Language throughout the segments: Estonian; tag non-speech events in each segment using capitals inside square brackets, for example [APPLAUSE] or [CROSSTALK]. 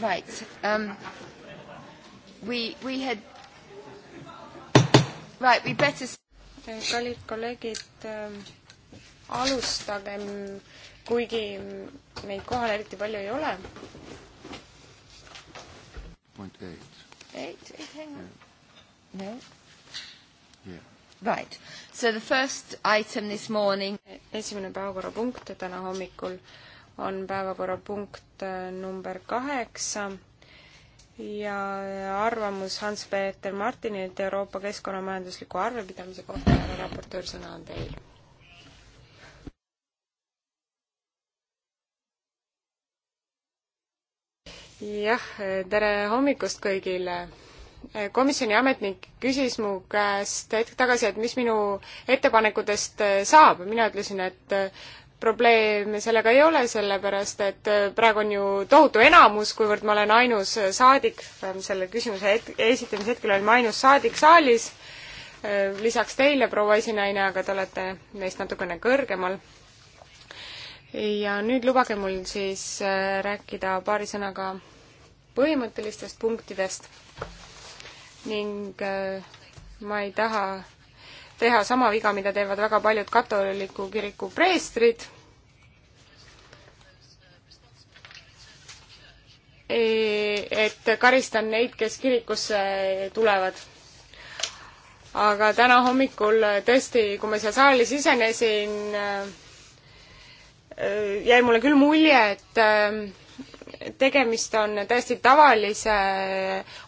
Right. Um, we, we had... Right, we better... Kallid kolleegid, ähm, alustagem, kuigi meid kohal eriti palju ei ole. Point eight. Eight, eight, hang on. Yeah. No? Yeah. Right. So the first item this morning... Esimene päevakorrapunkt täna hommikul on päevakorrapunkt äh, number kaheksa ja arvamus Hans-Peeter Martinilt Euroopa keskkonnamajandusliku arvepidamise kohta, härra raportöör, sõna on teil. jah, tere hommikust kõigile komisjoni ametnik küsis mu käest hetk tagasi, et mis minu ettepanekutest saab ja mina ütlesin, et probleeme sellega ei ole, sellepärast et äh, praegu on ju tohutu enamus, kuivõrd ma olen ainus äh, saadik, äh, selle küsimuse het-, esitamise hetkel olin ma ainus saadik saalis, lisaks teile, proua esinaine, aga te olete neist natukene kõrgemal. ja nüüd lubage mul siis rääkida paari sõnaga põhimõttelistest punktidest ning ma ei taha teha sama viga, mida teevad väga paljud katoliku kiriku preestrid. E, et karistan neid, kes kirikusse tulevad. aga täna hommikul tõesti, kui ma siia saali sisenesin, jäi mulle küll mulje, et ähm, tegemist on täiesti tavalise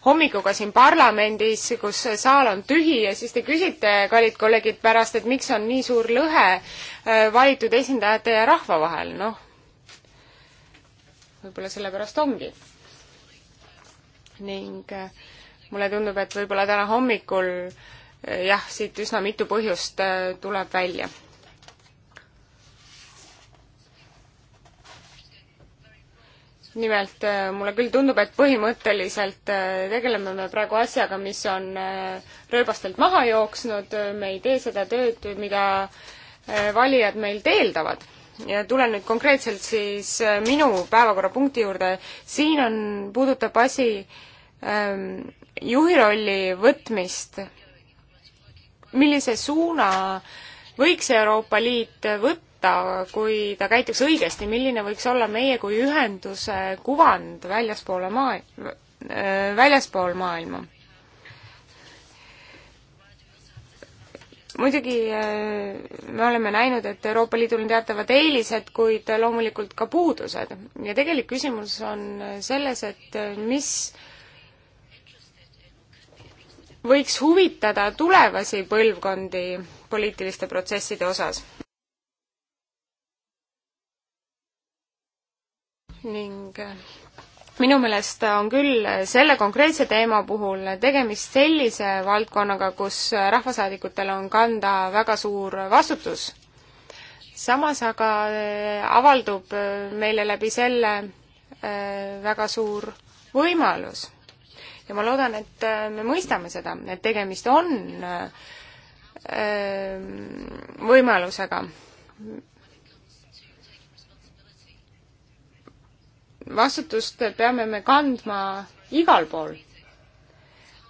hommikuga siin parlamendis, kus saal on tühi ja siis te küsite, kallid kolleegid, pärast, et miks on nii suur lõhe äh, valitud esindajate ja rahva vahel, noh. võib-olla sellepärast ongi. ning äh, mulle tundub, et võib-olla täna hommikul äh, jah, siit üsna mitu põhjust tuleb välja nimelt äh, mulle küll tundub, et põhimõtteliselt äh, tegeleme me praegu asjaga, mis on äh, rööbastelt maha jooksnud, me ei tee seda tööd, mida valijad meilt eeldavad. ja tulen nüüd konkreetselt siis minu päevakorrapunkti juurde, siin on, puudutab asi ähm, juhi rolli võtmist, millise suuna võiks Euroopa Liit võtta, võtta, kui ta käituks õigesti, milline võiks olla meie kui ühenduse kuvand väljaspoole maailma, väljaspool maailma? muidugi äh, me oleme näinud, et Euroopa Liidul on teatavad eelised, kuid loomulikult ka puudused. ja tegelik küsimus on selles, et äh, mis võiks huvitada tulevasi põlvkondi poliitiliste protsesside osas. ning eh, minu meelest on küll selle konkreetse teema puhul tegemist sellise valdkonnaga, kus rahvasaadikutel on kanda väga suur vastutus. samas aga eh, avaldub eh, meile läbi selle väga suur võimalus. ja ma loodan, et me mõistame seda, et tegemist on võimalusega vastutust peame me kandma igal pool.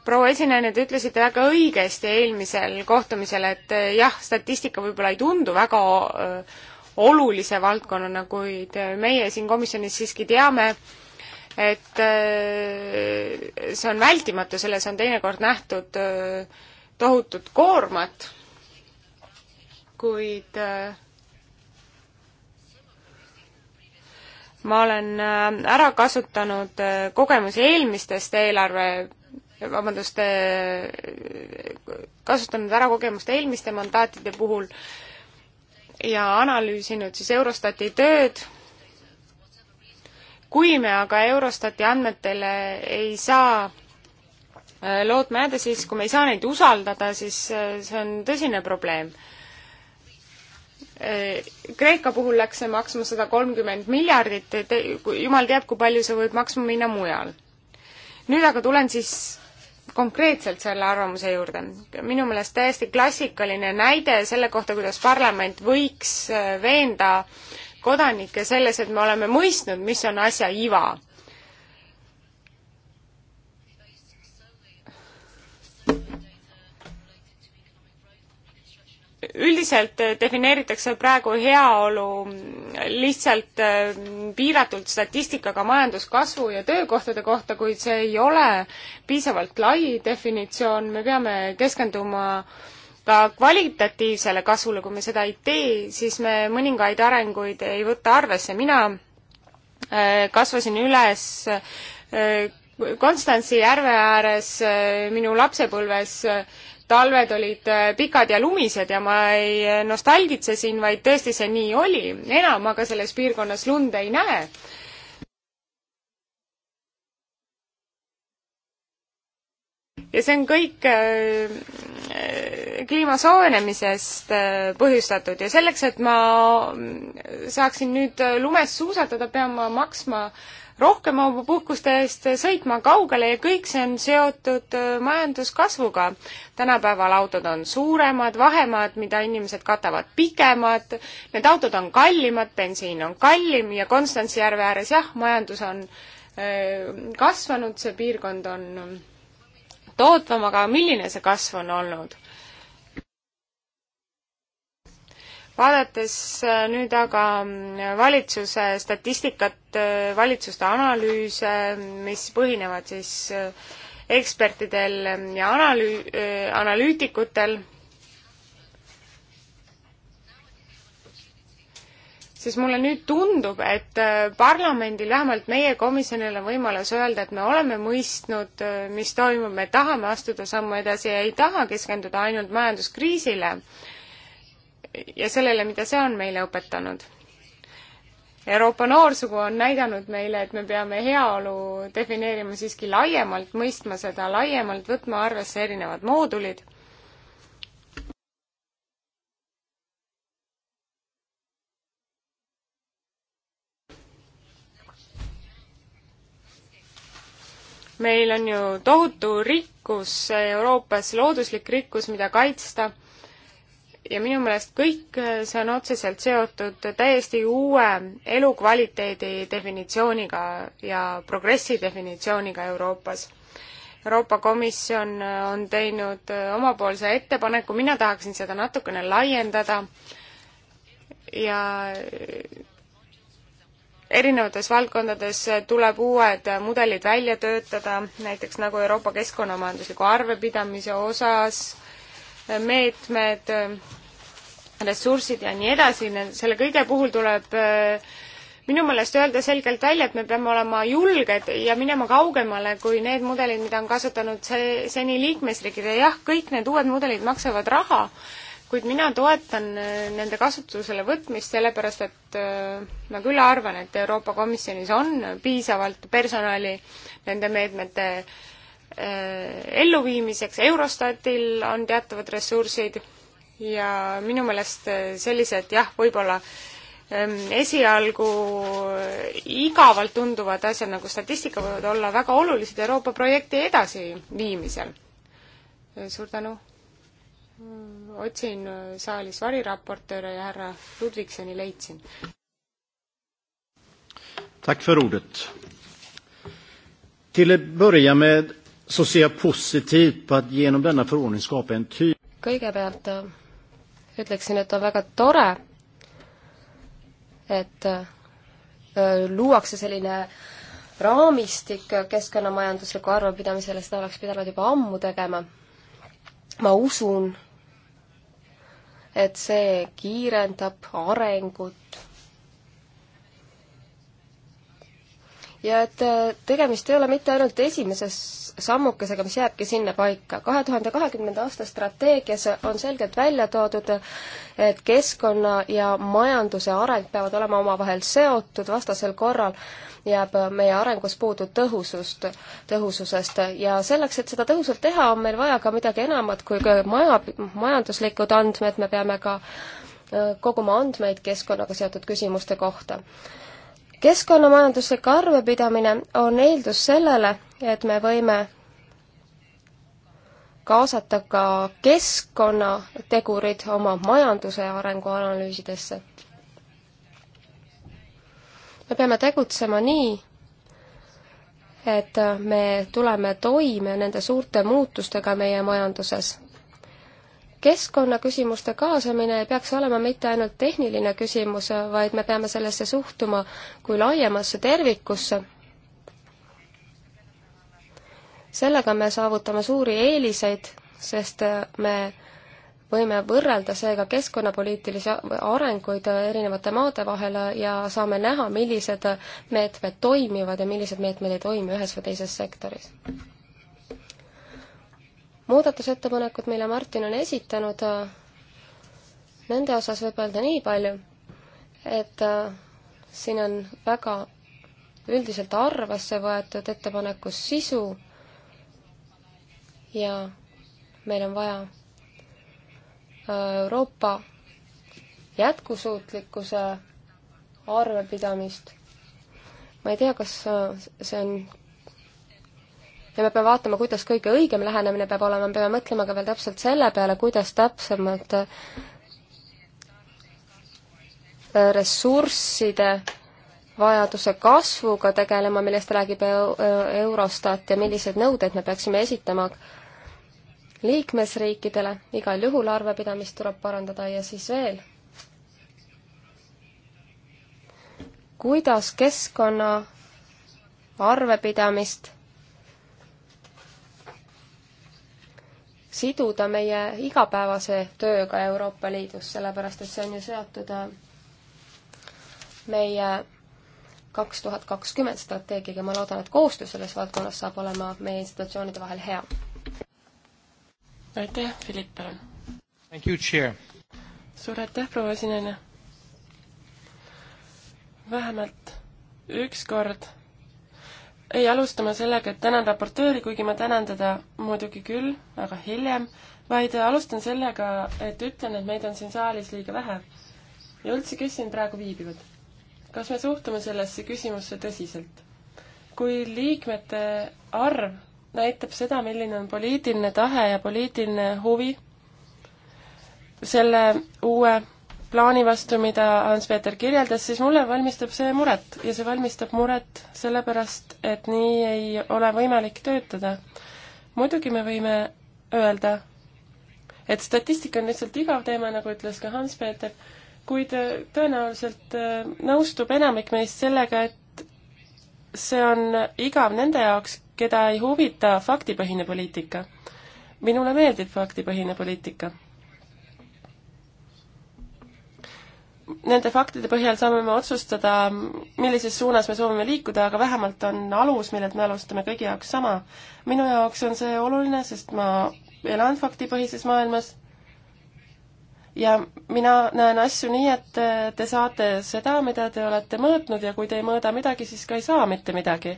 proua esinejana, te ütlesite väga õigesti eelmisel kohtumisel, et eh, jah, statistika võib-olla ei tundu väga eh, olulise valdkonnana, kuid eh, meie siin komisjonis siiski teame, et see on vältimatu, selles on teinekord nähtud tohutut koormat, kuid äh, ma olen äh, ära kasutanud äh, kogemusi eelmistest eelarve vabandust, äh, kasutanud ära kogemust eelmiste mandaatide puhul ja analüüsinud siis Eurostati tööd. kui me aga Eurostati andmetele ei saa lootma jääda, siis kui me ei saa neid usaldada, siis see on tõsine probleem Äh, Kreeka puhul läks see maksma sada kolmkümmend miljardit, jumal teab, kui palju see võib maksma minna mujal. nüüd aga tulen siis konkreetselt selle arvamuse juurde. minu meelest täiesti klassikaline näide selle kohta, kuidas parlament võiks äh, veenda kodanikke selles, et me oleme mõistnud, mis on asja iva üldiselt äh, defineeritakse praegu heaolu mm, lihtsalt äh, piiratult statistikaga majanduskasvu ja töökohtade kohta, kuid see ei ole piisavalt lai definitsioon, me peame keskenduma ka kvalitatiivsele kasvule, kui me seda ei tee, siis me mõningaid arenguid ei võta arvesse, mina äh, kasvasin üles Konstantsi järve ääres äh, minu lapsepõlves äh, talved olid äh, pikad ja lumised ja ma ei nostalgitse siin, vaid tõesti see nii oli. enam aga selles piirkonnas lund ei näe. ja see on kõik kliima soojenemisest põhjustatud ja selleks, et ma mm, saaksin nüüd lumes suusatada, pean ma maksma äh, rohkem oma puhkuste eest sõitma kaugele ja kõik see on seotud äh, majanduskasvuga. tänapäeval autod on suuremad, vahemaad, mida inimesed katavad, pikemad, need autod on kallimad, bensiin on kallim ja Konstantsi järve ääres jah, majandus on äh, kasvanud, see piirkond on tootvam, aga milline see kasv on olnud? vaadates äh, nüüd aga mm, valitsuse statistikat, äh, valitsuste analüüse, mis põhinevad siis äh, ekspertidel ja analüü-, analüütikutel, siis mulle nüüd tundub, et parlamendil, vähemalt meie komisjonil on võimalus öelda, et me oleme mõistnud, mis toimub, me tahame astuda sammu edasi ja ei taha keskenduda ainult majanduskriisile ja sellele, mida see on meile õpetanud. Euroopa noorsugu on näidanud meile, et me peame heaolu defineerima siiski laiemalt, mõistma seda laiemalt, võtma arvesse erinevad moodulid meil on ju tohutu rikkus Euroopas, looduslik rikkus, mida kaitsta ja minu meelest kõik äh, see on otseselt seotud täiesti uue elukvaliteedi definitsiooniga ja progressi definitsiooniga Euroopas. Euroopa Komisjon äh, on teinud äh, omapoolse ettepaneku, mina tahaksin seda natukene laiendada ja erinevates valdkondades tuleb uued mudelid välja töötada, näiteks nagu Euroopa keskkonnamajandusliku arvepidamise osas äh,, meetmed, ressursid ja nii edasi, selle kõige puhul tuleb äh, minu meelest öelda selgelt välja, et me peame olema julged ja minema kaugemale kui need mudelid, mida on kasutanud see, seni liikmesriigid ja jah, kõik need uued mudelid maksavad raha, kuid mina toetan äh, nende kasutusele võtmist, sellepärast et äh, ma küll arvan, et Euroopa Komisjonis on piisavalt personali nende meetmete Äh, elluviimiseks, Eurostatil on teatavad ressursid ja minu meelest äh, sellised jah, võib-olla ähm, esialgu igavalt tunduvad asjad nagu statistika võivad olla väga olulised Euroopa projekti edasiviimisel. Äh, suur tänu! otsin saalis variraportööre ja härra Ludvigsoni leidsin. Tack för ordet. Till att börja med så ser jag positivt på att genom denna förordning skapa en ty-. kõigepealt äh, ütleksin, et on väga tore, et äh, luuakse selline raamistik keskkonnamajandusliku arvepidamisele, seda oleks pidanud juba ammu tegema. ma usun, et see kiirendab arengut ja et äh, tegemist ei ole mitte ainult esimese sammukesega, mis jääbki sinnapaika. kahe tuhande kahekümnenda aasta strateegias on selgelt välja toodud, et keskkonna ja majanduse areng peavad olema omavahel seotud, vastasel korral jääb meie arengus puudu tõhusust, tõhususest ja selleks, et seda tõhusalt teha, on meil vaja ka midagi enamat kui maja, majanduslikud andmed, me peame ka äh, koguma andmeid keskkonnaga seotud küsimuste kohta keskkonnamajanduslik arvepidamine on eeldus sellele, et me võime kaasata ka keskkonnategurid oma majanduse arengu analüüsidesse. me peame tegutsema nii, et me tuleme toime nende suurte muutustega meie majanduses keskkonnaküsimuste kaasamine ei peaks olema mitte ainult tehniline küsimus, vaid me peame sellesse suhtuma kui laiemasse tervikusse. sellega me saavutame suuri eeliseid, sest me võime võrrelda seega keskkonnapoliitilisi arenguid erinevate maade vahel ja saame näha, millised meetmed toimivad ja millised meetmed ei toimi ühes või teises sektoris muudatusettepanekud, mille Martin on esitanud, nende osas võib öelda nii palju, et äh, siin on väga üldiselt arvesse võetud ettepaneku sisu ja meil on vaja äh, Euroopa jätkusuutlikkuse arvepidamist. ma ei tea, kas äh, see on ja me peame vaatama, kuidas kõige õigem lähenemine peab olema, me peame mõtlema ka veel täpselt selle peale, kuidas täpsemalt äh, ressursside vajaduse kasvuga tegelema, millest räägib e-, e-, Eurostat ja millised nõuded me peaksime esitama liikmesriikidele, igal juhul arvepidamist tuleb parandada ja siis veel. kuidas keskkonna arvepidamist siduda meie igapäevase tööga Euroopa Liidus, sellepärast et see on ju seotud äh, meie kaks tuhat kakskümmend strateegiaga, ma loodan, et koostöö selles valdkonnas saab olema meie institutsioonide vahel hea. aitäh, Philipp, palun! suur aitäh, proua esineja! vähemalt üks kord ei alusta ma sellega, et tänan raportööri, kuigi ma tänan teda muidugi küll, aga hiljem, vaid alustan sellega, et ütlen, et meid on siin saalis liiga vähe. ja üldse, kes siin praegu viibivad? kas me suhtume sellesse küsimusse tõsiselt? kui liikmete arv näitab seda, milline on poliitiline tahe ja poliitiline huvi selle uue plaani vastu, mida Hans-Peeter kirjeldas, siis mulle valmistab see muret ja see valmistab muret sellepärast, et nii ei ole võimalik töötada. muidugi me võime öelda, et statistika on lihtsalt igav teema, nagu ütles ka Hans-Peeter, kuid äh, tõenäoliselt äh, nõustub enamik meist sellega, et see on igav nende jaoks, keda ei huvita faktipõhine poliitika. minule meeldib faktipõhine poliitika nende faktide põhjal saame me otsustada, millises suunas me soovime liikuda, aga vähemalt on alus, millelt me alustame, kõigi jaoks sama. minu jaoks on see oluline, sest ma elan faktipõhises maailmas ja mina näen asju nii, et te saate seda, mida te olete mõõtnud ja kui te ei mõõda midagi, siis ka ei saa mitte midagi.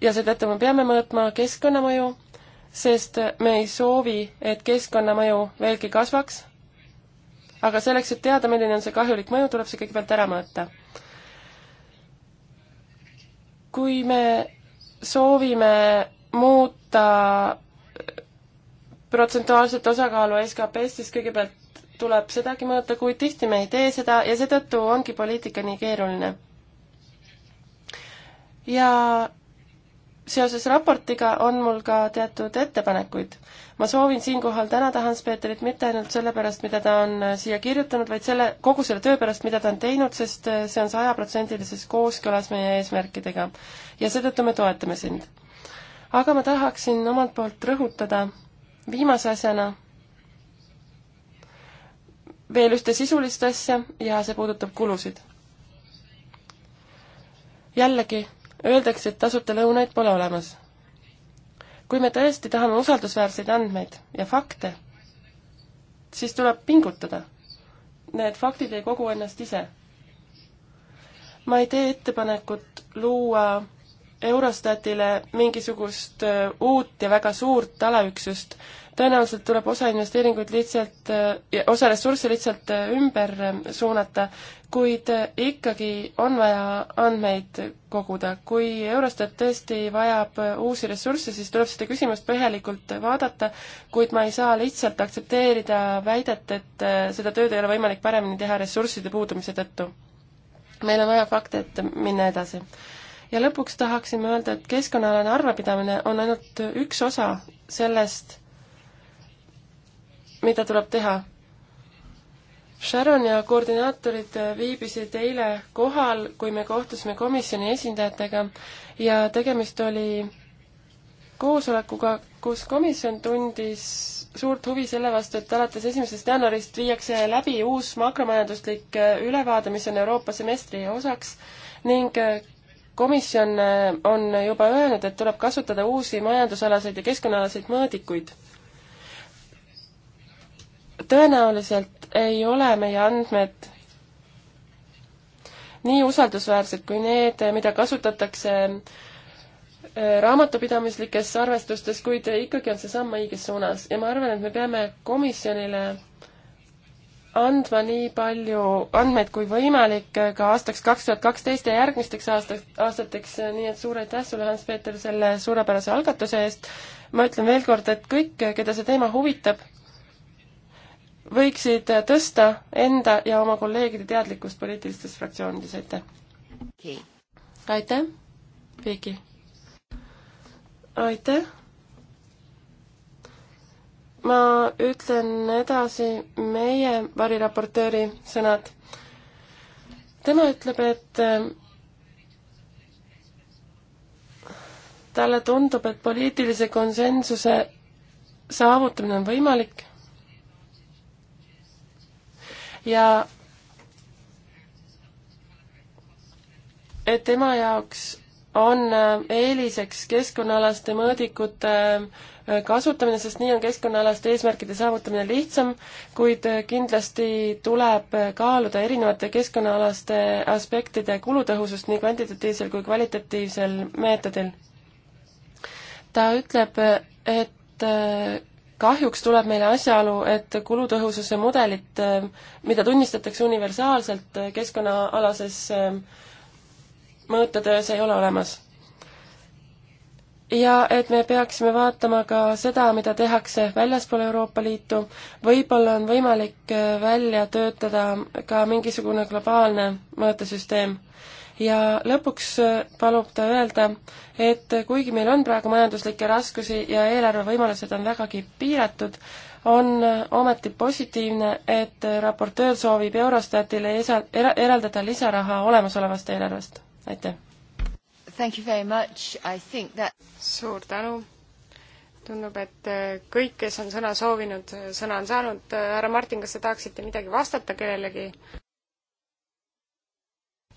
ja seetõttu me peame mõõtma keskkonnamõju, sest me ei soovi, et keskkonnamõju veelgi kasvaks aga selleks, et teada, milline on see kahjulik mõju, tuleb see kõigepealt ära mõõta. kui me soovime muuta protsentuaalset osakaalu SKP-st, siis kõigepealt tuleb sedagi mõõta, kuid tihti me ei tee seda ja seetõttu ongi poliitika nii keeruline. ja seoses raportiga on mul ka teatud ettepanekuid ma soovin siinkohal tänada Hans-Peeterit mitte ainult selle pärast, mida ta on äh, siia kirjutanud, vaid selle, kogu selle töö pärast, mida ta on teinud, sest äh, see on sajaprotsendilises kooskõlas meie eesmärkidega. ja seetõttu me toetame sind. aga ma tahaksin omalt poolt rõhutada viimase asjana veel ühte sisulist asja ja see puudutab kulusid. jällegi, öeldakse, et tasuta lõunaid pole olemas kui me tõesti tahame usaldusväärseid andmeid ja fakte, siis tuleb pingutada. Need faktid ei kogu ennast ise. ma ei tee ettepanekut luua Eurostatile mingisugust äh, uut ja väga suurt alaüksust, tõenäoliselt tuleb osa investeeringuid lihtsalt, äh, osa ressursse lihtsalt äh, ümber äh, suunata, kuid ikkagi on vaja andmeid koguda. kui Eurostat tõesti vajab uusi ressursse, siis tuleb seda küsimust põhjalikult vaadata, kuid ma ei saa lihtsalt aktsepteerida väidet, et seda tööd ei ole võimalik paremini teha ressursside puudumise tõttu. meil on vaja fakte, et minna edasi ja lõpuks tahaksime öelda, et keskkonnaalane arvepidamine on ainult üks osa sellest, mida tuleb teha. Sharon ja koordinaatorid viibisid eile kohal, kui me kohtusime komisjoni esindajatega ja tegemist oli koosolekuga, kus komisjon tundis suurt huvi selle vastu, et alates esimesest jaanuarist viiakse läbi uus makromajanduslik ülevaade, mis on Euroopa semestri osaks ning komisjon on juba öelnud, et tuleb kasutada uusi majandusalaseid ja keskkonnaalaseid mõõdikuid tõenäoliselt ei ole meie andmed nii usaldusväärsed kui need, mida kasutatakse äh, raamatupidamislikes arvestustes, kuid ikkagi on see samm õiges suunas ja ma arvan, et me peame komisjonile andma nii palju andmeid kui võimalik äh, ka aastaks kaks tuhat kaksteist ja järgmisteks aastaks, aastateks, nii et suur aitäh sulle, Hans-Peeter, selle suurepärase algatuse eest. ma ütlen veel kord, et kõik, keda see teema huvitab, võiksid tõsta enda ja oma kolleegide teadlikkust poliitilistes fraktsioonides, aitäh okay.! aitäh, Viki! aitäh! ma ütlen edasi meie variraportööri sõnad. tema ütleb, et talle tundub, et poliitilise konsensuse saavutamine on võimalik ja et tema jaoks on äh, eeliseks keskkonnaalaste mõõdikute äh, kasutamine, sest nii on keskkonnaalaste eesmärkide saavutamine lihtsam, kuid äh, kindlasti tuleb kaaluda erinevate keskkonnaalaste aspektide kulutõhusust nii kvantitatiivsel kui kvalitatiivsel meetodil. ta ütleb, et kahjuks tuleb meile asjaolu, et kulutõhususe mudelit, äh, mida tunnistatakse universaalselt äh, keskkonnaalases äh, mõõtetöös, ei ole olemas. ja et me peaksime vaatama ka seda, mida tehakse väljaspool Euroopa Liitu, võib-olla on võimalik välja töötada ka mingisugune globaalne mõõtesüsteem ja lõpuks äh, palub ta öelda, et kuigi meil on praegu majanduslikke raskusi ja eelarve võimalused on vägagi piiratud, on äh, ometi positiivne, et äh, raportöör soovib Eurostatile esa-, era-, eraldada lisaraha olemasolevast eelarvest. aitäh! Thank you very much, I think that suur tänu! tundub, et kõik, kes on sõna soovinud, sõna on saanud, härra Martin, kas te tahaksite midagi vastata kellelegi?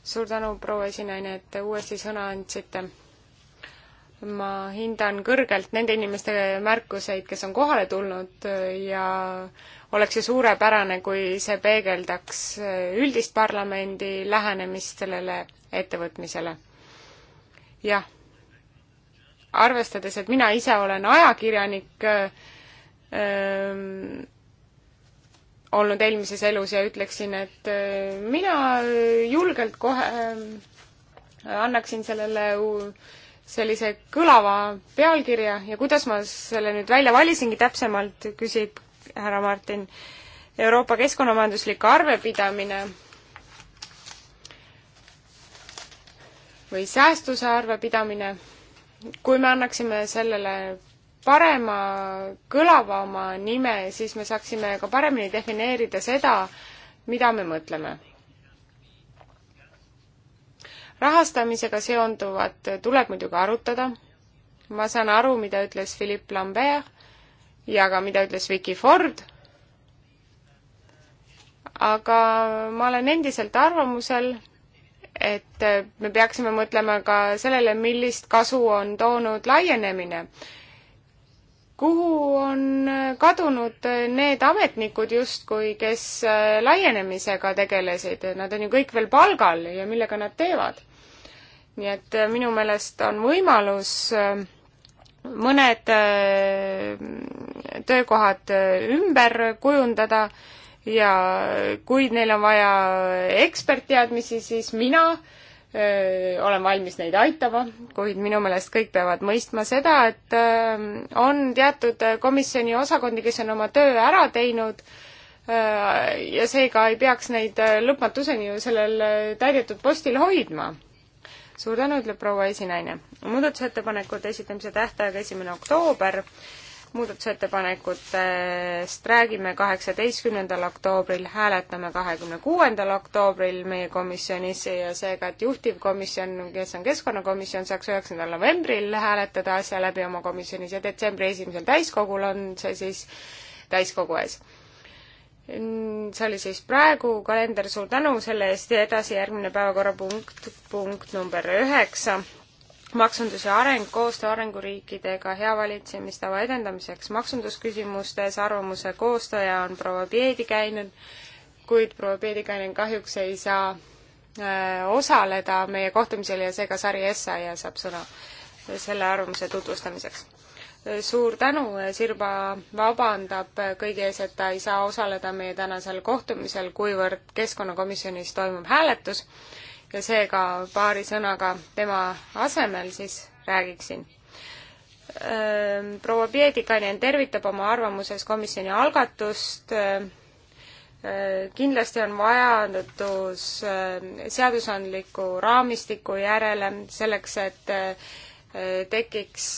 suur tänu, proua esinaine, et uuesti sõna andsite. ma hindan kõrgelt nende inimeste märkuseid, kes on kohale tulnud ja oleks ju suurepärane, kui see peegeldaks üldist parlamendi lähenemist sellele ettevõtmisele. jah, arvestades, et mina ise olen ajakirjanik ähm,, olnud eelmises elus ja ütleksin, et äh, mina äh, julgelt kohe äh, annaksin sellele sellise kõlava pealkirja ja kuidas ma selle nüüd välja valisingi täpsemalt, küsib härra Martin. Euroopa keskkonnamajanduslik arvepidamine või säästuse arvepidamine, kui me annaksime sellele parema, kõlavama nime, siis me saaksime ka paremini defineerida seda, mida me mõtleme. rahastamisega seonduvat tuleb muidugi arutada. ma saan aru, mida ütles Philippe Lambert ja ka mida ütles Vicky Ford. aga ma olen endiselt arvamusel, et me peaksime mõtlema ka sellele, millist kasu on toonud laienemine kuhu on äh, kadunud äh, need ametnikud justkui, kes äh, laienemisega tegelesid, nad on ju kõik veel palgal ja millega nad teevad. nii et minu meelest on võimalus mõned töökohad ümber kujundada ja kui neil on vaja ekspertteadmisi, siis mina äh, olen valmis neid aitama, kuid minu meelest kõik peavad mõistma seda, et on teatud komisjoni osakondi, kes on oma töö ära teinud ja seega ei peaks neid lõpmatuseni ju sellel täidetud postil hoidma. suur tänu, ütleb proua esinaine. muudatusettepanekute esitamise tähtaeg esimene oktoober muudatusettepanekutest räägime kaheksateistkümnendal oktoobril, hääletame kahekümne kuuendal oktoobril meie komisjonis ja seega, et juhtivkomisjon, kes on keskkonnakomisjon, saaks üheksandal novembril hääletada asja läbi oma komisjonis ja detsembri esimesel täiskogul on see siis täiskogu ees. see oli siis praegu kalender, suur tänu selle eest ja edasi järgmine päevakorrapunkt, punkt number üheksa maksunduse areng, koostöö arenguriikidega hea valitsemistava edendamiseks maksundusküsimustes, arvamuse koostaja on proua Piedikäinen, kuid proua Piedikäinen kahjuks ei saa äh, osaleda meie kohtumisel ja seega Sari Essaja saab sõna selle arvamuse tutvustamiseks. suur tänu, Sirba vabandab kõigi ees, et ta ei saa osaleda meie tänasel kohtumisel, kuivõrd Keskkonnakomisjonis toimub hääletus ja seega paari sõnaga tema asemel siis räägiksin. proua Piedikainen tervitab oma arvamuses komisjoni algatust. kindlasti on vajadus seadusandliku raamistiku järele selleks, et tekiks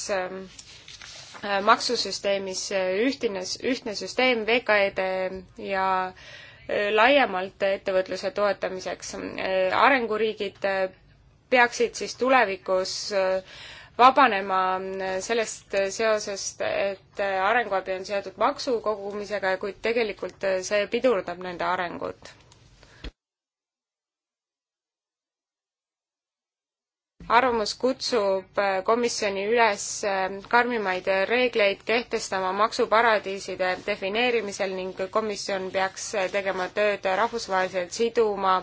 maksusüsteemis ühtine, ühtne süsteem VKE-de ja äh, laiemalt ettevõtluse toetamiseks. arenguriigid peaksid siis tulevikus vabanema sellest seosest, et arenguabi on seotud maksukogumisega, kuid tegelikult see pidurdab nende arengut arvamus kutsub äh, komisjoni üles äh, karmimaid reegleid kehtestama maksuparadiiside defineerimisel ning komisjon peaks äh, tegema tööd rahvusvaheliselt siduma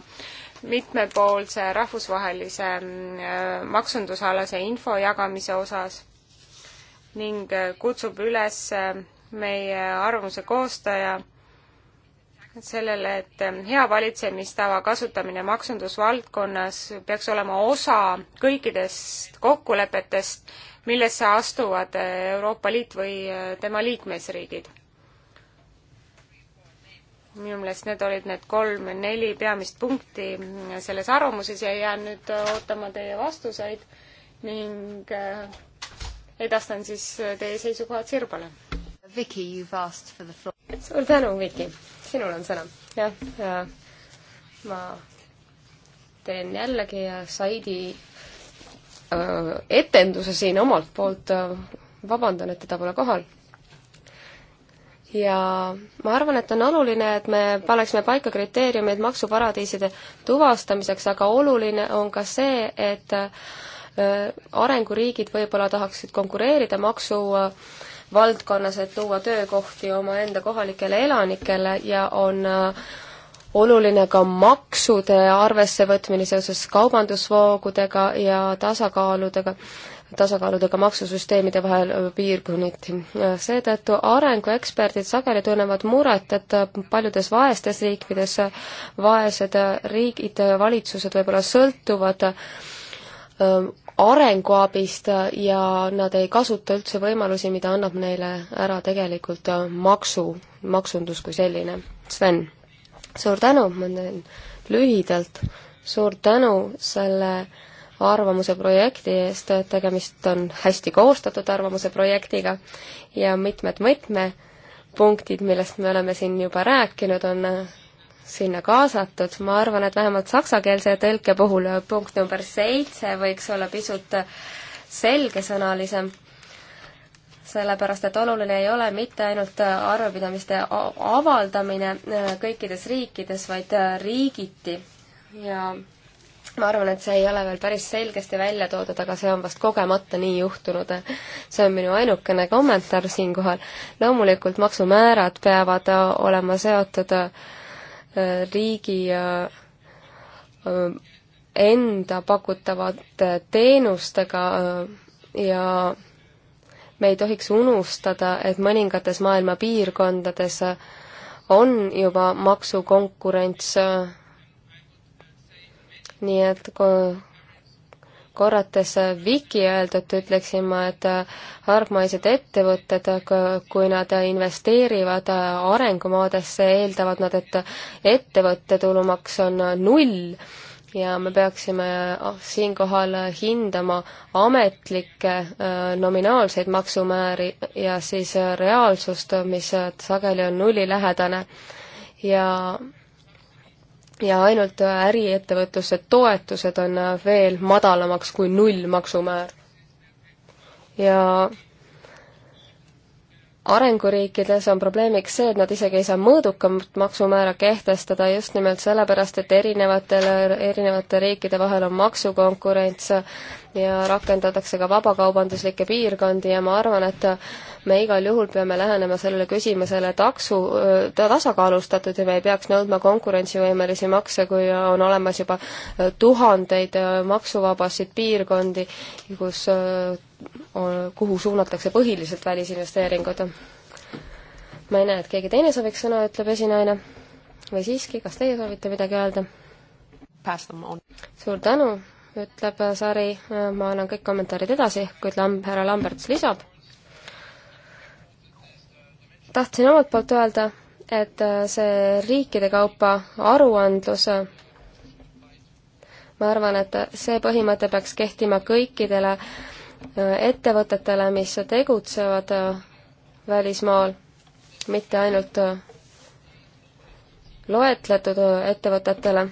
mitmepoolse rahvusvahelise mm, maksundusalase info jagamise osas ning kutsub üles meie arvamuse koostaja sellele, et eh, hea valitsemistava kasutamine maksundusvaldkonnas peaks olema osa kõikidest kokkulepetest, millesse astuvad eh, Euroopa Liit või eh, tema liikmesriigid. minu meelest need olid need kolm-neli peamist punkti mm, selles arvamuses ja jään nüüd ootama teie vastuseid ning edastan siis teie seisukohad Sirbale. Vicky, you've asked for the floor. suur tänu, Vicky sinul on sõna. jah, ma teen jällegi Saidi äh, etenduse siin omalt poolt, äh, vabandan, et teda pole kohal. ja ma arvan, et on oluline, et me paneksime paika kriteeriumeid maksuparadiiside tuvastamiseks, aga oluline on ka see, et äh, arenguriigid võib-olla tahaksid konkureerida maksu äh, valdkonnas, et luua töökohti omaenda kohalikele elanikele ja on äh, oluline ka maksude arvessevõtmine seoses kaubandusvoogudega ja tasakaaludega, tasakaaludega maksusüsteemide vahel äh, piirkonniti. Äh, seetõttu arengueksperdid sageli tunnevad muret, et paljudes vaestes riikides vaesed riigid, valitsused võib-olla sõltuvad arenguabist ja nad ei kasuta üldse võimalusi, mida annab neile ära tegelikult äh, maksu, maksundus kui selline. Sven, suur tänu, ma teen lühidalt, suur tänu selle arvamuse projekti eest, tegemist on hästi koostatud arvamuse projektiga ja mitmed võtmepunktid, millest me oleme siin juba rääkinud, on sinna kaasatud, ma arvan, et vähemalt saksakeelse tõlke puhul punkt number seitse võiks olla pisut selgesõnalisem, sellepärast et oluline ei ole mitte ainult arvepidamiste avaldamine äh, kõikides riikides, vaid äh, riigiti ja ma arvan, et see ei ole veel päris selgesti välja toodud, aga see on vast kogemata nii juhtunud. see on minu ainukene kommentaar siinkohal. loomulikult maksumäärad peavad olema seotud äh, riigi äh, enda pakutavate teenustega äh, ja me ei tohiks unustada, et mõningates maailma piirkondades äh, on juba maksukonkurents. nii et korrates Viki öeldut, ütleksin ma, et hargmaised ettevõtted, kui nad investeerivad arengumaadesse, eeldavad nad, et ettevõtte tulumaks on null ja me peaksime siinkohal hindama ametlikke äh, nominaalseid maksumääri ja siis reaalsust, mis sageli on nullilähedane ja ja ainult äriettevõtluse toetused on veel madalamaks kui null maksumäär. ja arenguriikides on probleemiks see, et nad isegi ei saa mõõdukamat maksumäära kehtestada just nimelt sellepärast, et erinevatel, erinevate riikide vahel on maksukonkurents ja rakendatakse ka vabakaubanduslikke piirkondi ja ma arvan, et me igal juhul peame lähenema sellele küsimusele taksu, ta tasakaalustatud ja me ei peaks nõudma konkurentsivõimelisi makse, kui on olemas juba äh, tuhandeid äh, maksuvabasid piirkondi, kus, äh, kuhu suunatakse põhiliselt välisinvesteeringud. ma ei näe, et keegi teine sooviks sõna, ütleb esinaine. või siiski, kas teie soovite midagi öelda? suur tänu, ütleb Sari, ma annan kõik kommentaarid edasi, kuid lamb, härra Lamberts lisab tahtsin omalt poolt öelda, et äh, see riikide kaupa aruandlus, äh, ma arvan, et see põhimõte peaks kehtima kõikidele äh, ettevõtetele, mis tegutsevad välismaal, mitte ainult loetletud ettevõtetele.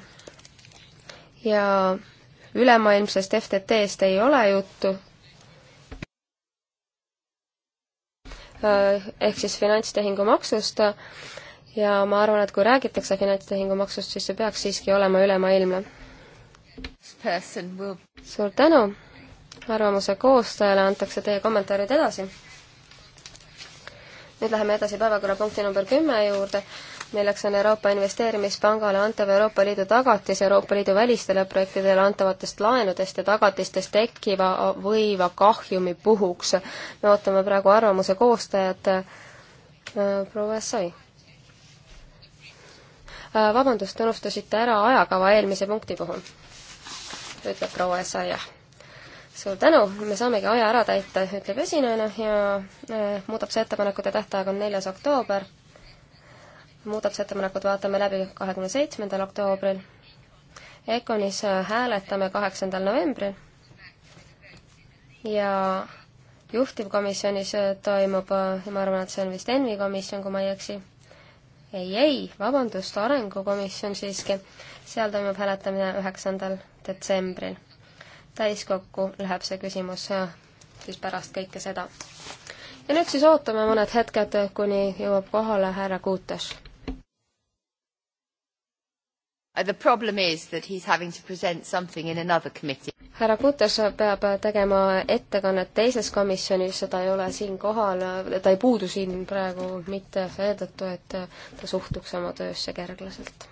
ja ülemaailmsest FTT-st ei ole juttu Äh, ehk siis finantstehingu maksust ja ma arvan, et kui räägitakse finantstehingu maksust, siis see peaks siiski olema ülemaailmne. suur tänu! arvamuse koostajale antakse teie kommentaarid edasi. nüüd läheme edasi päevakorrapunkti number kümme juurde milleks on Euroopa Investeerimispangale antav Euroopa Liidu tagatis Euroopa Liidu välistele projektidele antavatest laenudest ja tagatistest tekkiva võiva kahjumi puhuks. me ootame praegu arvamuse koostajat äh, proua Sai. Äh, vabandust, unustasite ära ajakava eelmise punkti puhul, ütleb proua Sai, jah suur tänu, me saamegi aja ära täita, ütleb esinejana ja äh, muudatusettepanekute tähtaeg on neljas oktoober muudatusettepanekud vaatame läbi kahekümne seitsmendal oktoobril. Econis hääletame kaheksandal novembril ja juhtivkomisjonis toimub, ma arvan, et see on vist ENVI komisjon, kui ma ei eksi, ei, ei, vabandust, Arengukomisjon siiski, seal toimub hääletamine üheksandal detsembril. täiskokku läheb see küsimus siis pärast kõike seda. ja nüüd siis ootame mõned hetked, kuni jõuab kohale härra Kuutas Uh, the problem is that he's having to present something in another committee. härra Kutas peab uh, tegema ettekannet teises komisjonis, ta ei ole siin kohal, ta ei puudu siin praegu mitte seetõttu, et uh, ta suhtuks oma töösse kerglaselt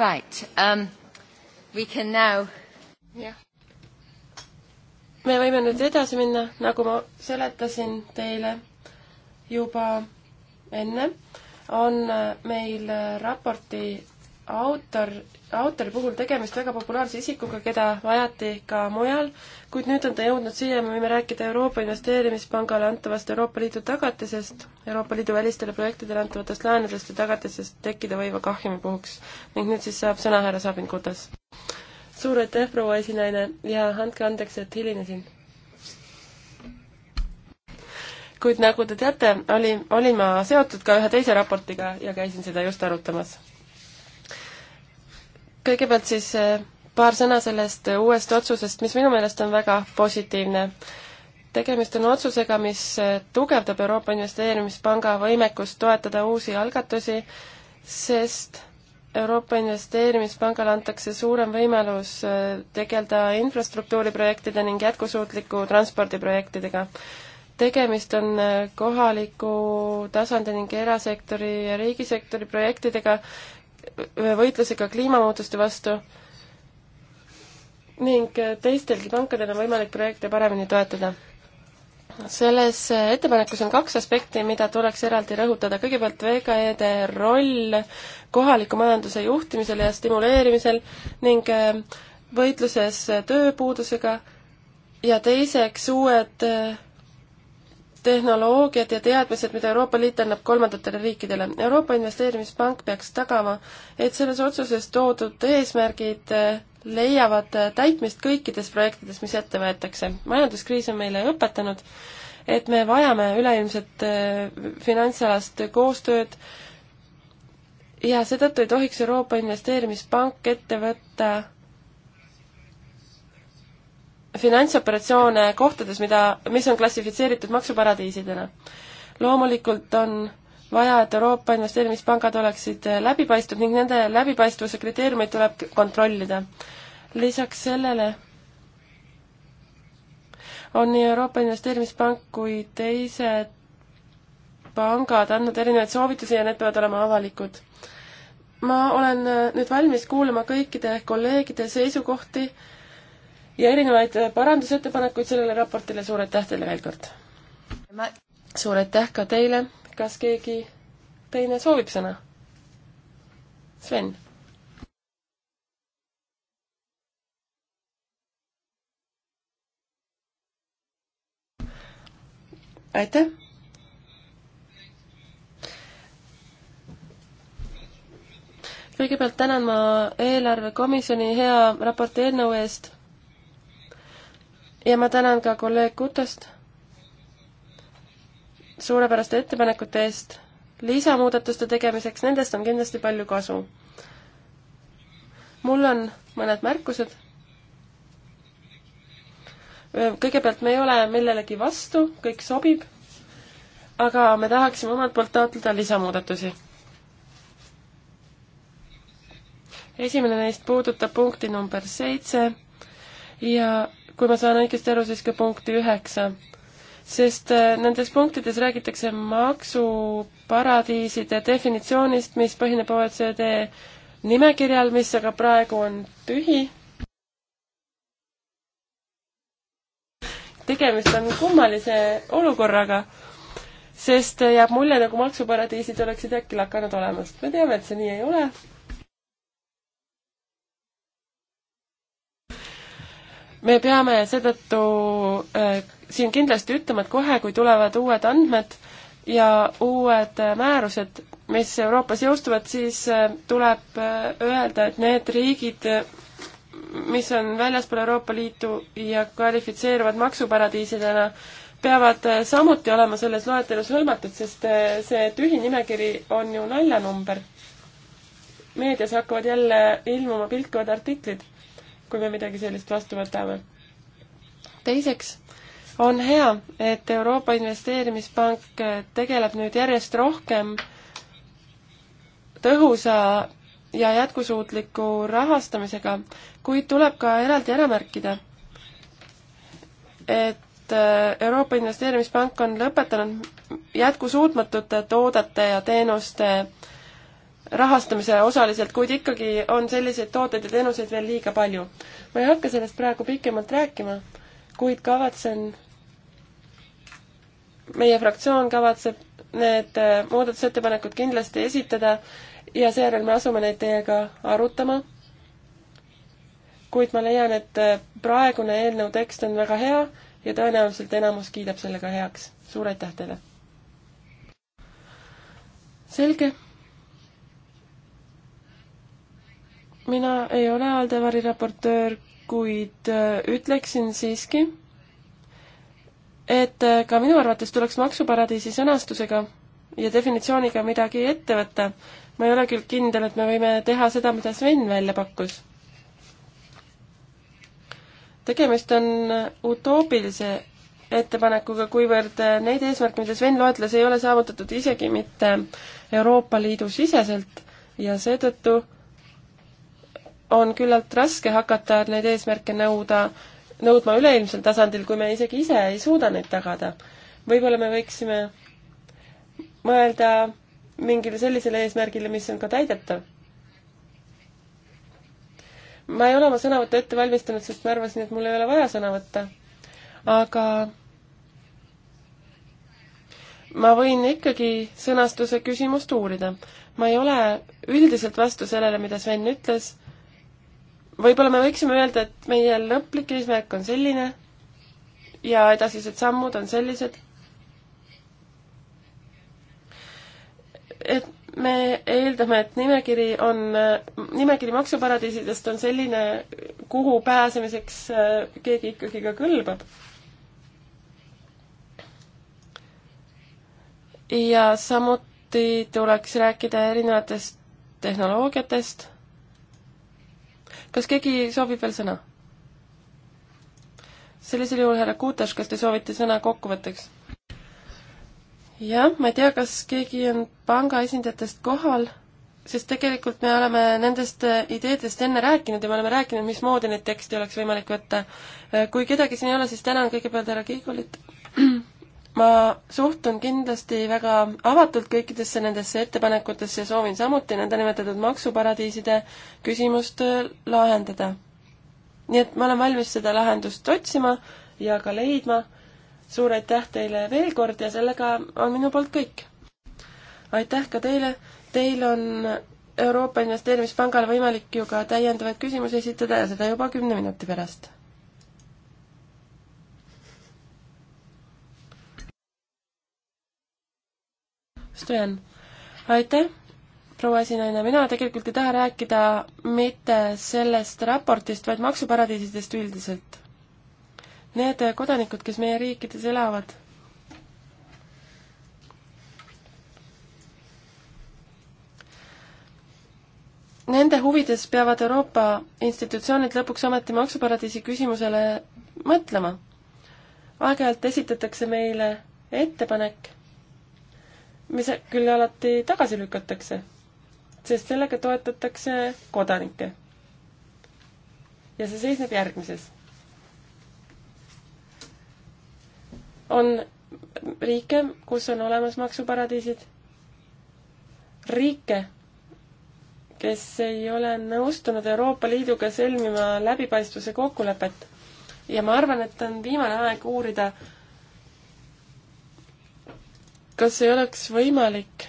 Right. Um, we can now... jah. me võime nüüd edasi minna, nagu ma seletasin teile juba enne, on meil raporti autor, autori puhul tegemist väga populaarse isikuga, keda vajati ka mujal, kuid nüüd on ta jõudnud siia, me võime rääkida Euroopa Investeerimispangale antavast Euroopa Liidu tagatisest, Euroopa Liidu välistele projektidele antavatest laenudest ja tagatisest tekkida võiva kahjumi puhuks. ning nüüd siis saab sõna härra Sabin Kutas. suur aitäh, proua esinaine, ja andke andeks, et hilinesin kuid nagu te teate, oli, olin ma seotud ka ühe teise raportiga ja käisin seda just arutamas kõigepealt siis eh, paar sõna sellest eh, uuest otsusest, mis minu meelest on väga positiivne. tegemist on otsusega, mis eh, tugevdab Euroopa Investeerimispanga võimekust toetada uusi algatusi, sest Euroopa Investeerimispangale antakse suurem võimalus tegeleda infrastruktuuriprojektide ning jätkusuutliku transpordiprojektidega. tegemist on kohaliku tasandi ning erasektori ja riigisektori projektidega, võitlusega kliimamuutuste vastu ning teistelgi pankadel on võimalik projekte paremini toetada. selles ettepanekus on kaks aspekti, mida tuleks eraldi rõhutada, kõigepealt VKE-de roll kohaliku majanduse juhtimisel ja stimuleerimisel ning äh, võitluses tööpuudusega ja teiseks uued äh, tehnoloogiad ja teadmised, mida Euroopa Liit annab kolmandatele riikidele. Euroopa Investeerimispank peaks tagama, et selles otsuses toodud eesmärgid eh, leiavad eh, täitmist kõikides projektides, mis ette võetakse. majanduskriis on meile õpetanud, et me vajame üleilmset eh, finantsalast koostööd ja seetõttu ei tohiks Euroopa Investeerimispank ette võtta finantsoperatsioone kohtades, mida, mis on klassifitseeritud maksuparadiisidena. loomulikult on vaja, et Euroopa investeerimispangad oleksid läbipaistvad ning nende läbipaistvuse kriteeriumeid tuleb kontrollida. lisaks sellele on nii Euroopa Investeerimispank kui teised pangad andnud erinevaid soovitusi ja need peavad olema avalikud. ma olen nüüd valmis kuulama kõikide kolleegide seisukohti ja erinevaid parandusettepanekuid sellele raportile, suur aitäh teile veel kord! suur aitäh ka teile, kas keegi teine soovib sõna? Sven? aitäh! kõigepealt tänan ma eelarvekomisjoni hea raporti eelnõu eest ja ma tänan ka kolleeg Kutost suurepäraste ettepanekute eest lisamuudatuste tegemiseks, nendest on kindlasti palju kasu. mul on mõned märkused. kõigepealt me ei ole millelegi vastu, kõik sobib, aga me tahaksime omalt poolt taotleda lisamuudatusi. esimene neist puudutab punkti number seitse ja kui ma saan õigesti aru, siis ka punkti üheksa. sest äh, nendes punktides räägitakse maksuparadiiside definitsioonist, mis põhineb OECD nimekirjal, mis aga praegu on tühi. tegemist on kummalise olukorraga, sest jääb mulje, nagu maksuparadiisid oleksid äkki lakanud olemast. me teame, et see nii ei ole me peame seetõttu äh, siin kindlasti ütlema, et kohe, kui tulevad uued andmed ja uued äh, määrused, mis Euroopas jõustuvad, siis äh, tuleb öelda, et need riigid, mis on väljaspool Euroopa Liitu ja kvalifitseeruvad maksuparadiisidena, peavad samuti olema selles loetelus hõlmatud, sest see tühi nimekiri on ju naljanumber. meedias hakkavad jälle ilmuma pilkuvad artiklid kui me midagi sellist vastu võtame. teiseks on hea, et Euroopa Investeerimispank tegeleb nüüd järjest rohkem tõhusa ja jätkusuutliku rahastamisega, kuid tuleb ka eraldi ära märkida, et äh, Euroopa Investeerimispank on lõpetanud jätkusuutmatute toodete ja teenuste rahastamise osaliselt, kuid ikkagi on selliseid tooteid ja teenuseid veel liiga palju. ma ei hakka sellest praegu pikemalt rääkima, kuid kavatsen, meie fraktsioon kavatseb need äh, muudatusettepanekud kindlasti esitada ja seejärel me asume neid teiega arutama. kuid ma leian, et äh, praegune eelnõu tekst on väga hea ja tõenäoliselt enamus kiidab selle ka heaks. suur aitäh teile! selge mina ei ole Aldevari raportöör, kuid äh, ütleksin siiski, et äh, ka minu arvates tuleks maksuparadiisi sõnastusega ja definitsiooniga midagi ette võtta. ma ei ole küll kindel, et me võime teha seda, mida Sven välja pakkus. tegemist on äh, utoopilise ettepanekuga, kuivõrd neid eesmärke, mida Sven loetles, ei ole saavutatud isegi mitte Euroopa Liidu siseselt ja seetõttu on küllalt raske hakata neid eesmärke nõuda, nõudma üleilmsel tasandil, kui me isegi ise ei suuda neid tagada. võib-olla me võiksime mõelda mingile sellisele eesmärgile, mis on ka täidetav. ma ei ole oma sõnavõttu ette valmistanud, sest ma arvasin, et mul ei ole vaja sõna võtta. aga ma võin ikkagi sõnastuse küsimust uurida. ma ei ole üldiselt vastu sellele, mida Sven ütles võib-olla me võiksime öelda, et meie lõplik eesmärk on selline ja edasised sammud on sellised, et me eeldame, et nimekiri on, nimekiri maksuparadiisidest on selline, kuhu pääsemiseks äh, keegi ikkagi ka kõlbab. ja samuti tuleks rääkida erinevatest tehnoloogiatest kas keegi soovib veel sõna? sellisel juhul, härra Kutas, kas te soovite sõna kokkuvõtteks? jah, ma ei tea, kas keegi on panga esindajatest kohal, sest tegelikult me oleme nendest äh, ideedest enne rääkinud ja me oleme rääkinud, mismoodi neid tekste oleks võimalik võtta. Äh, kui kedagi siin ei ole, siis tänan kõigepealt härra Kiigulit [CLEARS THROAT] ma suhtun kindlasti väga avatult kõikidesse nendesse ettepanekutesse ja soovin samuti nõndanimetatud maksuparadiiside küsimust äh, lahendada. nii et ma olen valmis seda lahendust otsima ja ka leidma. suur aitäh teile veel kord ja sellega on minu poolt kõik. aitäh ka teile, teil on Euroopa Investeerimispangal võimalik ju ka täiendavaid küsimusi esitada ja seda juba kümne minuti pärast Stojan. aitäh, proua esinaine, mina tegelikult ei taha rääkida mitte sellest raportist, vaid maksuparadiisidest üldiselt. Need kodanikud, kes meie riikides elavad, nende huvides peavad Euroopa institutsioonid lõpuks ometi maksuparadiisi küsimusele mõtlema. aeg-ajalt esitatakse meile ettepanek mis küll alati tagasi lükatakse, sest sellega toetatakse kodanikke. ja see seisneb järgmises. on riike, kus on olemas maksuparadiisid, riike, kes ei ole nõustunud Euroopa Liiduga sõlmima läbipaistvuse kokkulepet. ja ma arvan, et on viimane aeg uurida, kas ei oleks võimalik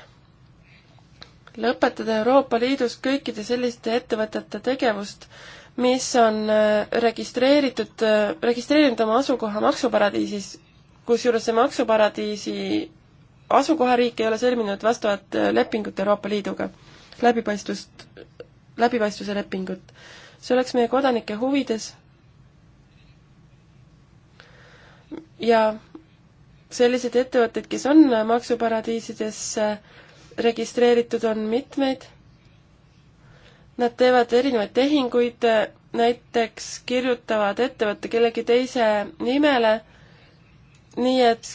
lõpetada Euroopa Liidus kõikide selliste ettevõtete tegevust, mis on äh, registreeritud, äh, registreerinud oma asukoha maksuparadiisis, kusjuures see maksuparadiisi asukohariik ei ole sõlminud vastavat äh, lepingut Euroopa Liiduga, läbipaistvust, läbipaistvuse lepingut. see oleks meie kodanike huvides ja selliseid ettevõtteid, kes on maksuparadiisidesse registreeritud, on mitmeid. Nad teevad erinevaid tehinguid, näiteks kirjutavad ettevõtte kellegi teise nimele, nii et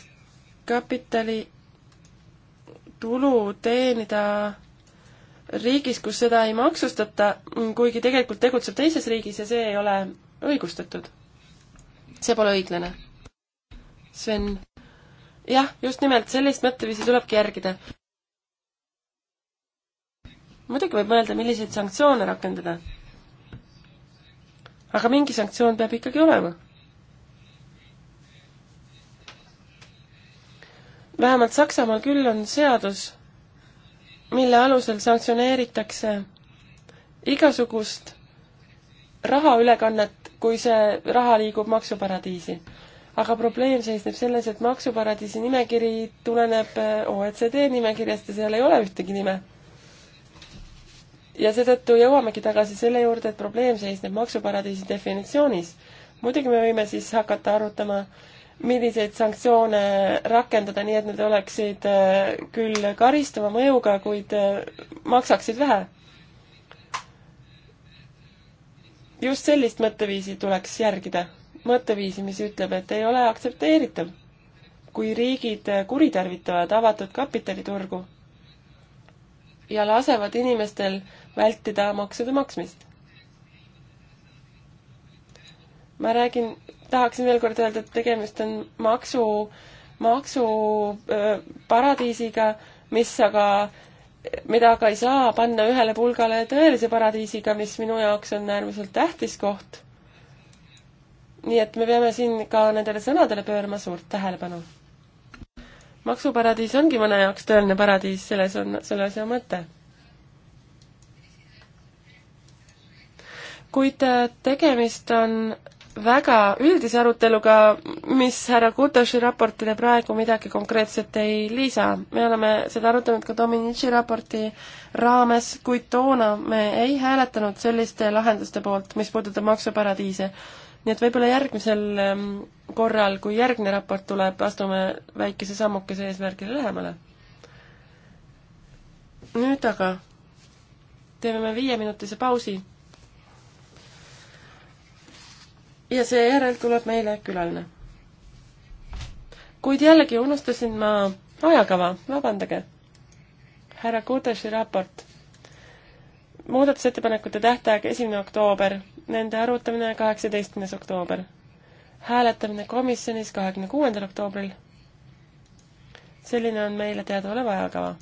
kapitali tulu teenida riigis, kus seda ei maksustata, kuigi tegelikult tegutseb teises riigis ja see ei ole õigustatud. see pole õiglane. Sven jah, just nimelt, sellist mõtteviisi tulebki järgida. muidugi võib mõelda, milliseid sanktsioone rakendada. aga mingi sanktsioon peab ikkagi olema. vähemalt Saksamaal küll on seadus, mille alusel sanktsioneeritakse igasugust rahaülekannet, kui see raha liigub maksuparadiisi aga probleem seisneb selles, et maksuparadiisi nimekiri tuleneb äh, OECD nimekirjast ja seal ei ole ühtegi nime. ja seetõttu jõuamegi tagasi selle juurde, et probleem seisneb maksuparadiisi definitsioonis. muidugi me võime siis hakata arutama, milliseid sanktsioone rakendada, nii et need oleksid äh, küll karistava mõjuga, kuid äh, maksaksid vähe. just sellist mõtteviisi tuleks järgida mõtteviisi, mis ütleb, et ei ole aktsepteeritav, kui riigid kuritarvitavad avatud kapitaliturgu ja lasevad inimestel vältida maksude maksmist. ma räägin, tahaksin veel kord öelda, et tegemist on maksu, maksuparadiisiga, mis aga, mida aga ei saa panna ühele pulgale tõelise paradiisiga, mis minu jaoks on äärmiselt tähtis koht nii et me peame siin ka nendele sõnadele pöörama suurt tähelepanu. maksuparadiis ongi mõne jaoks tõeline paradiis, selles on selle asja mõte. kuid äh, tegemist on väga üldise aruteluga, mis härra Kutoši raportile praegu midagi konkreetset ei lisa. me oleme seda arutanud ka Dominici raporti raames, kuid toona me ei hääletanud selliste lahenduste poolt, mis puudutab maksuparadiise nii et võib-olla järgmisel ähm, korral, kui järgmine raport tuleb, astume väikese sammukese eesmärgile lähemale. nüüd aga teeme me viieminutise pausi. ja seejärel tuleb meile külaline. kuid jällegi unustasin ma ajakava, vabandage. härra Kudeši raport muudatusettepanekute tähtaeg esimene oktoober nende arutamine kaheksateistkümnes oktoober. hääletamine komisjonis kahekümne kuuendal oktoobril. selline on meile teadaolev ajakava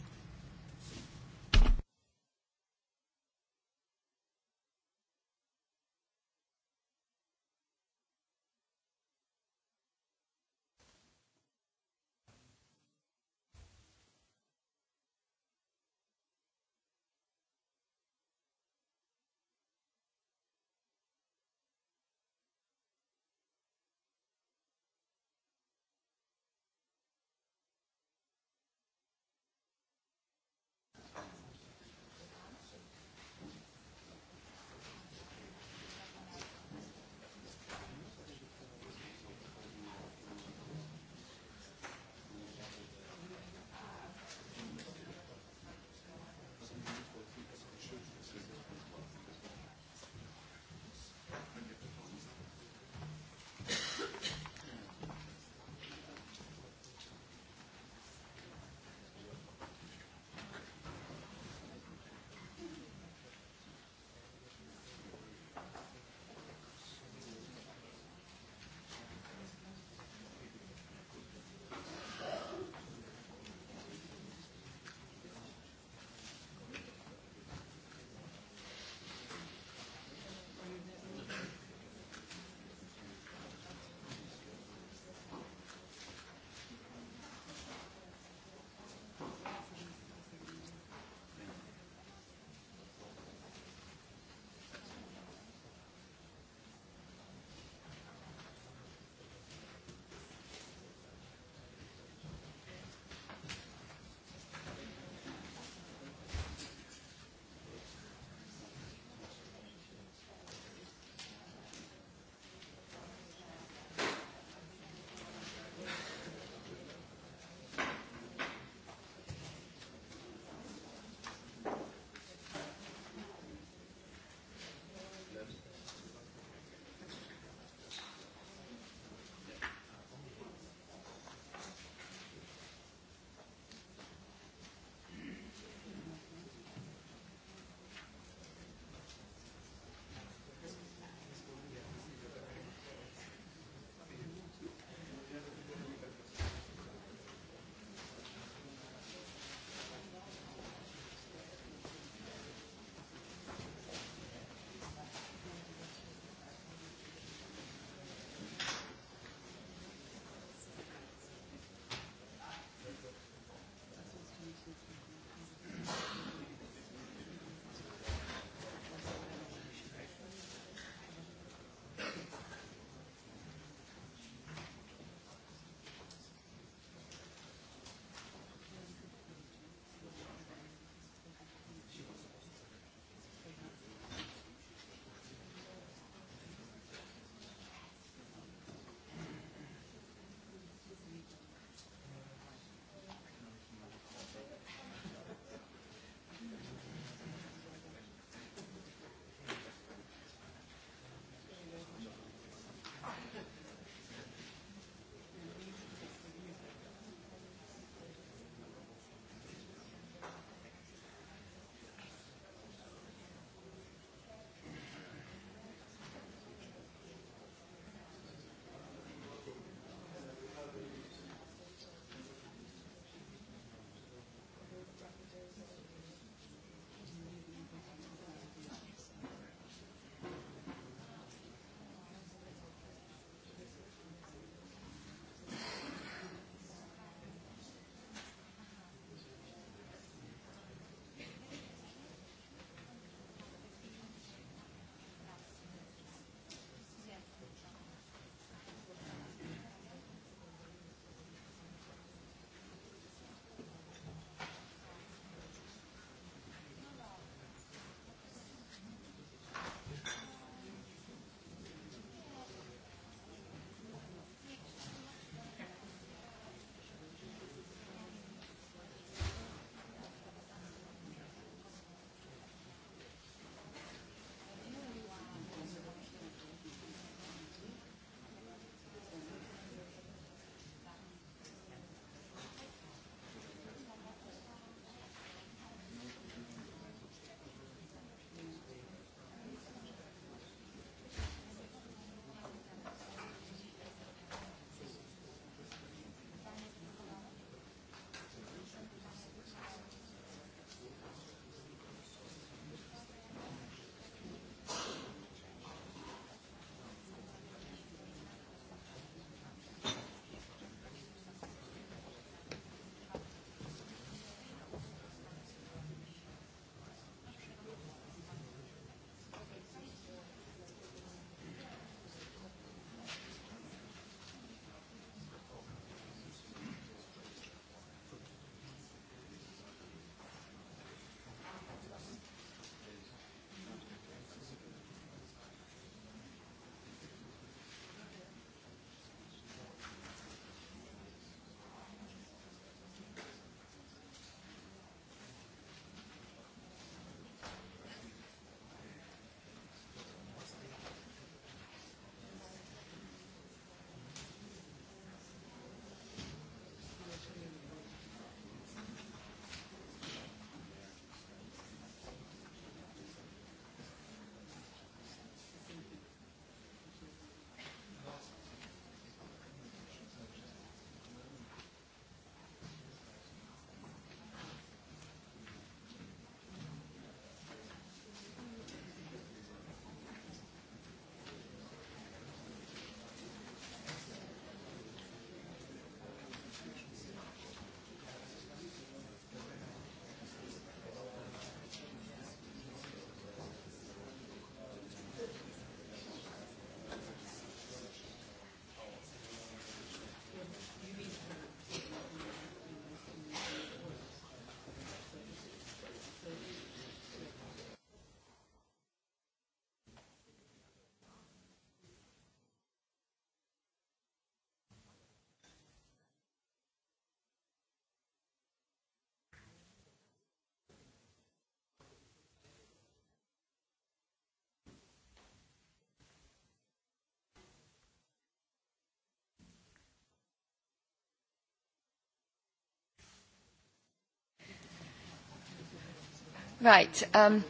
Right. Um,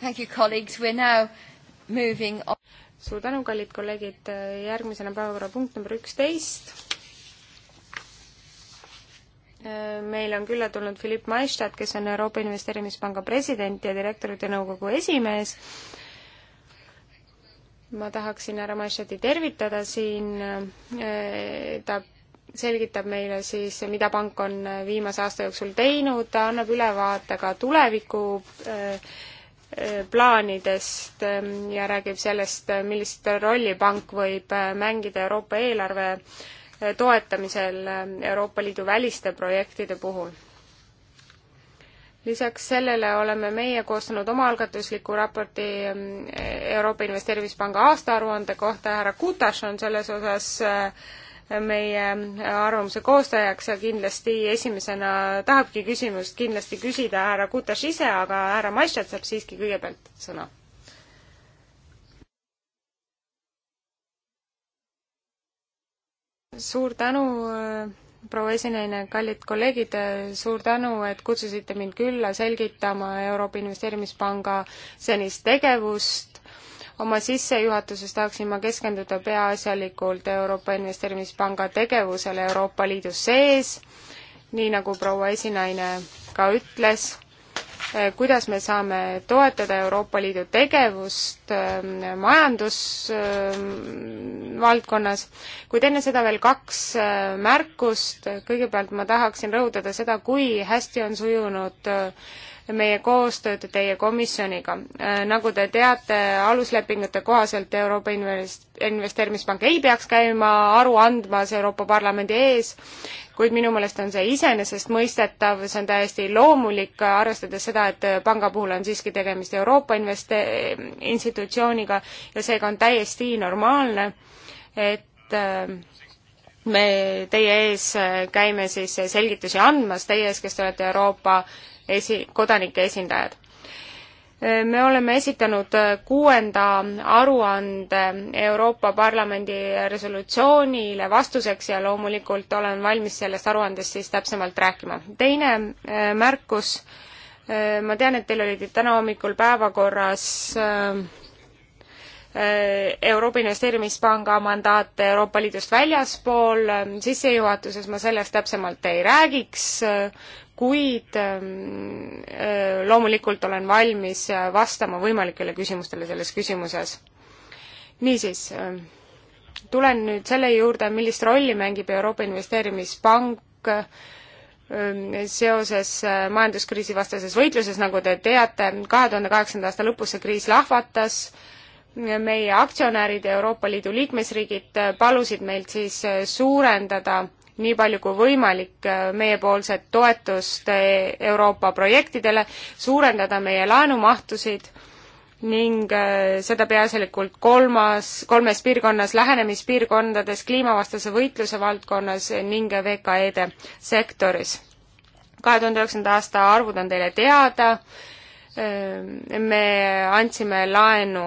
thank you, colleagues. We're now moving on. suur tänu, kallid kolleegid, järgmisena päevakorrapunkt number üksteist. meile on külla tulnud Philipp Maistad, kes on Euroopa Investeerimispanga president ja direktorite nõukogu esimees. ma tahaksin härra Maistati tervitada siin, ta selgitab meile siis, mida pank on äh, viimase aasta jooksul teinud, ta annab ülevaate ka tuleviku äh, äh, plaanidest ähm, ja räägib sellest, millist rolli pank võib mängida Euroopa eelarve toetamisel ähm, Euroopa Liidu väliste projektide puhul. lisaks sellele oleme meie koostanud omaalgatusliku raporti ähm, Euroopa Investeerimispanga aastaaruande kohta, härra Kutas on selles osas meie arvamuse koostajaks ja kindlasti esimesena tahabki küsimust kindlasti küsida härra Kutas ise, aga härra Maistat saab siiski kõigepealt sõna suur tänu, äh, proua esineja, kallid kolleegid, äh, suur tänu, et kutsusite mind külla selgitama Euroopa Investeerimispanga senist tegevust oma sissejuhatuses tahaksin ma keskenduda peaasjalikult Euroopa Investeerimispanga tegevusele Euroopa Liidu sees, nii nagu proua esinaine ka ütles, eh, kuidas me saame toetada Euroopa Liidu tegevust eh, majandusvaldkonnas, eh, kuid enne seda veel kaks märkust, kõigepealt ma tahaksin rõhutada seda, kui hästi on sujunud meie koostööd teie komisjoniga. Äh, nagu te teate, aluslepingute kohaselt Euroopa Invest-, Investeerimispank ei peaks käima aru andmas Euroopa Parlamendi ees, kuid minu meelest on see iseenesestmõistetav, see on täiesti loomulik, arvestades seda, et panga puhul on siiski tegemist Euroopa investe-, institutsiooniga ja seega on täiesti normaalne, et äh, me teie ees käime siis selgitusi andmas, teie ees, kes te olete Euroopa esi-, kodanike esindajad me oleme esitanud kuuenda aruande Euroopa Parlamendi resolutsioonile vastuseks ja loomulikult olen valmis sellest aruandest siis täpsemalt rääkima. teine eh, märkus, eh, ma tean, et teil olid täna hommikul päevakorras eh, Äh, Euroopa Investeerimispanga mandaat Euroopa Liidust väljaspool, ähm, sissejuhatuses ma sellest täpsemalt ei räägiks, äh, kuid ähm, äh, loomulikult olen valmis vastama võimalikele küsimustele selles küsimuses. niisiis, tulen nüüd selle juurde, millist rolli mängib Euroopa Investeerimispank ähm, seoses majanduskriisi vastases võitluses, nagu te teate, kahe tuhande kaheksanda aasta lõpus see kriis lahvatas, meie aktsionärid, Euroopa Liidu liikmesriigid palusid meilt siis äh, suurendada nii palju kui võimalik äh, meiepoolset toetust äh, Euroopa projektidele, suurendada meie laenumahtusid ning seda peaasjalikult kolmas, kolmes piirkonnas, lähenemispiirkondades, kliimavastase võitluse valdkonnas ning VKE-de sektoris. kahe tuhande üheksanda aasta arvud on teile teada, me andsime laenu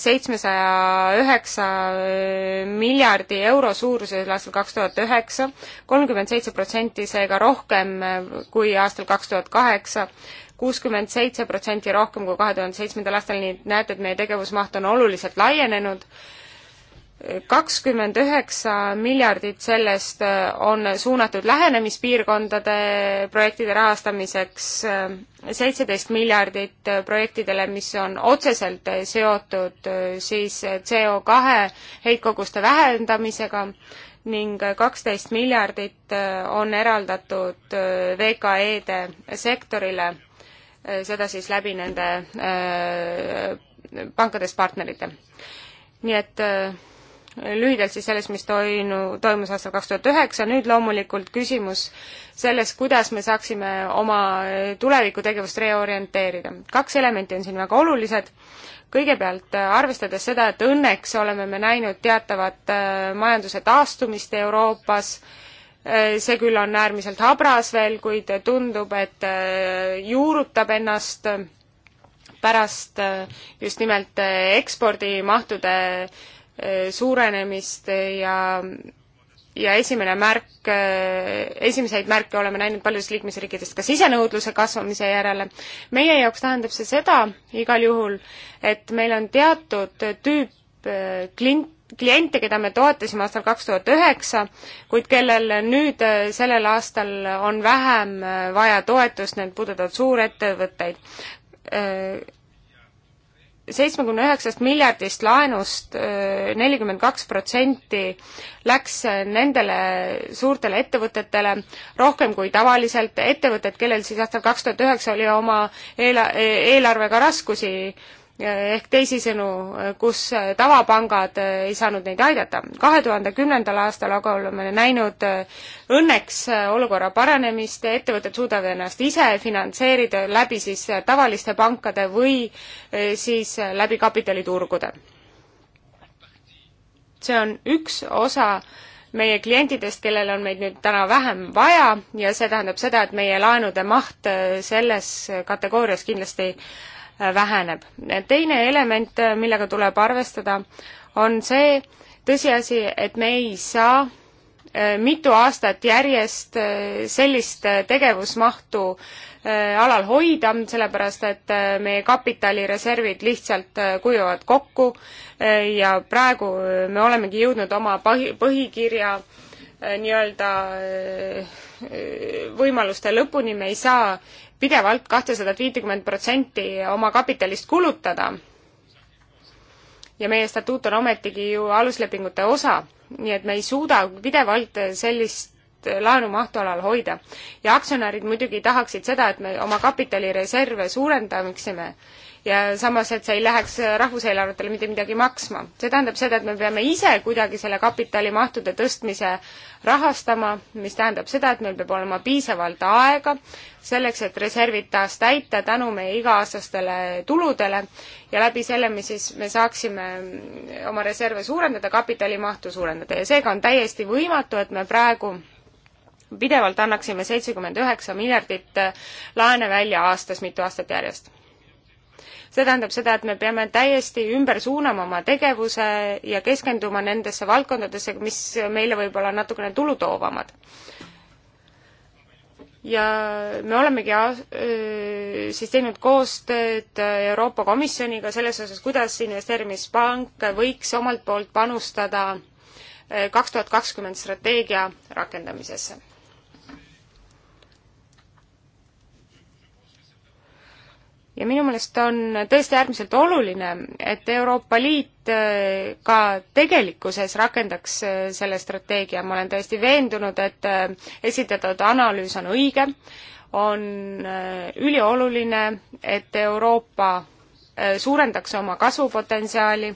seitsmesaja üheksa eh, miljardi euro suuruses aastal kaks tuhat üheksa, kolmkümmend seitse protsenti seega rohkem eh, kui aastal kaks tuhat kaheksa, kuuskümmend seitse protsenti rohkem kui kahe tuhande seitsmendal aastal, nii et näete, et meie tegevusmaht on oluliselt laienenud kakskümmend üheksa miljardit sellest äh, on suunatud lähenemispiirkondade projektide rahastamiseks, äh, seitseteist miljardit äh, projektidele, mis on otseselt seotud siis CO kahe heitkoguste vähendamisega ning kaksteist miljardit on eraldatud VKE-de sektorile, seda siis läbi nende pankadest partnerite. nii et äh, lühidalt siis sellest, mis toinu, toimus aastal kaks tuhat üheksa, nüüd loomulikult küsimus selles, kuidas me saaksime oma eh, tulevikutegevust reorienteerida. kaks elementi on siin väga olulised, kõigepealt eh, arvestades seda, et õnneks oleme me näinud teatavat eh, majanduse taastumist Euroopas, see küll on äärmiselt habras veel, kuid tundub, et juurutab ennast pärast just nimelt ekspordimahtude Eh, suurenemist ja ja esimene märk, eh, esimeseid märke oleme näinud paljudes liikmesriikides ka sisenõudluse kasvamise järele. meie jaoks tähendab see seda igal juhul, et meil on teatud tüüp eh, klient, kliente, keda me toetasime aastal kaks tuhat üheksa, kuid kellel nüüd sellel aastal on vähem vaja toetust, need puudutavad suurettevõtteid seitsmekümne üheksast miljardist laenust nelikümmend kaks protsenti läks nendele suurtele ettevõtetele rohkem kui tavaliselt, ettevõtted, kellel siis aastal kaks tuhat üheksa oli oma eela-, eelarvega raskusi, ehk teisisõnu, kus tavapangad ei saanud neid aidata. kahe tuhande kümnendal aastal aga oleme näinud õnneks olukorra paranemist, ettevõtted suudavad ennast ise finantseerida läbi siis tavaliste pankade või eh, siis läbi kapitaliturgude. see on üks osa meie klientidest, kellel on meid nüüd täna vähem vaja ja see tähendab seda, et meie laenude maht selles kategoorias kindlasti väheneb. teine element, millega tuleb arvestada, on see tõsiasi, et me ei saa eh, mitu aastat järjest eh, sellist eh, tegevusmahtu alal hoida, sellepärast et meie kapitalireservid lihtsalt kujuvad kokku ja praegu me olemegi jõudnud oma põhi, põhikirja nii-öelda võimaluste lõpuni, me ei saa pidevalt kahtesadat viitekümmet protsenti oma kapitalist kulutada. ja meie statuut on ometigi ju aluslepingute osa, nii et me ei suuda pidevalt sellist laenumahtu alal hoida. ja aktsionärid muidugi tahaksid seda, et me oma kapitalireserve suurendaksime ja samas, et see ei läheks rahvuseelarvetele mitte midagi maksma. see tähendab seda, et me peame ise kuidagi selle kapitalimahtude tõstmise rahastama, mis tähendab seda, et meil peab olema piisavalt aega selleks, et reservid taas täita tänu meie iga-aastastele tuludele ja läbi selle me siis, me saaksime oma reserve suurendada, kapitalimahtu suurendada ja seega on täiesti võimatu, et me praegu pidevalt annaksime seitsekümmend üheksa miljardit laene välja aastas mitu aastat järjest see tähendab seda, et me peame täiesti ümber suunama oma tegevuse ja keskenduma nendesse valdkondadesse, mis meile võib-olla natukene tulutoovamad. ja me olemegi siis teinud koostööd Euroopa Komisjoniga selles osas, kuidas investeerimispank võiks omalt poolt panustada kaks tuhat kakskümmend strateegia rakendamisesse ja minu meelest on tõesti äärmiselt oluline, et Euroopa Liit äh, ka tegelikkuses rakendaks äh, selle strateegia, ma olen täiesti veendunud, et äh, esitatud analüüs on õige, on ülioluline, et Euroopa suurendaks oma kasvupotentsiaali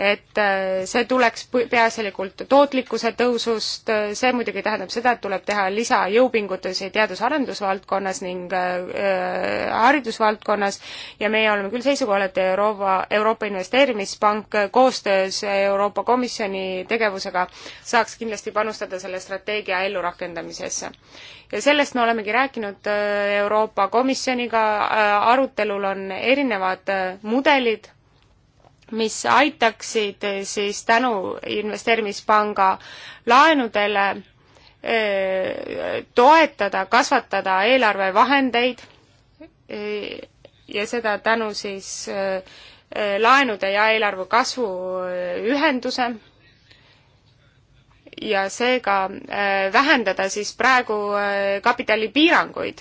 et äh, see tuleks peaasjalikult tootlikkuse tõusust, äh, see muidugi tähendab seda, et tuleb teha lisajõupingutusi teadus-arendusvaldkonnas ning äh, äh, haridusvaldkonnas ja meie oleme küll seisukohal, et Euroopa, Euroopa Investeerimispank koostöös Euroopa Komisjoni tegevusega saaks kindlasti panustada selle strateegia ellurakendamisesse. ja sellest me olemegi rääkinud Euroopa Komisjoniga, arutelul on erinevad mudelid, mis aitaksid eh, siis tänu investeerimispanga laenudele eh, toetada, kasvatada eelarvevahendeid eh, ja seda tänu siis laenude ja eelarve kasvu ühenduse ja seega vähendada siis praegu kapitalipiiranguid.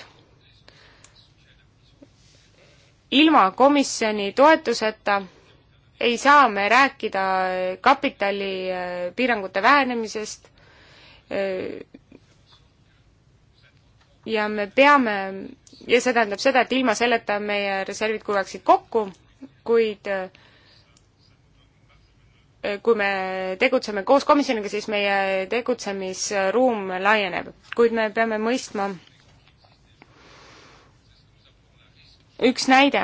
ilma komisjoni toetuseta ei saa me rääkida kapitalipiirangute äh, vähenemisest äh, ja me peame, ja see tähendab seda, et ilma selleta meie reservid kuivaksid kokku, kuid äh, kui me tegutseme koos komisjoniga, siis meie tegutsemisruum laieneb, kuid me peame mõistma üks näide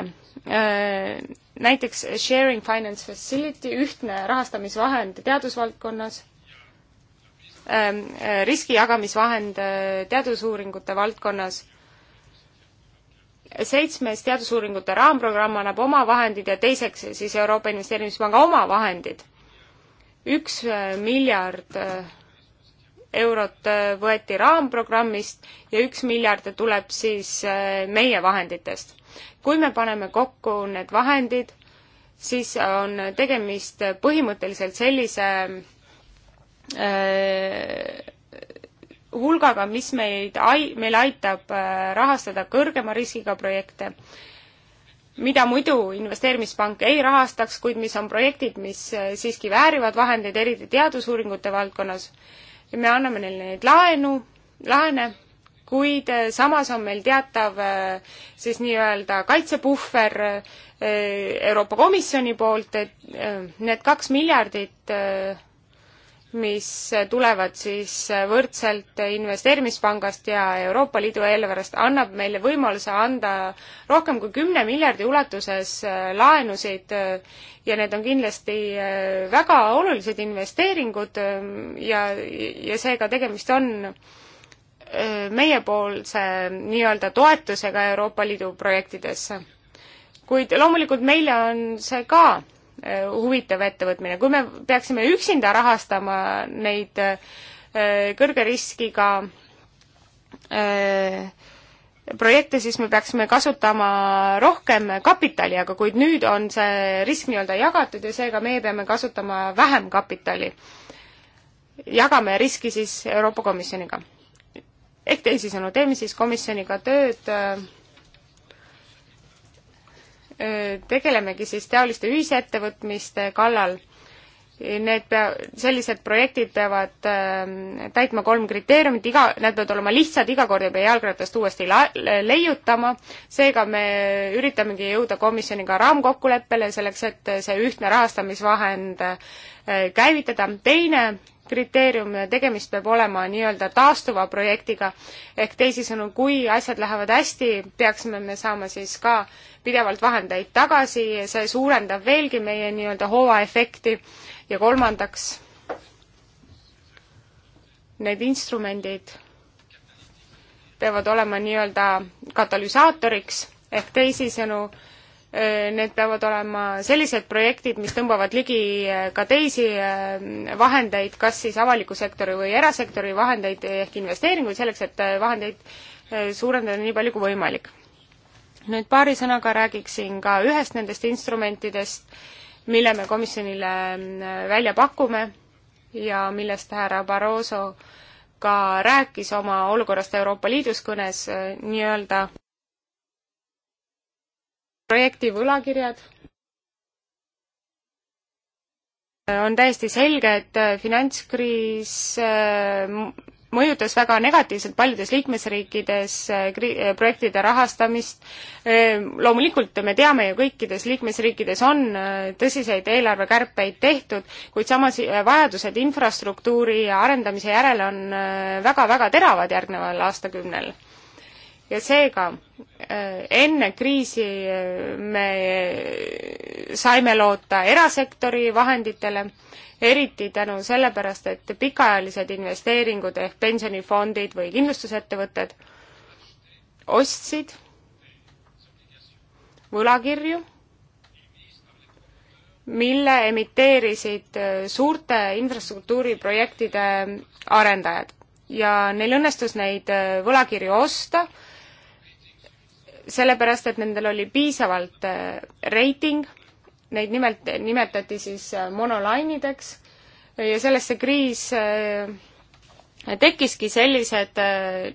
näiteks Sharing Finance Facility, ühtne rahastamisvahend teadusvaldkonnas, ähm, äh, riskijagamisvahend äh, teadusuuringute valdkonnas, seitsmes teadusuuringute raamprogramm annab oma vahendid ja teiseks siis Euroopa Investeerimispanga oma vahendid. üks äh, miljard eurot võeti raamprogrammist ja üks miljard tuleb siis meie vahenditest kui me paneme kokku need vahendid, siis on tegemist põhimõtteliselt sellise äh, hulgaga, mis meid ai-, meil aitab äh, rahastada kõrgema riskiga projekte, mida muidu investeerimispank ei rahastaks, kuid mis on projektid, mis äh, siiski väärivad vahendeid, eriti teadusuuringute valdkonnas, ja me anname neile neid laenu, laene kuid äh, samas on meil teatav äh, siis nii-öelda kaitsepuhver äh, Euroopa Komisjoni poolt, et need kaks miljardit, mis tulevad siis võrdselt investeerimispangast ja Euroopa Liidu eelarvest, annab meile võimaluse anda rohkem kui kümne miljardi ulatuses laenusid ja need on kindlasti väga olulised investeeringud ja, ja seega tegemist on äh, meiepoolse nii-öelda toetusega Euroopa Liidu projektidesse. kuid loomulikult meile on see ka äh, huvitav ettevõtmine, kui me peaksime üksinda rahastama neid äh, kõrge riskiga äh, projekte, siis me peaksime kasutama rohkem kapitali, aga kuid nüüd on see risk nii-öelda jagatud ja seega meie peame kasutama vähem kapitali. jagame riski siis Euroopa Komisjoniga ehk teisisõnu, teeme siis komisjoniga tööd, äh, äh, tegelemegi siis taoliste ühisettevõtmiste kallal. Need pea-, sellised projektid peavad äh, täitma kolm kriteeriumit, iga, need peavad olema lihtsad, iga kord ei pea jalgratast uuesti la-, leiutama, seega me üritamegi jõuda komisjoniga raamkokkuleppele selleks, et see ühtne rahastamisvahend käivitada. teine kriteerium, tegemist peab olema nii-öelda taastuva projektiga, ehk teisisõnu, kui asjad lähevad hästi, peaksime me saama siis ka pidevalt vahendeid tagasi, see suurendab veelgi meie nii-öelda hooaefekti ja kolmandaks, need instrumendid peavad olema nii-öelda katalüsaatoriks ehk teisisõnu, Äh, need peavad olema sellised projektid, mis tõmbavad ligi äh, ka teisi äh, vahendeid, kas siis avaliku sektori või erasektori vahendeid eh, ehk investeeringuid, selleks et vahendeid suurendada nii palju kui võimalik. nüüd paari sõnaga räägiksin ka ühest nendest instrumentidest, mille me komisjonile välja pakume ja millest härra Barroso ka rääkis oma olukorrast Euroopa Liidus kõnes nii-öelda projekti võlakirjad. on täiesti selge, et äh, finantskriis äh, mõjutas väga negatiivselt paljudes liikmesriikides äh, projektide rahastamist. loomulikult me teame ju, kõikides liikmesriikides on tõsiseid eelarvekärpeid tehtud, kuid samas vajadused infrastruktuuri arendamise järele on väga-väga teravad järgneval aastakümnel ja seega äh, enne kriisi äh, me saime loota erasektori vahenditele, eriti tänu sellepärast, et pikaajalised investeeringud ehk pensionifondid või kindlustusettevõtted ostsid võlakirju, mille emiteerisid äh, suurte infrastruktuuriprojektide arendajad ja neil õnnestus neid võlakirju osta sellepärast, et nendel oli piisavalt äh, reiting, neid nimelt, nimetati siis äh, monolainideks ja sellest see kriis äh, tekkiski sellised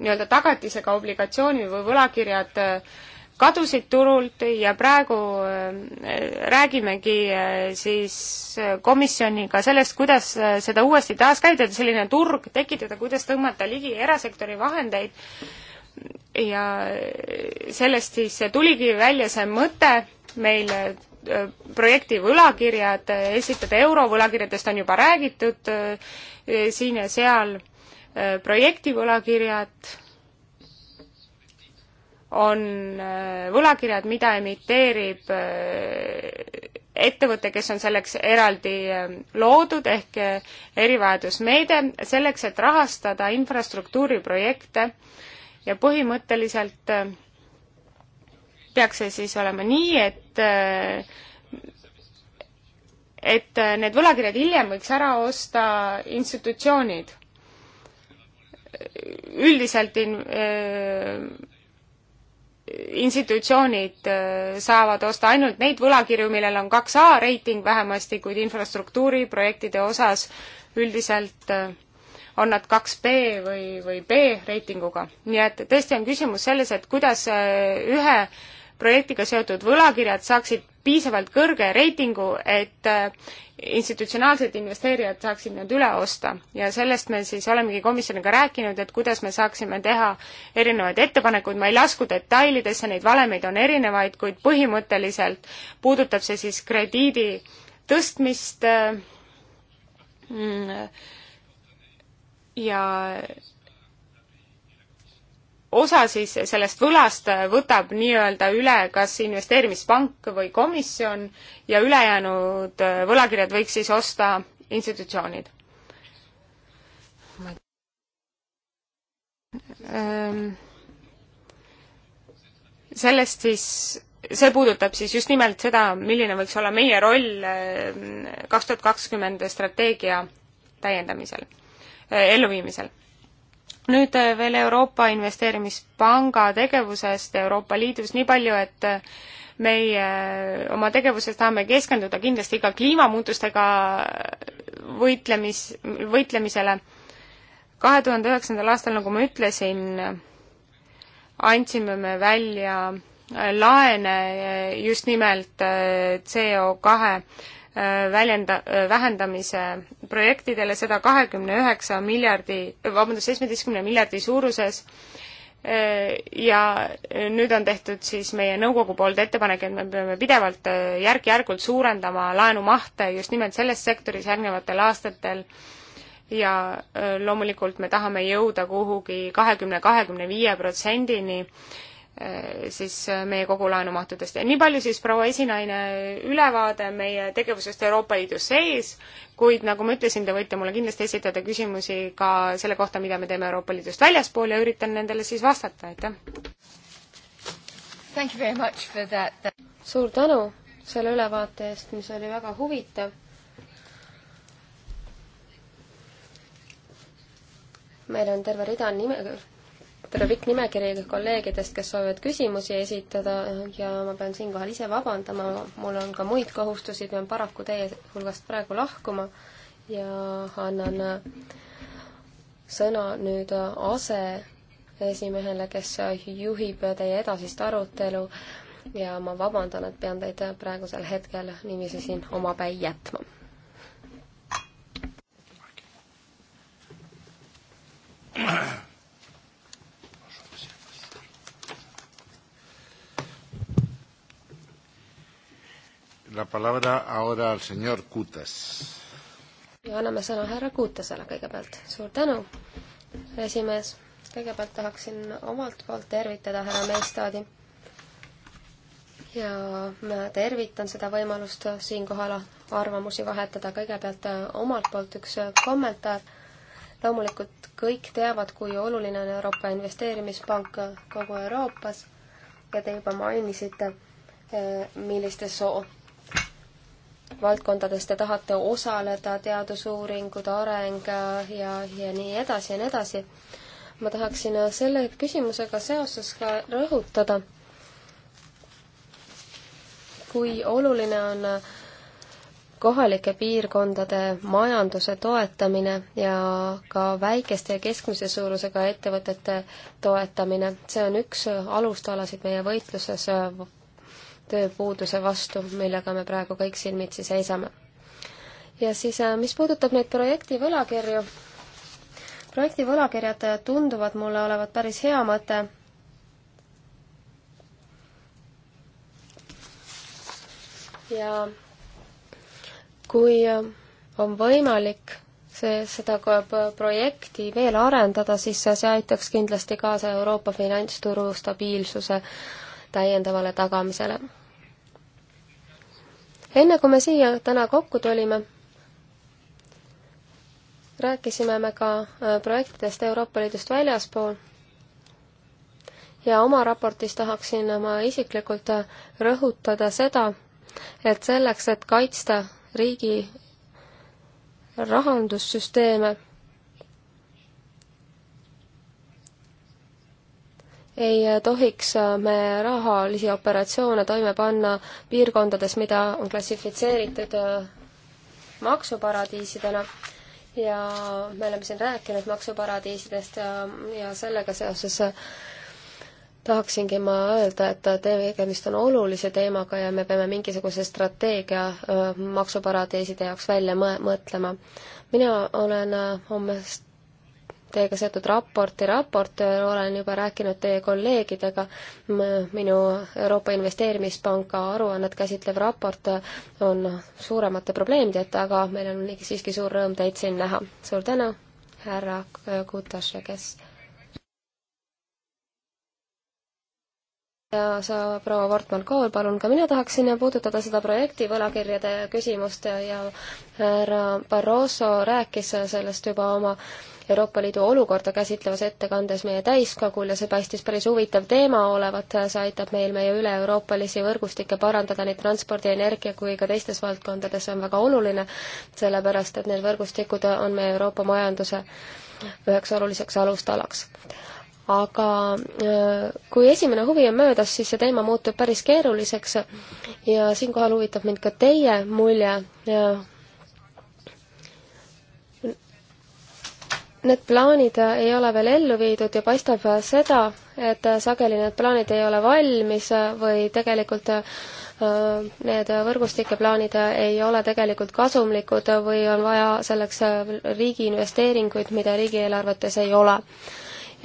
nii-öelda tagatisega obligatsioonid või võlakirjad kadusid turult ja praegu räägimegi siis komisjoniga sellest, kuidas seda uuesti taaskäivitada, selline turg tekitada, kuidas tõmmata ligi erasektori vahendeid ja sellest siis tuligi välja see mõte meil äh, projekti võlakirjad, esitada eurovõlakirjadest on juba räägitud äh, siin ja seal, äh, projekti võlakirjad on võlakirjad, mida emiteerib ettevõte, kes on selleks eraldi loodud, ehk erivajadusmeede, selleks, et rahastada infrastruktuuriprojekte, ja põhimõtteliselt äh, peaks see siis olema nii, et äh, et äh, need võlakirjad hiljem võiks ära osta institutsioonid. üldiselt in-, institutsioonid saavad osta ainult neid võlakirju, millel on kaks A reiting vähemasti, kuid infrastruktuuriprojektide osas üldiselt äh, on nad kaks B või, või B reitinguga. nii et tõesti on küsimus selles, et kuidas äh, ühe projektiga seotud võlakirjad saaksid piisavalt kõrge reitingu, et äh, institutsionaalsed investeerijad saaksid nad üle osta ja sellest me siis olemegi komisjoniga rääkinud, et kuidas me saaksime teha erinevaid ettepanekuid, ma ei lasku detailidesse, neid valemeid on erinevaid, kuid põhimõtteliselt puudutab see siis krediidi tõstmist äh, mm, ja osa siis sellest võlast võtab nii-öelda üle kas investeerimispank või komisjon ja ülejäänud võlakirjad võiks siis osta institutsioonid. Ehm, sellest siis, see puudutab siis just nimelt seda, milline võiks olla meie roll ehm, kaks tuhat kakskümmend strateegia täiendamisel Äh, elluviimisel. nüüd äh, veel Euroopa Investeerimispanga tegevusest Euroopa Liidus, nii palju, et äh, meie oma tegevuses tahame keskenduda kindlasti ka kliimamuutustega võitlemis, võitlemisele. kahe tuhande üheksandal aastal, nagu ma ütlesin, andsime me välja laene just nimelt CO kahe väljenda, vähendamise projektidele, seda kahekümne üheksa miljardi, vabandust, seitsmeteistkümne miljardi suuruses äh, ja nüüd on tehtud siis meie nõukogu poolt ettepanek, et me peame pidevalt äh, järk-järgult suurendama laenumahte just nimelt selles sektoris järgnevatel aastatel ja äh, loomulikult me tahame jõuda kuhugi kahekümne, kahekümne viie protsendini Eh, siis eh, meie kogu laenumahtudest. nii palju siis, proua esinaine, ülevaade meie tegevusest Euroopa Liidu sees, kuid nagu ma ütlesin, te võite mulle kindlasti esitada küsimusi ka selle kohta, mida me teeme Euroopa Liidust väljaspool ja üritan nendele siis vastata, aitäh! suur tänu selle ülevaate eest, mis oli väga huvitav. meil on terve rida nime, terve pikk nimekiri kolleegidest, kes soovivad küsimusi esitada ja ma pean siinkohal ise vabandama, mul on ka muid kohustusi, pean paraku teie hulgast praegu lahkuma ja annan sõna nüüd aseesimehele, kes juhib teie edasist arutelu ja ma vabandan, et pean teid praegusel hetkel niiviisi siin omapäi jätma. Ahem. [CLEARS THROAT] la palabra ahora al señor Kutas. ja anname sõna härra Kutasele kõigepealt. suur tänu, esimees. kõigepealt tahaksin omalt poolt tervitada härra Meistaadi. ja ma tervitan seda võimalust siinkohal arvamusi vahetada. kõigepealt omalt poolt üks kommentaar. loomulikult kõik teavad, kui oluline on Euroopa Investeerimispank kogu Euroopas ja te juba mainisite, eh, millistes valdkondades te tahate osaleda, teadusuuringud, areng ja, ja nii edasi ja nii edasi. ma tahaksin selle küsimusega seoses ka rõhutada, kui oluline on kohalike piirkondade majanduse toetamine ja ka väikeste ja keskmise suurusega ettevõtete toetamine. see on üks alustalasid meie võitluses tööpuuduse vastu, millega me praegu kõik silmitsi seisame. ja siis, äh, mis puudutab neid projekti võlakirju, projekti võlakirjad äh, tunduvad mulle olevat päris hea mõte. ja kui äh, on võimalik see, seda projekti veel arendada, siis see aitaks kindlasti kaasa Euroopa finantsturu stabiilsuse täiendavale tagamisele enne kui me siia täna kokku tulime, rääkisime me ka äh, projektidest Euroopa Liidust väljaspool ja oma raportis tahaksin ma isiklikult äh, rõhutada seda, et selleks, et kaitsta riigi rahandussüsteeme ei tohiks äh, me rahalisi operatsioone toime panna piirkondades, mida on klassifitseeritud äh, maksuparadiisidena ja me oleme siin rääkinud maksuparadiisidest ja, äh, ja sellega seoses tahaksingi ma öelda, et tegemist on olulise teemaga ja me peame mingisuguse strateegia maksuparadiiside jaoks välja mõtlema. mina olen homme teiega seotud raporti raportöör, olen juba rääkinud teie kolleegidega, minu Euroopa Investeerimispanga aruannet käsitlev raport on suuremate probleemide ette, aga meil on siiski suur rõõm teid siin näha. suur tänu, härra Kutaše, kes ja sa, proua Wortmann-Kool, palun, ka mina tahaksin puudutada seda projekti võlakirjade küsimust ja härra Barroso rääkis sellest juba oma äh, Euroopa Liidu olukorda käsitlevas ettekandes meie täiskogul ja see paistis päris huvitav teema olevat, see aitab meil meie üle-euroopalisi võrgustikke parandada nii transpordi, energia kui ka teistes valdkondades, see on väga oluline, sellepärast et need võrgustikud on meie Euroopa majanduse üheks oluliseks alustalaks aga äh, kui esimene huvi on möödas, siis see teema muutub päris keeruliseks ja siinkohal huvitab mind ka teie mulje äh, Need plaanid ei ole veel ellu viidud ja paistab seda, et sageli need plaanid ei ole valmis või tegelikult äh, need võrgustike plaanid ei ole tegelikult kasumlikud või on vaja selleks riigi investeeringuid, mida riigieelarvetes ei ole.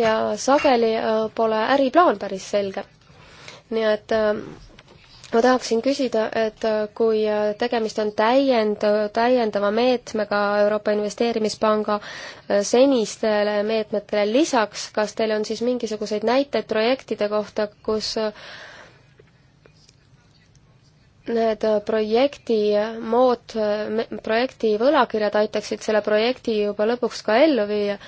ja sageli äh, pole äriplaan päris selge. nii et äh, ma tahaksin küsida, et äh, kui äh, tegemist on täiend, täiendava meetmega Euroopa Investeerimispanga äh, senistele meetmetele lisaks, kas teil on siis mingisuguseid näiteid projektide kohta, kus need projekti mood, projekti võlakirjad aitaksid selle projekti juba lõpuks ka ellu viia?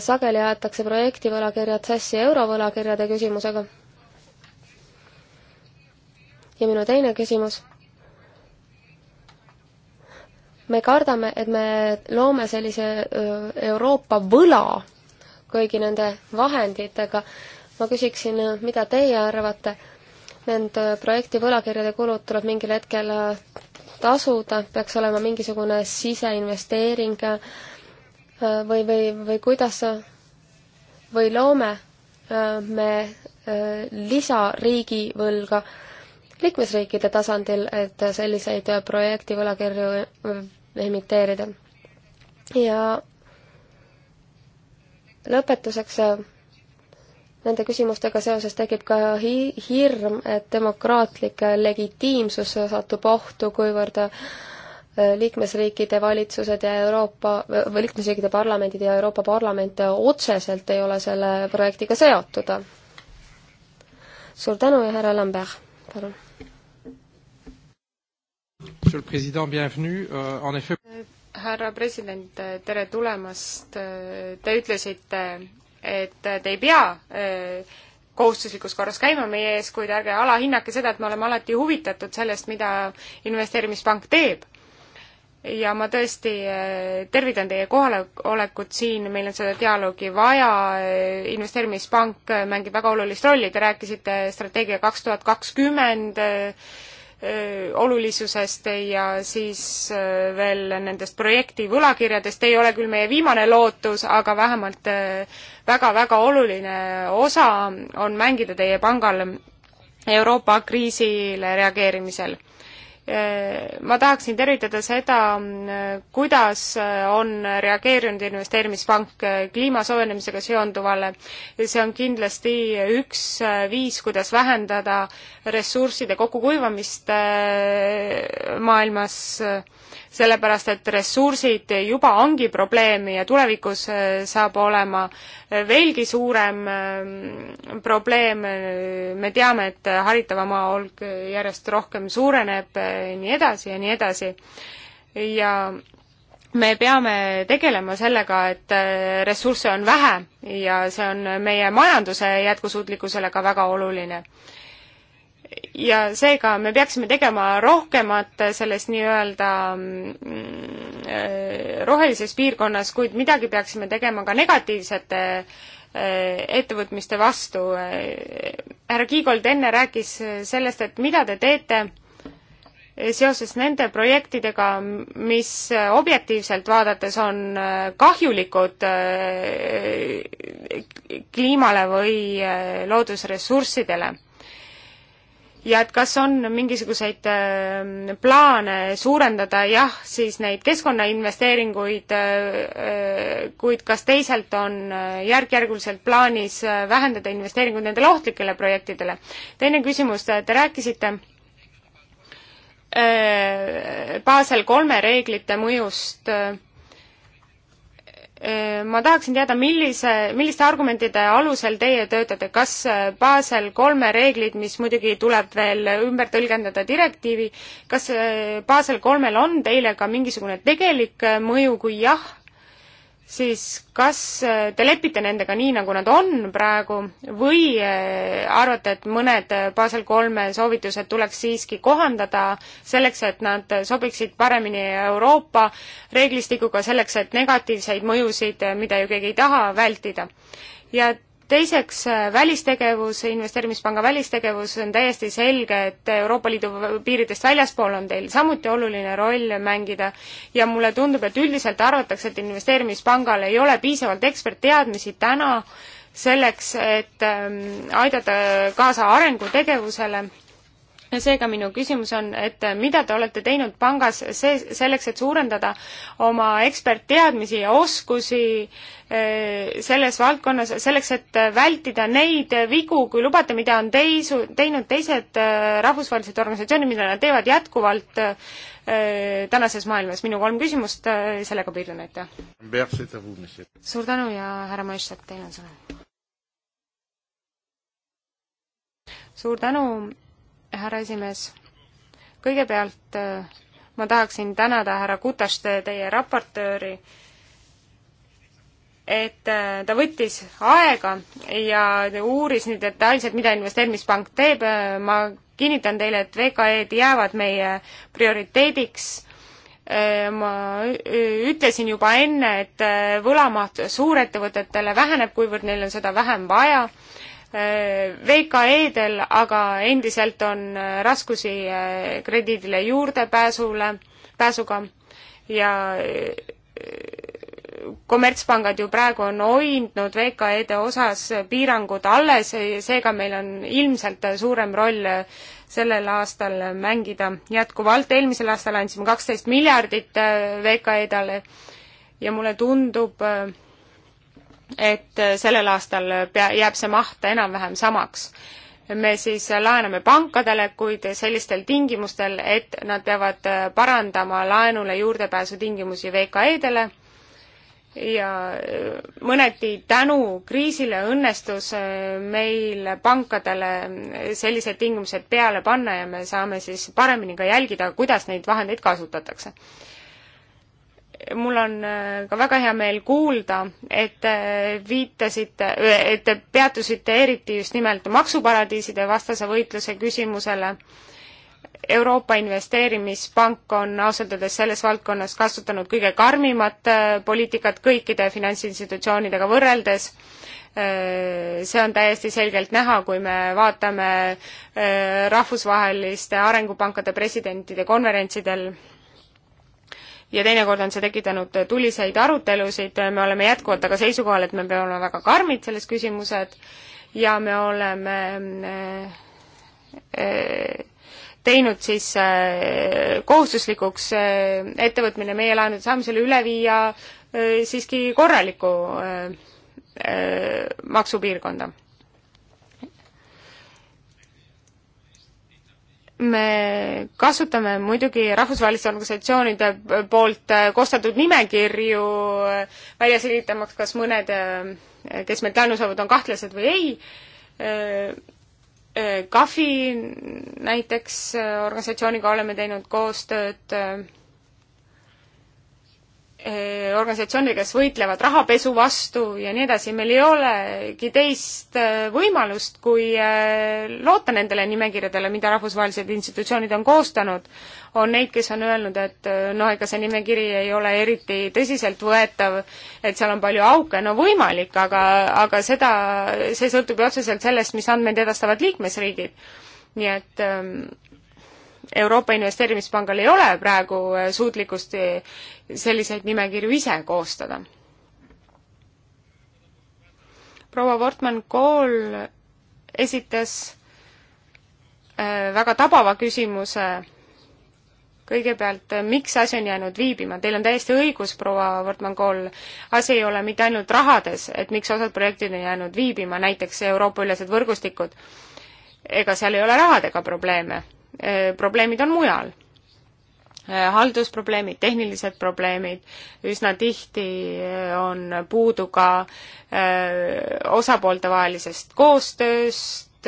sageli aetakse projekti võlakirjad sassi eurovõlakirjade küsimusega ja minu teine küsimus. me kardame, et me loome sellise Euroopa võla kõigi nende vahenditega. ma küsiksin, mida teie arvate? Need projekti võlakirjade kulud tuleb mingil hetkel tasuda, peaks olema mingisugune siseinvesteering või, või, või kuidas või loome me lisariigivõlga liikmesriikide tasandil, et selliseid projekti võlakirju emiteerida. ja lõpetuseks äh, nende küsimustega seoses tekib ka hi-, hirm, et demokraatlik legitiimsus satub ohtu, kuivõrd äh, liikmesriikide valitsused ja Euroopa, või liikmesriikide parlamendid ja Euroopa Parlament otseselt ei ole selle projektiga seotud. suur tänu ja härra Lambert, palun! Euh, härra president, tere tulemast. Te ütlesite, et te ei pea äh, kohustuslikus korras käima meie ees, kuid ärge alahinnake seda, et me oleme alati huvitatud sellest, mida investeerimispank teeb. ja ma tõesti äh, tervitan teie kohalolekut siin, meil on seda dialoogi vaja, äh, investeerimispank mängib väga olulist rolli, te rääkisite strateegia kaks tuhat kakskümmend olulisusest ja siis veel nendest projekti võlakirjadest, ei ole küll meie viimane lootus, aga vähemalt väga-väga oluline osa on mängida teie pangal Euroopa kriisile reageerimisel Äh, ma tahaksin tervitada seda, äh, kuidas äh, on reageerinud investeerimispank kliima soojenemisega seonduvale. see on kindlasti üks viis, kuidas vähendada ressursside kokkukuivamist maailmas sellepärast et ressursid juba ongi probleem ja tulevikus äh, saab olema äh, veelgi suurem ähm, probleem. Äh, me teame, et haritavamaa hulk järjest rohkem suureneb, nii edasi ja nii edasi. ja me peame tegelema sellega, et ressursse on vähe ja see on meie majanduse jätkusuutlikkusele ka väga oluline ja seega me peaksime tegema rohkemat selles nii-öelda mm, äh, rohelises piirkonnas, kuid midagi peaksime tegema ka negatiivsete äh, ettevõtmiste vastu. härra Kiigold enne rääkis sellest, et mida te teete seoses nende projektidega, mis objektiivselt vaadates on äh, kahjulikud kliimale või loodusressurssidele ja et kas on mingisuguseid ähm, plaane suurendada jah, siis neid keskkonnainvesteeringuid, äh, äh, kuid kas teisalt on äh, järk-järguliselt plaanis vähendada investeeringuid nendele ohtlikele projektidele? teine küsimus, te rääkisite Basel kolme reeglite mõjust Äh, ma tahaksin teada, millise, milliste argumentide alusel teie töötate, kas äh, Basel kolme reeglid, mis muidugi tuleb veel ümber tõlgendada direktiivi, kas äh, Basel kolmel on teile ka mingisugune tegelik mõju, kui jah, siis kas äh, te lepite nendega nii, nagu nad on praegu või äh, arvate, et mõned äh, Basel kolme soovitused tuleks siiski kohandada selleks, et nad sobiksid paremini Euroopa reeglistikuga, selleks et negatiivseid mõjusid, mida ju keegi ei taha, vältida? ja teiseks, äh, välistegevus, investeerimispanga välistegevus on täiesti selge, et Euroopa Liidu piiridest väljaspool on teil samuti oluline roll mängida ja mulle tundub, et üldiselt arvatakse, et investeerimispangal ei ole piisavalt ekspertteadmisi täna selleks, et ähm, aidata kaasa arengutegevusele seega minu küsimus on, et mida te olete teinud pangas see, selleks, et suurendada oma ekspertteadmisi ja oskusi eh, selles valdkonnas, selleks, et vältida neid vigu, kui lubate, mida on teisu, teinud teised eh, rahvusvahelised organisatsioonid, mida nad teevad jätkuvalt eh, tänases maailmas. minu kolm küsimust, sellega piirdun, aitäh. suur tänu ja härra Maistak, teil on sõna. suur tänu härra esimees. kõigepealt äh, ma tahaksin tänada härra Kutaste, teie raportööri, et äh, ta võttis aega ja uuris nii detailselt, mida investeerimispank teeb. Äh, ma kinnitan teile, et VKE-d jäävad meie prioriteediks. ma ütlesin juba enne, et võlamaht suurettevõtetele väheneb, kuivõrd neil on seda vähem vaja VKE-del aga endiselt on äh, raskusi äh, krediidile juurdepääsule, pääsuga ja äh, kommertspangad ju praegu on hoidnud VKE-de osas piirangud alles, seega meil on ilmselt suurem roll sellel aastal mängida jätkuvalt. eelmisel aastal andsime kaksteist miljardit VKE-dele ja mulle tundub, et äh, sellel aastal äh, pea, jääb see maht enam-vähem samaks. me siis äh, laename pankadele, kuid sellistel tingimustel, et nad peavad parandama laenule juurdepääsu tingimusi VKE-dele ja mõneti tänu kriisile õnnestus meil pankadele sellised tingimused peale panna ja me saame siis paremini ka jälgida, kuidas neid vahendeid kasutatakse mul on äh, ka väga hea meel kuulda, et äh, viitasite, et te peatusite eriti just nimelt maksuparadiiside vastase võitluse küsimusele. Euroopa Investeerimispank on ausalt öeldes selles valdkonnas kasutanud kõige karmimat äh, poliitikat kõikide finantsinstitutsioonidega võrreldes. see on täiesti selgelt näha, kui me vaatame rahvusvaheliste arengupankade presidentide konverentsidel ja teinekord on see tekitanud tuliseid arutelusid, me oleme jätkuvalt aga seisukohal, et me peame olema väga karmid selles küsimuses ja me oleme eh, teinud siis eh, kohustuslikuks eh, ettevõtmine meie laenude saamisele üle viia siiski korralikku maksupiirkonda me kasutame muidugi rahvusvaheliste organisatsioonide poolt koostatud nimekirju äh, välja selgitamaks, kas mõned, äh, kes meilt laenu saavad, on kahtlased või ei. KAFi äh, näiteks organisatsiooniga oleme teinud koostööd Eh, organisatsioonidega, kes võitlevad rahapesu vastu ja nii edasi, meil ei olegi teist eh, võimalust, kui eh, loota nendele nimekirjadele, mida rahvusvahelised institutsioonid on koostanud. on neid, kes on öelnud, et noh, ega see nimekiri ei ole eriti tõsiseltvõetav, et seal on palju auke, no võimalik, aga, aga seda, see sõltub ju otseselt sellest, mis andmeid edastavad liikmesriigid. nii et ähm, Euroopa Investeerimispangal ei ole praegu äh, suutlikkust äh, selliseid nimekirju ise koostada. proua Wortmann-Kool esitas äh, väga tabava küsimuse kõigepealt, miks asi on jäänud viibima, teil on täiesti õigus, proua Wortmann-Kool, asi ei ole mitte ainult rahades, et miks osad projektid on jäänud viibima, näiteks Euroopa-ülesed võrgustikud, ega seal ei ole rahadega probleeme. Äh, probleemid on mujal. Äh, haldusprobleemid, tehnilised probleemid, üsna tihti äh, on puudu ka osapooltevahelisest koostööst,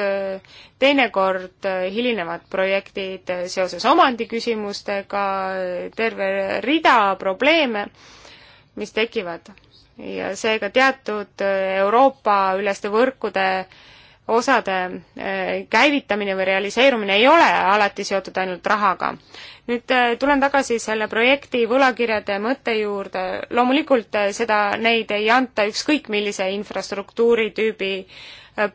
teinekord hilinevad projektid seoses omandiküsimustega, terve rida probleeme, mis tekivad. ja seega teatud Euroopa-üleste võrkude äh, osade eh, käivitamine või realiseerumine ei ole alati seotud ainult rahaga. nüüd eh, tulen tagasi selle projekti võlakirjade mõtte juurde, loomulikult eh, seda, neid ei anta ükskõik millise infrastruktuuri tüübi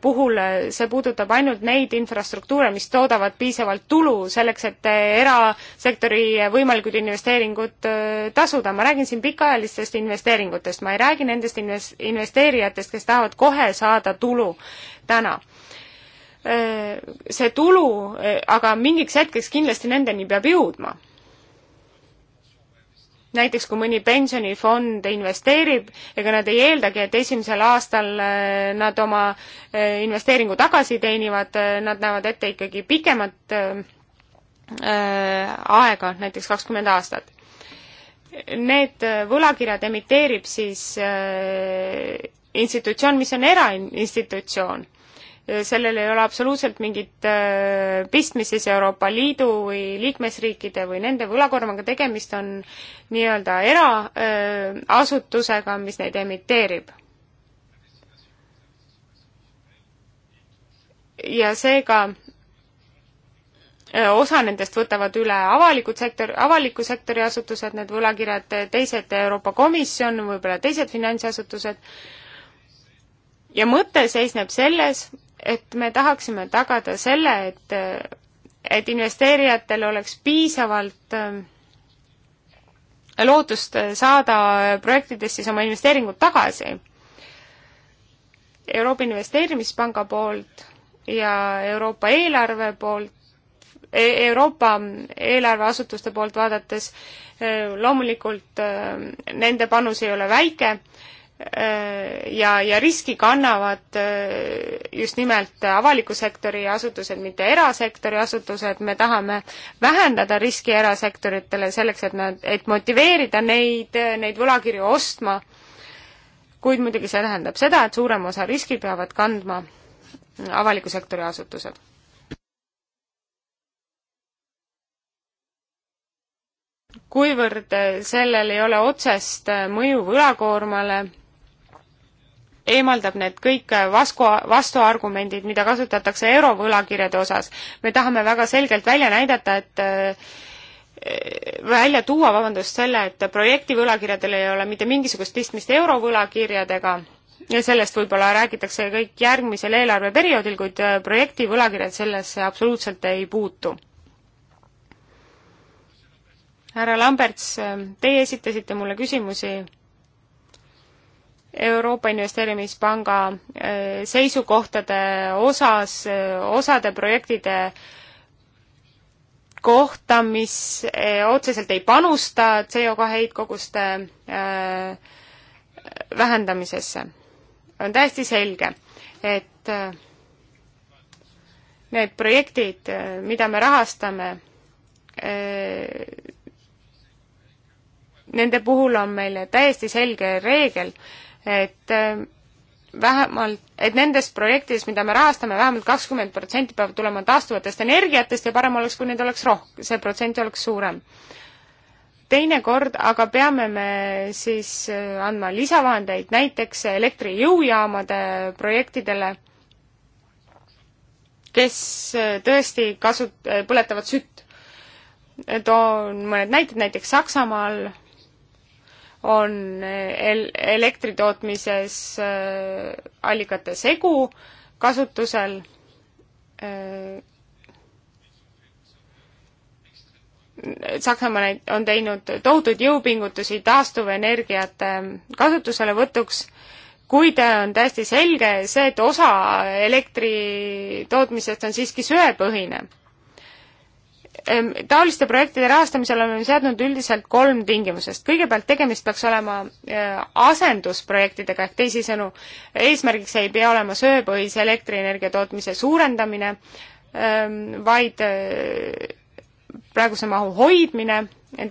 puhul, see puudutab ainult neid infrastruktuure, mis toodavad piisavalt tulu selleks, et erasektori võimalikud investeeringud tasuda. ma räägin siin pikaajalistest investeeringutest, ma ei räägi nendest investeerijatest, kes tahavad kohe saada tulu täna äh, see tulu äh, aga mingiks hetkeks kindlasti nendeni peab jõudma. näiteks kui mõni pensionifond investeerib, ega nad ei eeldagi, et esimesel aastal äh, nad oma investeeringu tagasi teenivad, nad näevad ette ikkagi pikemat aega, näiteks kakskümmend aastat. Need võlakirjad emiteerib siis institutsioon, mis on erainstitutsioon. sellel ei ole absoluutselt mingit äh, pistmist siis Euroopa Liidu või liikmesriikide või nende võlakoormaga, tegemist on nii-öelda eraasutusega, mis neid emiteerib. ja seega äh, osa nendest võtavad üle avalikud sektor, avaliku sektori asutused, need võlakirjad, teised Euroopa Komisjon, võib-olla teised finantsasutused ja mõte seisneb selles, et me tahaksime tagada selle, et, et investeerijatel oleks piisavalt äh, lootust saada projektidest siis oma investeeringud tagasi. Euroopa Investeerimispanga poolt ja Euroopa eelarve poolt e-, Euroopa eelarveasutuste poolt vaadates äh, loomulikult äh, nende panus ei ole väike, Äh, ja, ja riski kannavad äh, just nimelt avaliku sektori asutused, mitte erasektori asutused, me tahame vähendada riski erasektoritele selleks, et nad, et motiveerida neid, neid võlakirju ostma, kuid muidugi see tähendab seda, et suurema osa riski peavad kandma avaliku sektori asutused kuivõrd sellel ei ole otsest mõju võlakoormale, eemaldab need kõik äh, vasku, vastuargumendid, mida kasutatakse eurovõlakirjade osas. me tahame väga selgelt välja näidata, et äh, välja tuua, vabandust, selle, et projekti võlakirjadel ei ole mitte mingisugust pistmist eurovõlakirjadega ja sellest võib-olla räägitakse kõik järgmisel eelarveperioodil, kuid äh, projekti võlakirjad sellesse absoluutselt ei puutu. härra Lamberts, teie esitasite mulle küsimusi Euroopa Investeerimispanga äh, seisukohtade osas, äh, osade projektide kohta, mis äh, otseselt ei panusta CO2 heitkoguste vähendamisesse. on täiesti selge, et need projektid, mida me rahastame, nende puhul on meil täiesti selge reegel, et äh, vähemalt, et nendest projektidest, mida me rahastame vähemalt, vähemalt kakskümmend protsenti peab tulema taastuvatest energiatest ja parem oleks, kui neid oleks roh-, see protsent oleks suurem. teinekord aga peame me siis äh, andma lisavahendeid näiteks elektrijõujaamade projektidele, kes äh, tõesti kasut-, põletavad sütt. toon mõned näited, näiteks Saksamaal on el-, elektritootmises äh, allikate segu kasutusel, äh, Saksamaa on teinud tohutuid jõupingutusi taastuvenergiate äh, kasutuselevõtuks, kuid on täiesti selge see, et osa elektri tootmisest on siiski söepõhine Ehm, taoliste projektide rahastamisel oleme seadnud üldiselt kolm tingimusest. kõigepealt tegemist peaks olema eh, asendusprojektidega ehk teisisõnu, eesmärgiks ei pea olema söepõhise elektrienergia tootmise suurendamine, ehm, vaid eh, praeguse mahu hoidmine.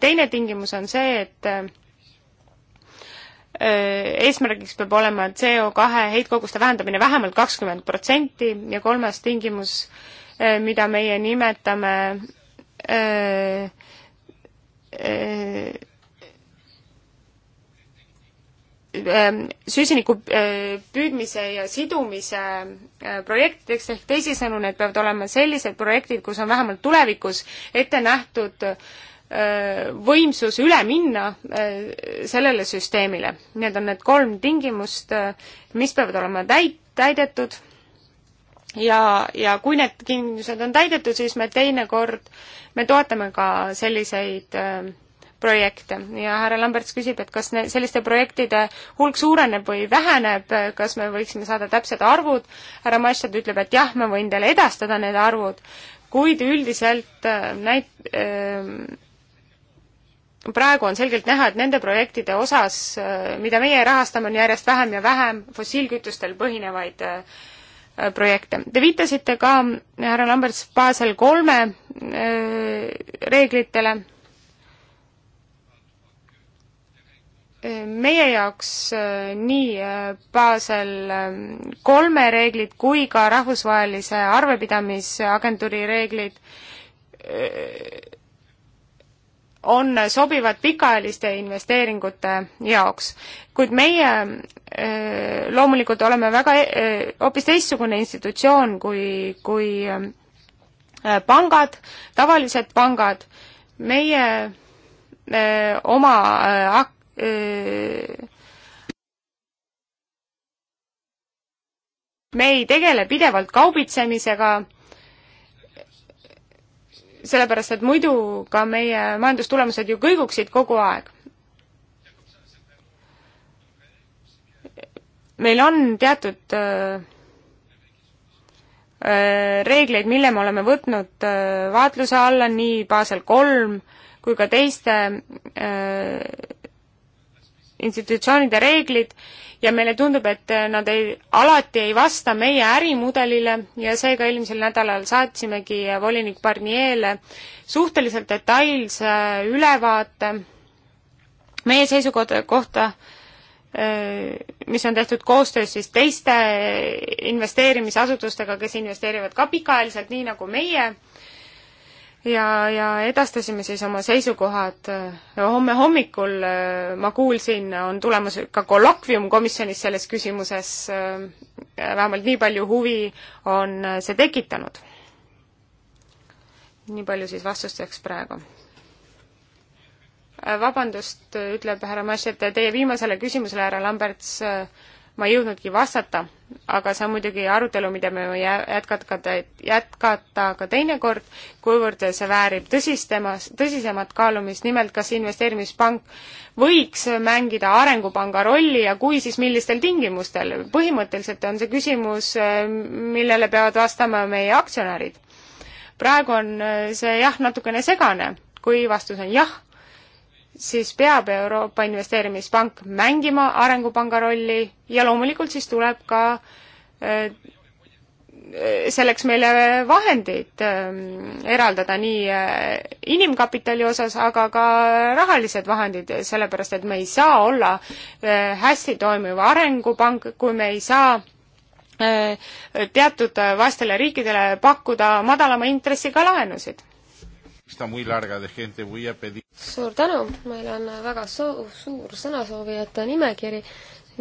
teine tingimus on see, et eh, eesmärgiks peab olema CO kahe heitkoguste vähendamine vähemalt kakskümmend protsenti ja kolmas tingimus, mida meie nimetame Äh, äh, äh, süsiniku püüdmise ja sidumise projektideks, ehk teisisõnu, need peavad olema sellised projektid, kus on vähemalt tulevikus ette nähtud võimsus üle minna sellele süsteemile. Need on need kolm tingimust, mis peavad olema täit-, täidetud ja, ja kui need tingimused on täidetud, siis me teinekord, me toetame ka selliseid äh, projekte ja härra Lamberts küsib, et kas ne-, selliste projektide hulk suureneb või väheneb, kas me võiksime saada täpsed arvud, härra Maistad ütleb, et jah, ma võin teile edastada need arvud, kuid üldiselt äh, näit- äh,, praegu on selgelt näha, et nende projektide osas, äh, mida meie rahastame, on järjest vähem ja vähem fossiilkütustel põhinevaid äh, Äh, projekte. Te viitasite ka, härra Lamberts, Basel kolme äh, reeglitele. meie jaoks äh, nii Basel kolme reeglid kui ka rahvusvahelise arvepidamisagentuuri reeglid on sobivad pikaajaliste investeeringute jaoks. kuid meie loomulikult oleme väga, e-, hoopis teistsugune institutsioon kui, kui pangad, tavalised pangad, meie öö, oma öö, me ei tegele pidevalt kaubitsemisega sellepärast et muidu ka meie majandustulemused ju kõiguksid kogu aeg. meil on teatud äh, äh, reegleid, mille me oleme võtnud äh, vaatluse alla nii Basel kolm kui ka teiste institutsioonide reeglid ja meile tundub, et äh, nad ei, alati ei vasta meie ärimudelile ja seega eelmisel nädalal saatsimegi äh, volinik Barnier'le suhteliselt detailse äh, ülevaate meie seisukoha kohta, mis on tehtud koostöös siis teiste investeerimisasutustega, kes investeerivad ka pikaajaliselt, nii nagu meie ja, ja edastasime siis oma seisukohad. Äh, homme hommikul äh, ma kuulsin, on tulemas ka kolokvium komisjonis selles küsimuses, äh, vähemalt nii palju huvi on see tekitanud. nii palju siis vastusteks praegu. vabandust, ütleb härra Mašet, teie viimasele küsimusele, härra Lamberts, ma ei jõudnudki vastata, aga see on muidugi arutelu, mida me jätkata ka, jätkata ka teinekord, kuivõrd see väärib tõsistemas, tõsisemat kaalumist, nimelt kas investeerimispank võiks mängida arengupanga rolli ja kui, siis millistel tingimustel. põhimõtteliselt on see küsimus, millele peavad vastama meie aktsionärid. praegu on see jah, natukene segane, kui vastus on jah siis peab Euroopa Investeerimispank mängima Arengupanga rolli ja loomulikult siis tuleb ka äh, selleks meile vahendeid äh, eraldada nii äh, inimkapitali osas, aga ka rahalised vahendid, sellepärast et me ei saa olla hästi toimiv arengupank, kui me ei saa teatud vaestele riikidele pakkuda madalama intressiga laenusid suur tänu, meil on väga soo-, suur sõnasoovijate nimekiri,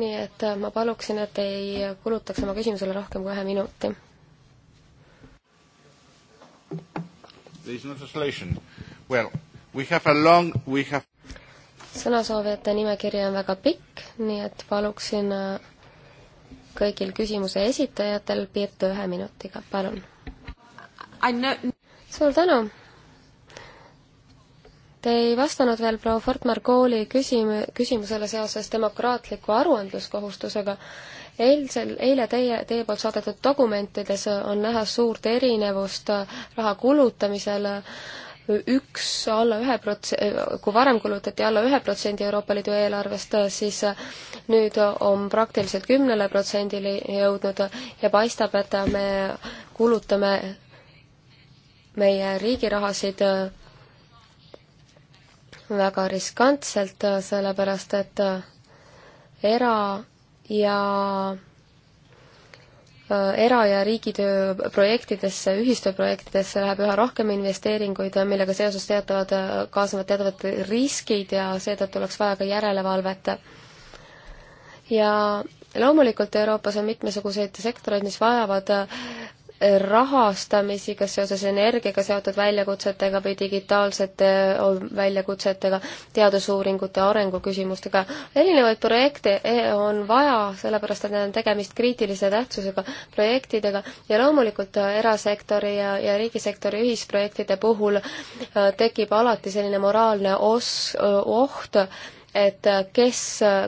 nii et äh, ma paluksin, et ei kulutaks oma küsimusele rohkem kui ühe minuti. There is no translation. Well, we have a long, we have sõnasoovijate nimekiri on väga pikk, nii et paluksin äh, kõigil küsimuse esitajatel piirduda ühe minutiga, palun. suur tänu! Te ei vastanud veel proua Fortmark-Kooli küsim-, küsimusele seoses demokraatliku aruandluskohustusega. eilsel, eile teie, teie poolt saadetud dokumentides on näha suurt erinevust raha kulutamisel üks alla ühe prots-, kui varem kulutati alla ühe protsendi Euroopa Liidu eelarvest, siis nüüd on praktiliselt kümnele protsendile jõudnud ja paistab, et me kulutame meie riigi rahasid väga riskantselt, sellepärast et äh, era- ja äh, era- ja riigitöö projektidesse, ühistuprojektidesse läheb üha rohkem investeeringuid, millega seoses teatavad, äh, kaasnevad teatavad riskid ja seetõttu oleks vaja ka järelevalvet. ja loomulikult Euroopas on mitmesuguseid sektoreid, mis vajavad rahastamisi, kas seoses energiaga seotud väljakutsetega või digitaalsete väljakutsetega, teadusuuringute arenguküsimustega. erinevaid projekte e, on vaja, sellepärast et need on tegemist kriitilise tähtsusega projektidega ja loomulikult äh, erasektori ja, ja riigisektori ühisprojektide puhul äh, tekib alati selline moraalne os-, äh, oht, et kes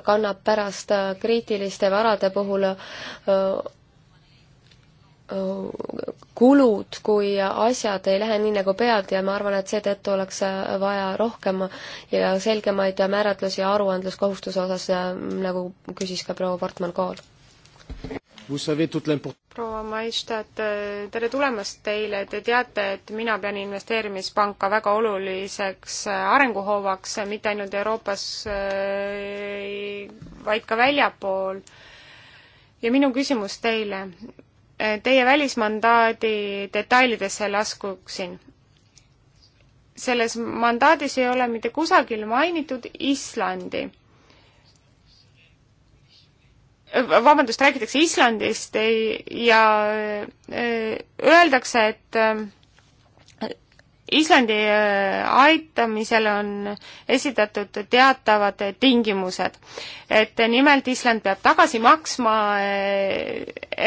kannab pärast kriitiliste varade puhul kulud, kui asjad ei lähe nii nagu pealt ja ma arvan, et seetõttu oleks vaja rohkem ja selgemaid määratlusi aruandluskohustuse osas, nagu küsis ka proua Portman-Kool. proua Maistad, tere tulemast teile, te teate, et mina pean investeerimispanka väga oluliseks arenguhoovaks, mitte ainult Euroopas, vaid ka väljapool ja minu küsimus teile, teie välismandaadi detailidesse laskuksin. selles mandaadis ei ole mitte kusagil mainitud Islandi. vabandust, räägitakse Islandist ei, ja öö, äh, öeldakse, et äh, Islandi äh, aitamisel on esitatud teatavad tingimused, et nimelt Island peab tagasi maksma äh,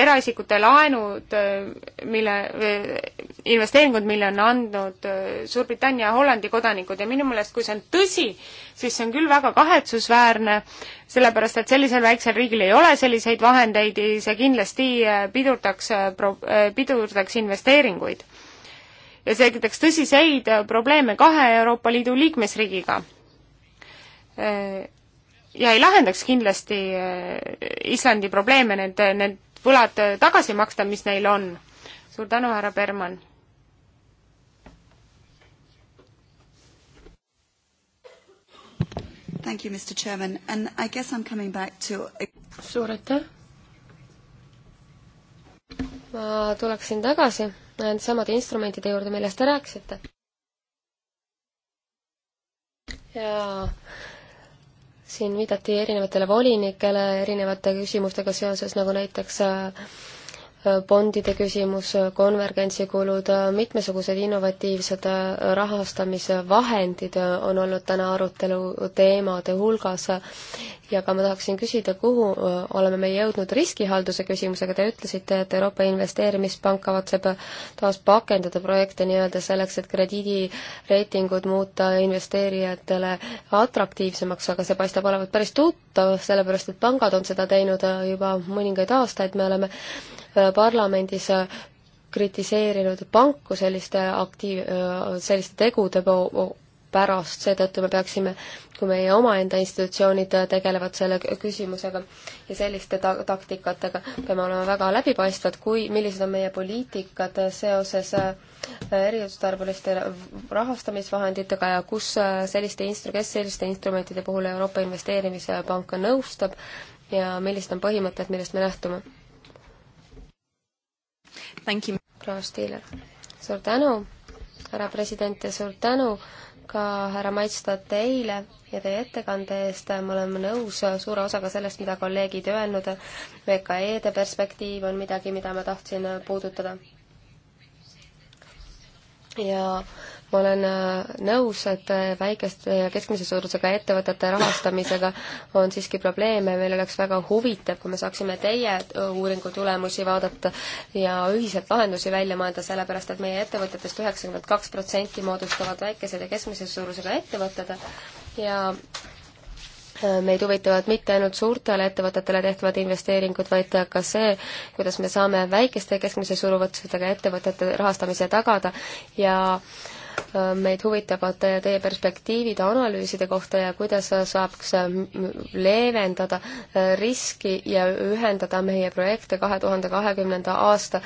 eraisikute laenud, äh, mille, investeeringud, mille on andnud Suurbritannia ja Hollandi kodanikud ja minu meelest, kui see on tõsi, siis see on küll väga kahetsusväärne, sellepärast et sellisel väiksel riigil ei ole selliseid vahendeid ja see kindlasti pidurdaks, pidurdaks investeeringuid ja see tekitaks tõsiseid probleeme kahe Euroopa Liidu liikmesriigiga. ja ei lahendaks kindlasti eh, Islandi probleeme need, need võlad tagasi maksta, mis neil on. suur tänu, härra Berman. Thank you, Mr Chairman and I guess I am coming back to suur aitäh! ma tuleksin tagasi nende samade instrumentide juurde, millest te rääkisite. ja siin viidati erinevatele volinikele erinevate küsimustega seoses, nagu näiteks äh, bondide küsimus, konvergentsikulud, mitmesugused innovatiivsed rahastamisvahendid on olnud täna arutelu teemade hulgas ja ka ma tahaksin küsida, kuhu oleme me jõudnud riskihalduse küsimusega, te ütlesite, et Euroopa Investeerimispank kavatseb taas pakendada projekte nii-öelda selleks, et krediidireitingud muuta investeerijatele atraktiivsemaks, aga see paistab olevat päris tuttav, sellepärast et pangad on seda teinud juba mõningaid aastaid, me oleme Äh, parlamendis äh, kritiseerinud panku selliste aktiiv-, äh, selliste tegude pärast, seetõttu me peaksime, kui meie omaenda institutsioonid tegelevad selle küsimusega ja selliste ta-, taktikatega, peame olema väga läbipaistvad, kui, millised on meie poliitikad seoses eriotstarbeliste rahastamisvahenditega ja kus selliste instru-, kes selliste instrumentide puhul Euroopa Investeerimispanka nõustab ja millised on põhimõtted, millest me lähtume proua Stiiler, suur tänu, härra president ja suur tänu ka härra Maitstat teile ja teie ettekande eest. me oleme nõus suure osaga sellest, mida kolleegid öelnud. VKE-de perspektiiv on midagi, mida ma tahtsin puudutada. ja äh, ma olen äh, nõus, et äh, väikeste ja keskmise suurusega ettevõtete rahastamisega on siiski probleeme, meil oleks väga huvitav, kui me saaksime teie äh, uuringu tulemusi vaadata ja ühiselt lahendusi välja mõelda, sellepärast et meie ettevõtetest üheksakümmend kaks protsenti moodustavad väikesed ja keskmise suurusega ettevõtted ja meid huvitavad mitte ainult suurtele ettevõtetele tehtavad investeeringud, vaid ka see, kuidas me saame väikeste ja keskmise suuruvõtlusega ettevõtete rahastamise tagada ja äh, meid huvitavad teie perspektiivid analüüside kohta ja kuidas saaks leevendada riski ja ühendada meie projekte kahe tuhande kahekümnenda aasta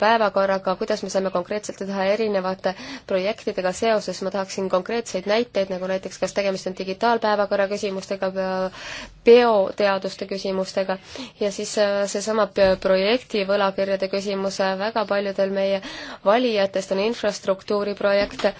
päevakorraga, kuidas me saame konkreetselt teha erinevate projektidega seoses, ma tahaksin konkreetseid näiteid, nagu näiteks kas tegemist on digitaalpäevakorra küsimustega, bioteaduste küsimustega ja siis äh, seesama projekti võlakirjade küsimus, väga paljudel meie valijatest on infrastruktuuriprojekt, et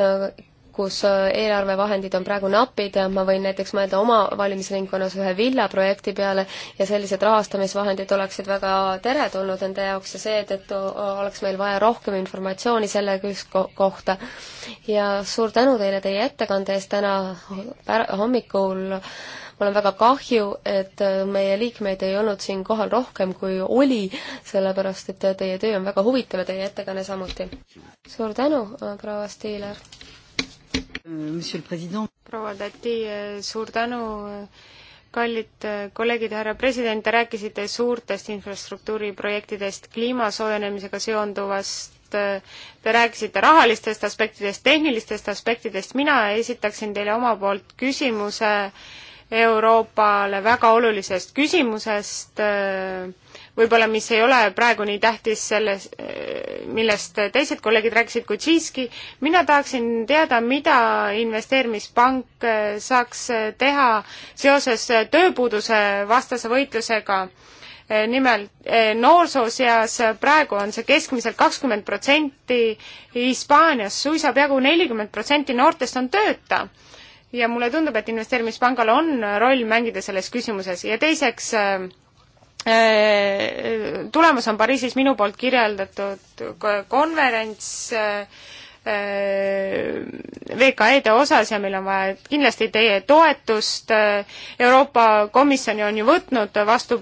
äh, kus äh, eelarvevahendid on praegu napid, äh, ma võin näiteks mõelda oma valimisringkonnas ühe villaprojekti peale ja sellised rahastamisvahendid oleksid väga teretulnud nende jaoks ja seetõttu äh, oleks meil vaja rohkem informatsiooni selle kohta. ja suur tänu teile teie ettekande eest täna hommikul mul on väga kahju, et meie liikmeid ei olnud siin kohal rohkem, kui oli, sellepärast et teie töö on väga huvitav ja teie ettekanne samuti. suur tänu, proua Stiiler! proua Tati, suur tänu kallid kolleegid, härra president, te rääkisite suurtest infrastruktuuriprojektidest, kliima soojenemisega seonduvast, te rääkisite rahalistest aspektidest, tehnilistest aspektidest, mina esitaksin teile oma poolt küsimuse Euroopale väga olulisest küsimusest äh, võib-olla mis ei ole praegu nii tähtis selles, millest teised kolleegid rääkisid, kuid siiski mina tahaksin teada, mida investeerimispank äh, saaks äh, teha seoses äh, tööpuuduse vastase võitlusega. nimelt noorsoo seas praegu on see keskmiselt kakskümmend protsenti, Hispaanias suisa peaaegu nelikümmend protsenti noortest on tööta ja mulle tundub, et investeerimispangal on roll mängida selles küsimuses ja teiseks äh, Äh, tulemas on Pariisis minu poolt kirjeldatud konverents äh, Äh, VKE-de osas ja meil on vaja kindlasti teie toetust. Äh, Euroopa Komisjon on ju võtnud vastu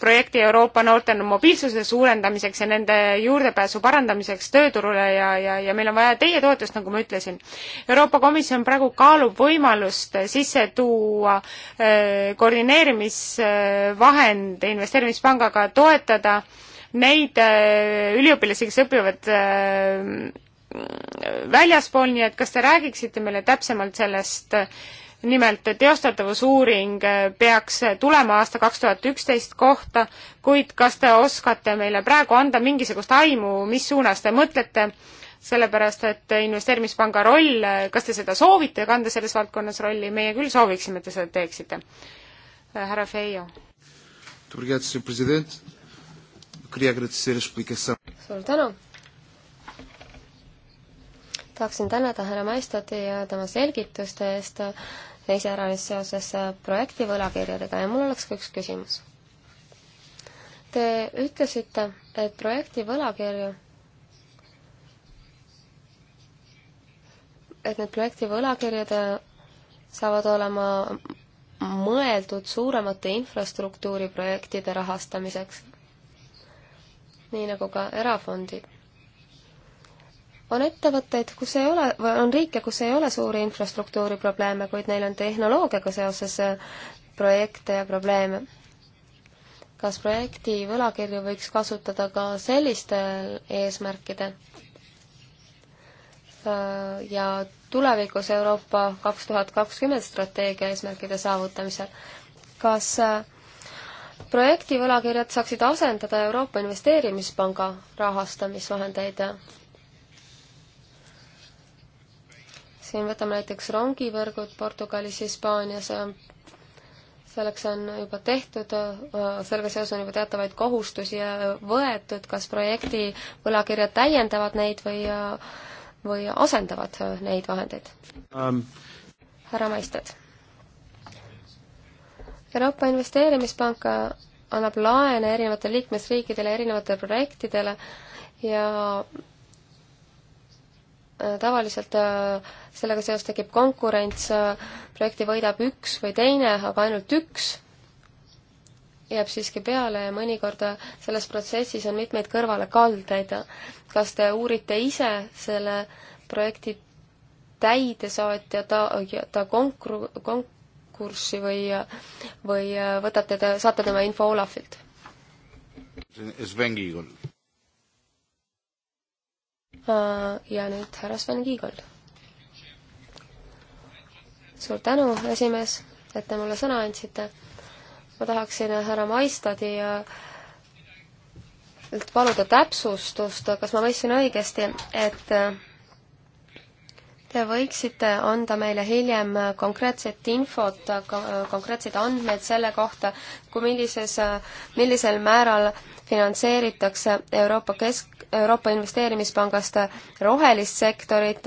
projekti Euroopa noorte mobiilsuse suurendamiseks ja nende juurdepääsu parandamiseks tööturule ja, ja, ja meil on vaja teie toetust, nagu ma ütlesin. Euroopa Komisjon praegu kaalub võimalust sisse tuua äh, koordineerimisvahend investeerimispangaga, toetada neid üliõpilasi, kes õpivad väljaspool, nii et kas te räägiksite meile täpsemalt sellest, nimelt teostatavusuuring peaks tulema aasta kaks tuhat üksteist kohta, kuid kas te oskate meile praegu anda mingisugust aimu, mis suunas te mõtlete, sellepärast et investeerimispanga roll, kas te seda soovite kanda selles valdkonnas rolli, meie küll sooviksime, et te seda teeksite. härra Feio. suur tänu tahaksin tänada härra Maistati ja tema selgituste eest iseäranis seoses projekti võlakirjadega ja mul oleks ka üks küsimus. Te ütlesite, et projekti võlakirju, et need projekti võlakirjad saavad olema mõeldud suuremate infrastruktuuriprojektide rahastamiseks, nii nagu ka erafondid on ettevõtteid, kus ei ole, või on riike, kus ei ole suuri infrastruktuuri probleeme, kuid neil on tehnoloogiaga seoses äh, projekte ja probleeme. kas projekti võlakirju võiks kasutada ka sellistel eesmärkidel? Äh, ja tulevikus Euroopa kaks tuhat kakskümmend strateegia eesmärkide saavutamisel, kas äh, projekti võlakirjad saaksid asendada Euroopa Investeerimispanga rahastamisvahendeid siin võtame näiteks rongivõrgud Portugalis, Hispaanias, selleks on juba tehtud, sellega seoses on juba teatavaid kohustusi võetud, kas projekti võlakirjad täiendavad neid või, või asendavad neid vahendeid um.? härra Maisted. Euroopa Investeerimispank annab laene erinevatele liikmesriikidele, erinevatele projektidele ja Äh, tavaliselt äh, sellega seoses tekib konkurents, äh, projekti võidab üks või teine, aga ainult üks jääb siiski peale ja mõnikord selles protsessis on mitmeid kõrvalekaldeid. kas te uurite ise selle projekti täidesaatja ta, ta konkuru-, konkurssi või, või võtate te, saate tema info Olafilt? Sven Kiigol Äh, ja nüüd härra Sven Kiigold. suur tänu, esimees, et te mulle sõna andsite. ma tahaksin härra Maistadi äh, paluda täpsustust, kas ma mõistsin õigesti, et äh, Te võiksite anda meile hiljem konkreetset infot, konkreetseid andmeid selle kohta, kui millises, millisel määral finantseeritakse Euroopa Kesk, Euroopa Investeerimispangast rohelist sektorit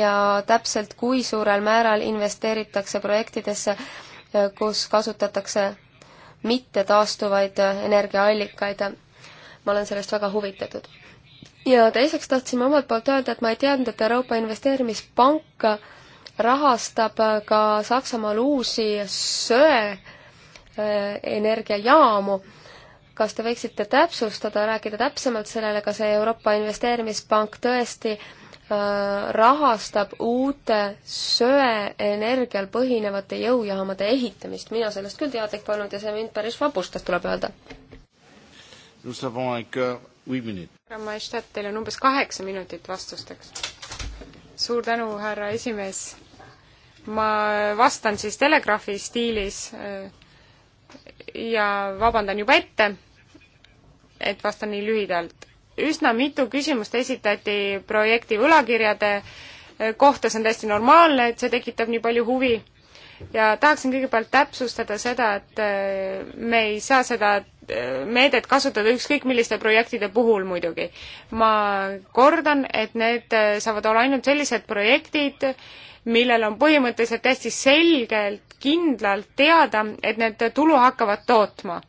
ja täpselt, kui suurel määral investeeritakse projektidesse, kus kasutatakse mittetaastuvaid energiaallikaid. ma olen sellest väga huvitatud ja teiseks tahtsin ma omalt poolt öelda, et ma ei teadnud, et Euroopa Investeerimispank rahastab ka Saksamaal uusi söeenergiajaamu kas te võiksite täpsustada, rääkida täpsemalt sellele, kas Euroopa Investeerimispank tõesti äh, rahastab uute söeenergial põhinevate jõujaamade ehitamist. mina sellest küll teadlik polnud ja see mind päris vapustas, tuleb öelda. Nous avons un cœur härra Maestat, teil on umbes kaheksa minutit vastusteks. suur tänu, härra esimees. ma vastan siis telegraafi stiilis äh, ja vabandan juba ette, et vastan nii lühidalt. üsna mitu küsimust esitati projekti võlakirjade äh, kohta, see on täiesti normaalne, et see tekitab nii palju huvi ja tahaksin kõigepealt täpsustada seda, et äh, me ei saa seda meedet kasutada ükskõik milliste projektide puhul muidugi. ma kordan, et need saavad olla ainult sellised projektid, millel on põhimõtteliselt täiesti selgelt, kindlalt teada, et need tulu hakkavad tootma.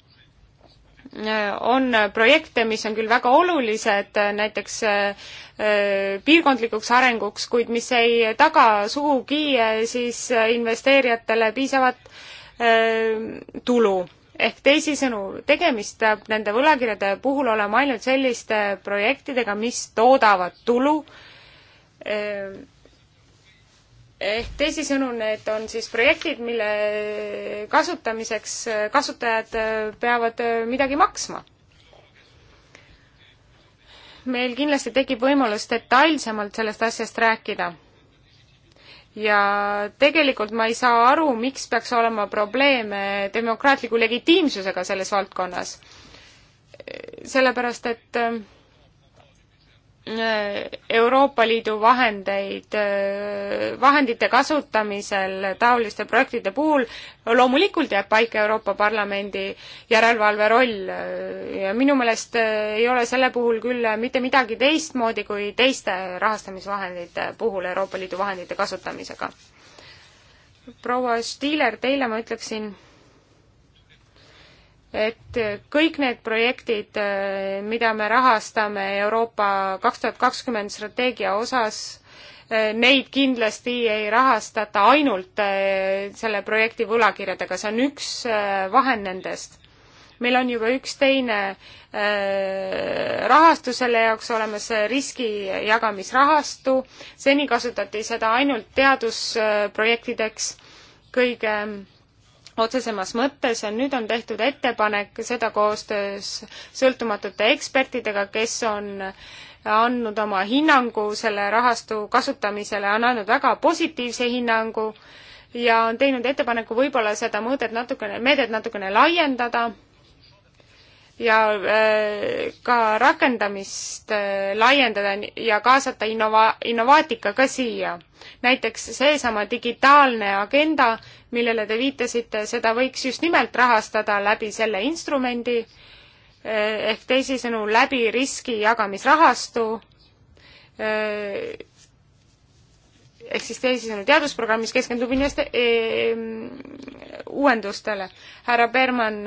on projekte, mis on küll väga olulised, näiteks äh, piirkondlikuks arenguks, kuid mis ei taga sugugi äh, siis investeerijatele piisavat äh, tulu ehk teisisõnu, tegemist peab nende võlakirjade puhul olema ainult selliste projektidega, mis toodavad tulu. Ehm, ehk teisisõnu, need on siis projektid, mille kasutamiseks kasutajad eh, peavad eh, midagi maksma. meil kindlasti tekib võimalus detailsemalt sellest asjast rääkida ja tegelikult ma ei saa aru, miks peaks olema probleeme demokraatliku legitiimsusega selles valdkonnas. sellepärast, et Euroopa Liidu vahendeid, vahendite kasutamisel taoliste projektide puhul loomulikult jääb paika Euroopa Parlamendi järelevalve roll ja minu meelest ei ole selle puhul küll mitte midagi teistmoodi kui teiste rahastamisvahendite puhul Euroopa Liidu vahendite kasutamisega. proua Stiiler, teile ma ütleksin et kõik need projektid, mida me rahastame Euroopa kaks tuhat kakskümmend strateegia osas, neid kindlasti ei rahastata ainult eh, selle projekti võlakirjadega, see on üks eh, vahend nendest. meil on juba üks teine eh, rahastus selle jaoks olemas, riski jagamisrahastu, seni kasutati seda ainult teadusprojektideks, kõige otsesemas mõttes. nüüd on tehtud ettepanek seda koostöös sõltumatute ekspertidega, kes on andnud oma hinnangu selle rahastu kasutamisele, on andnud väga positiivse hinnangu ja on teinud ettepaneku võib-olla seda mõõdet natukene, meedet natukene laiendada ja äh, ka rakendamist äh, laiendada ja kaasata innova-, innovaatika ka siia. näiteks seesama digitaalne agenda, millele te viitasite, seda võiks just nimelt rahastada läbi selle instrumendi, äh, ehk teisisõnu läbi riski jagamisrahastu, ehk siis teisisõnu teadusprogrammis keskendub investe- eh,, uuendustele. härra Berman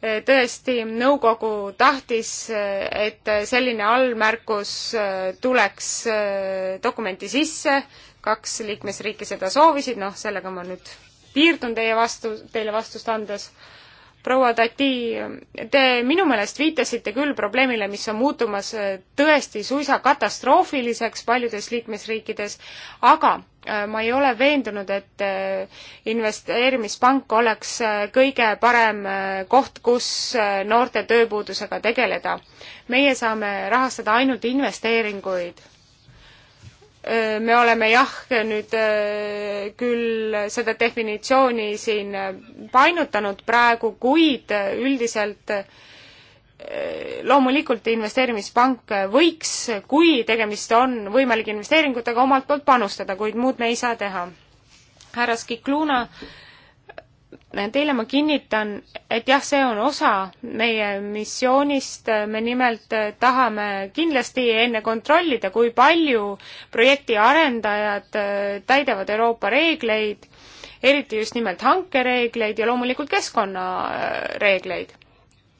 tõesti, nõukogu tahtis, et selline allmärkus äh, tuleks äh, dokumenti sisse, kaks liikmesriiki seda soovisid, noh, sellega ma nüüd piirdun teie vastu, teile vastust andes. proua Tati, te minu meelest viitasite küll probleemile, mis on muutumas äh, tõesti suisa katastroofiliseks paljudes liikmesriikides, aga Äh, ma ei ole veendunud, et äh, investeerimispank oleks äh, kõige parem koht, kus noorte tööpuudusega tegeleda. meie saame rahastada ainult investeeringuid. me oleme jah, nüüd küll seda definitsiooni siin painutanud praegu, kuid üldiselt äh, loomulikult investeerimispank võiks, kui tegemist on võimalike investeeringutega, omalt poolt panustada, kuid muud me ei saa teha. härra Skikluna, teile ma kinnitan, et jah, see on osa meie missioonist, me nimelt tahame kindlasti enne kontrollida, kui palju projekti arendajad täidavad Euroopa reegleid, eriti just nimelt hankereegleid ja loomulikult keskkonnareegleid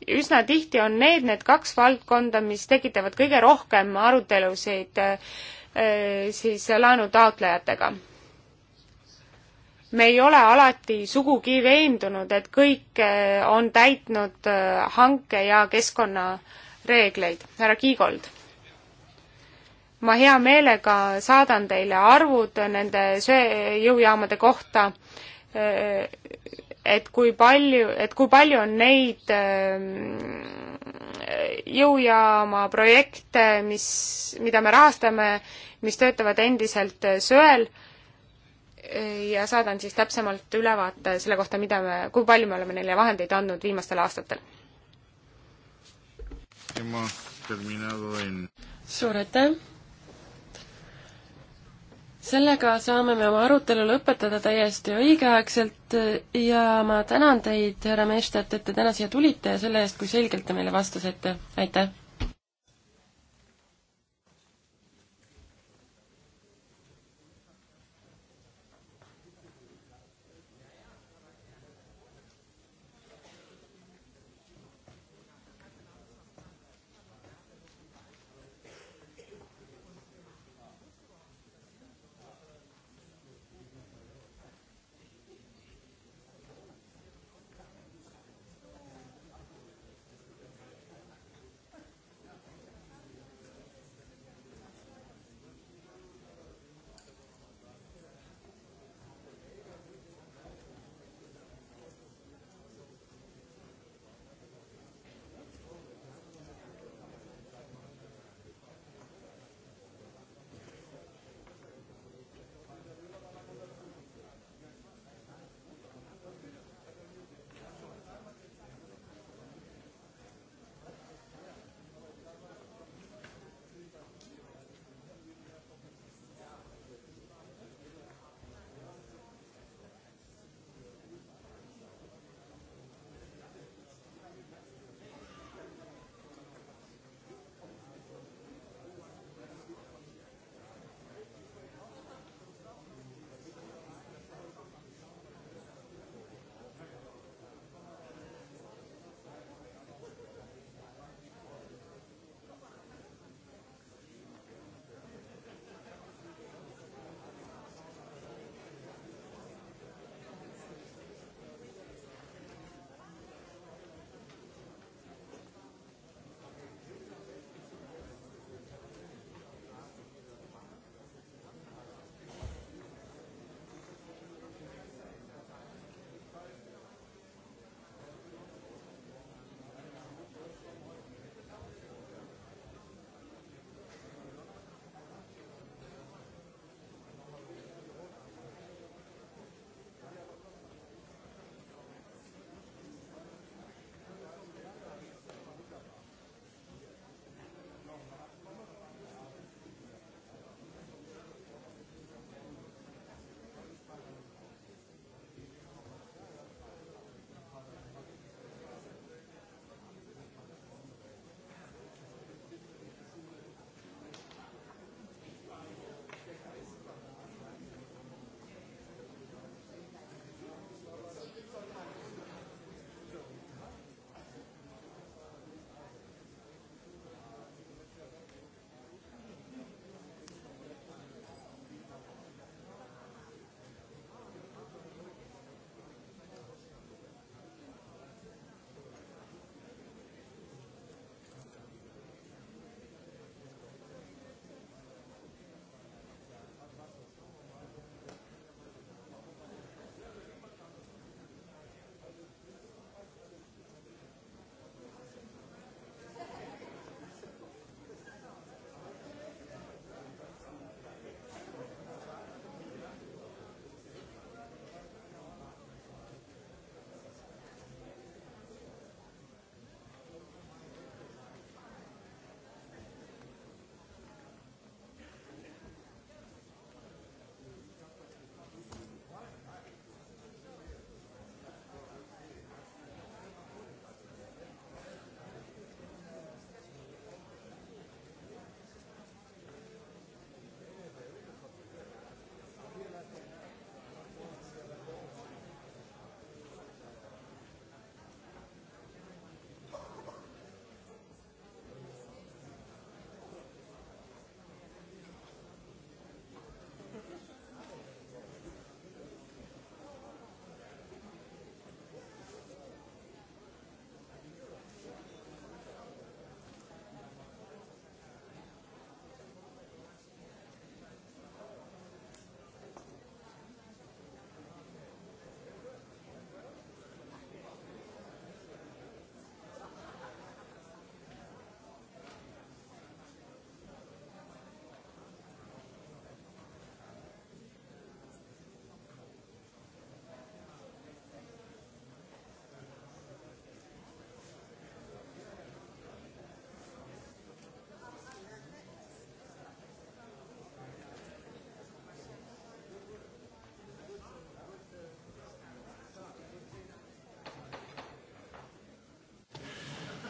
üsna tihti on need need kaks valdkonda, mis tekitavad kõige rohkem arutelusid äh, siis laenutaotlejatega. me ei ole alati sugugi veendunud, et kõik äh, on täitnud äh, hanke ja keskkonnareegleid. härra Kiigold ma hea meelega saadan teile arvud nende söejõujaamade kohta, et kui palju, et kui palju on neid ähm, jõujaama projekte, mis, mida me rahastame, mis töötavad endiselt äh, söel äh, ja saadan siis täpsemalt ülevaate selle kohta, mida me, kui palju me oleme neile vahendeid andnud viimastel aastatel. suur aitäh! sellega saame me oma arutelu lõpetada täiesti õigeaegselt äh, ja ma tänan teid, härra Meštat, et te täna siia tulite ja selle eest, kui selgelt te meile vastasite. aitäh!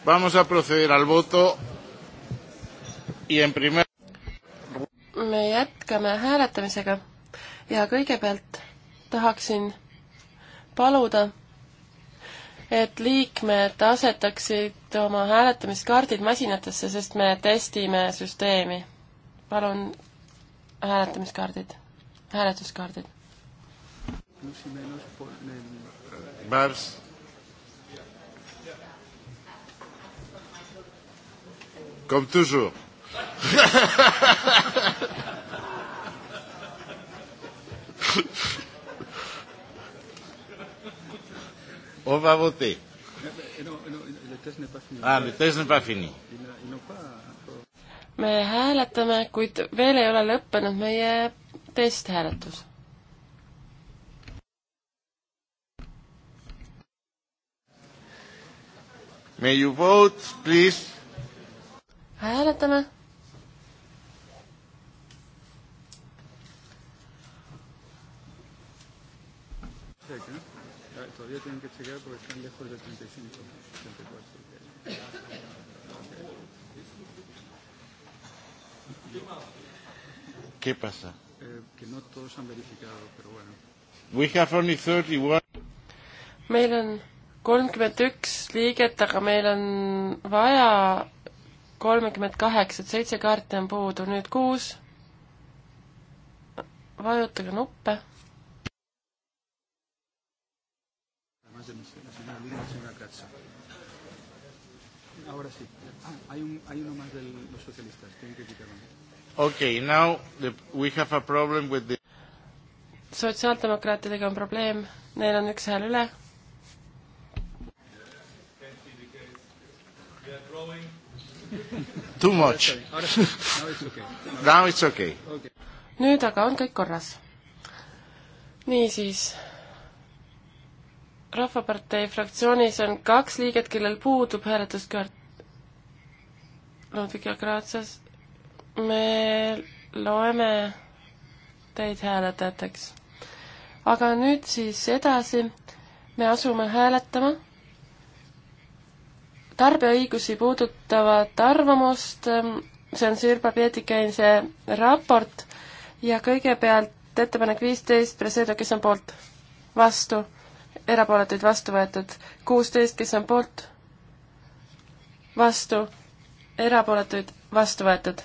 Vamos a proceder al voto y en primer me jätkame hääletamisega ja kõigepealt tahaksin paluda, et liikmed asetaksid oma hääletamiskaardid masinatesse, sest me testime süsteemi. palun hääletamiskaardid, hääletuskaardid. Vars comme toujours. On va voter. Non, non, le test n'est pas fini. Ah, le test n'est pas fini. me hääletame, kuid veel ei ole lõppenud meie testhääletus. May you vote, please hääletame. Todavía tienen que checar porque están lejos de 35, 34. ¿Qué pasa? Eh, que no todos han verificado, pero bueno. We have only 31. Meil on kolmkümmend üks liiget, aga meil on vaja kolmkümmend kaheksa, et seitse kaarti on puudu, nüüd kuus. vajutage nuppe. Ahora sí. Ah, hay, un, hay uno más de los socialistas. Tienen que quitarlo. Okay, now the, we have a problem with the... sotsiaaldemokraatidega on probleem, neil on üks hääl üle Too much. Now it's okay. nüüd aga on kõik korras. niisiis, Rahvapartei fraktsioonis on kaks liiget, kellel puudub hääletuskaart. Ludvig ja Graatsas, me loeme teid hääletajateks. aga nüüd siis edasi, me asume hääletama tarbijaõigusi puudutavat arvamust, see on Sirpa Pietikäinse raport ja kõigepealt ettepanek viisteist, Presedo, kes on poolt? vastu, erapooletuid vastu võetud. kuusteist, kes on poolt? vastu, erapooletuid vastu võetud.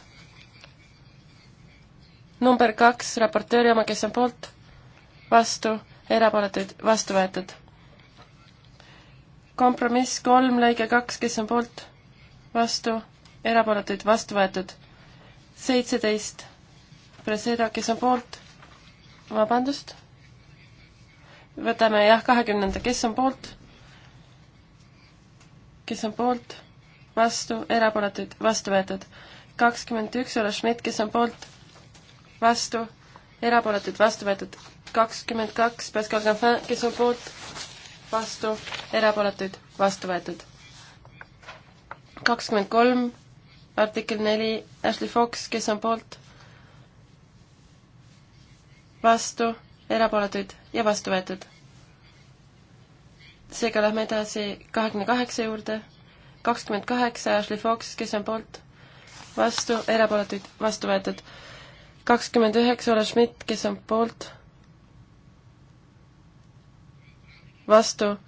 number kaks, raportööri oma, kes on poolt? vastu, erapooletuid vastu võetud kompromiss kolm lõige kaks, kes on poolt, vastu, erapooletuid vastu võetud. seitseteist, Preseda, kes on poolt, vabandust, võtame jah, kahekümnenda, kes on poolt, kes on poolt, vastu, erapooletuid vastu võetud. kakskümmend üks, Ola Schmidt, kes on poolt, vastu, erapooletuid vastu võetud. kakskümmend kaks, Pascal Canfin, kes on poolt, vastu, erapooletuid, vastu võetud. kakskümmend kolm, artikkel neli, Ashley Fox, kes on poolt, vastu, erapooletuid ja vastu võetud. seega lähme edasi kahekümne kaheksa juurde, kakskümmend kaheksa, Ashley Fox, kes on poolt, vastu, erapooletuid, vastu võetud. kakskümmend üheksa, Olle Schmidt, kes on poolt vastu,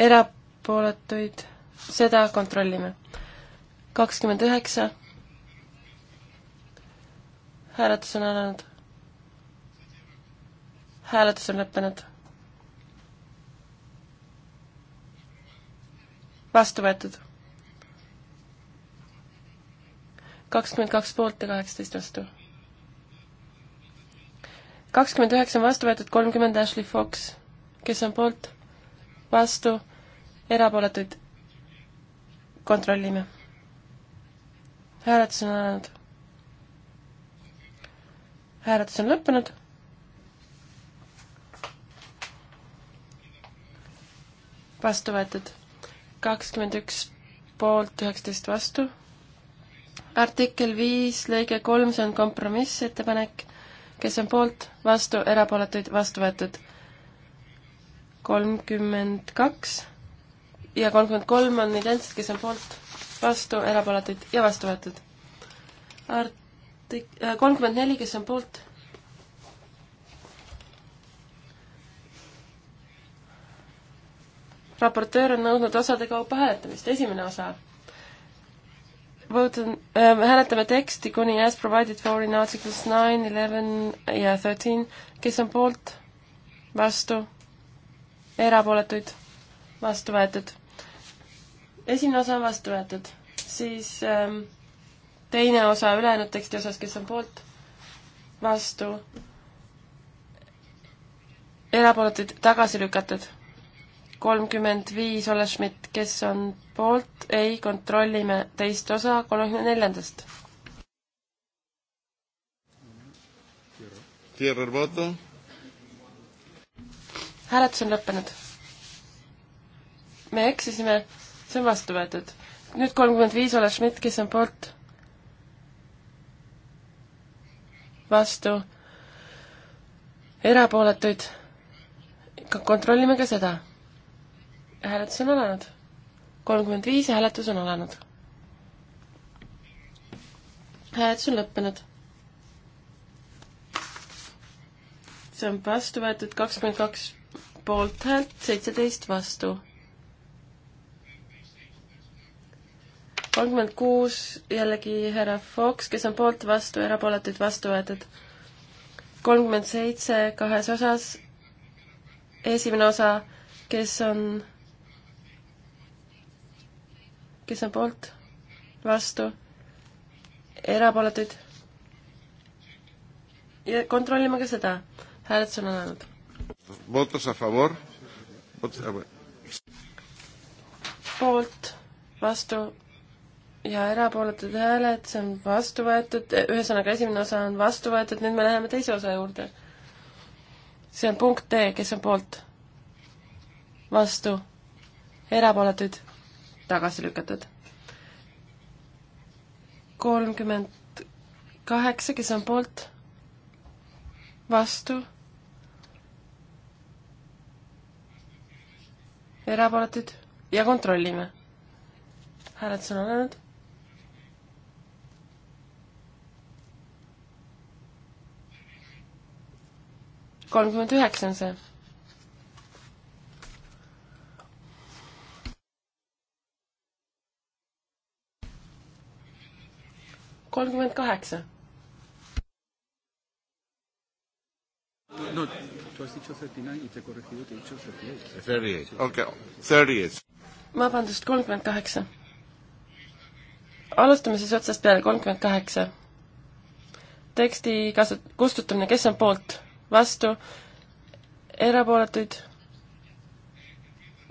erapooletuid, seda kontrollime. kakskümmend üheksa, hääletus on alanud. hääletus on lõppenud. vastu võetud. kakskümmend kaks poolt ja kaheksateist vastu kakskümmend üheksa on vastu võetud, kolmkümmend Ashley Fox. kes on poolt? vastu? erapooletuid? kontrollime. hääletus on alanud. hääletus on lõppenud. vastu võetud. kakskümmend üks poolt, üheksateist vastu. artikkel viis lõige kolm, see on kompromissettepanek kes on poolt, vastu, erapooletuid, vastu võetud. kolmkümmend kaks ja kolmkümmend kolm on identsed, kes on poolt, vastu, erapooletuid ja vastu võetud. artik-, äh, kolmkümmend neli, kes on poolt raportöör on nõudnud osade kaupa hääletamist, esimene osa Votan, äh, hääletame teksti kuni as provided for in articles nine, eleven ja thirteen. kes on poolt? vastu? erapooletuid? vastu võetud? esimene osa on vastu võetud, siis ähm, teine osa ülejäänud teksti osas, kes on poolt? vastu? erapooletuid tagasi lükatud kolmkümmend viis Olle Schmidt, kes on poolt, ei, kontrollime teist osa kolmekümne neljandast. hääletus on lõppenud. me eksisime, see on vastu võetud. nüüd kolmkümmend viis Olle Schmidt, kes on poolt, vastu, erapooletuid, kontrollime ka seda hääletus on alanud. kolmkümmend viis ja hääletus on alanud. hääletus on lõppenud. see on vastu võetud kakskümmend kaks poolthäält, seitseteist vastu. kolmkümmend kuus jällegi härra Fox, kes on poolt, vastu, erapooletuid vastu võetud. kolmkümmend seitse kahes osas. esimene osa, kes on kes on poolt, vastu, erapooletuid. ja kontrollime ka seda. hääletus on alanud. Votos a favor. poolt, vastu ja erapooletud hääled, see on vastu võetud, eh, ühesõnaga esimene osa on vastu võetud, nüüd me läheme teise osa juurde. see on punkt D, kes on poolt? vastu. erapooletuid tagasi lükatud. kolmkümmend kaheksa, kes on poolt, vastu, erapooletud ja kontrollime. hääletus on alanud. kolmkümmend üheksa on see kolmkümmend kaheksa. no tú has dicho 39 y te he corregido, te he dicho 38. 38, okei okay., 38. vabandust, kolmkümmend kaheksa. alustame siis otsast peale, kolmkümmend kaheksa. teksti kasu-, kustutamine, kes on poolt, vastu, erapooletuid,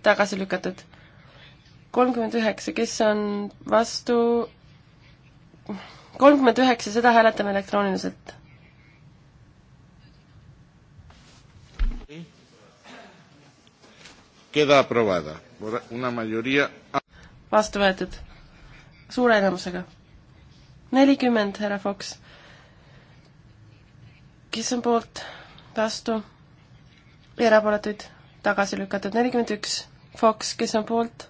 tagasi lükatud. kolmkümmend üheksa, kes on vastu, kolmkümmend üheksa, seda hääletame elektrooniliselt. vastu võetud. suure enamusega. nelikümmend, härra Fox. kes on poolt, vastu, erapooletuid, tagasi lükatud, nelikümmend üks. Fox, kes on poolt,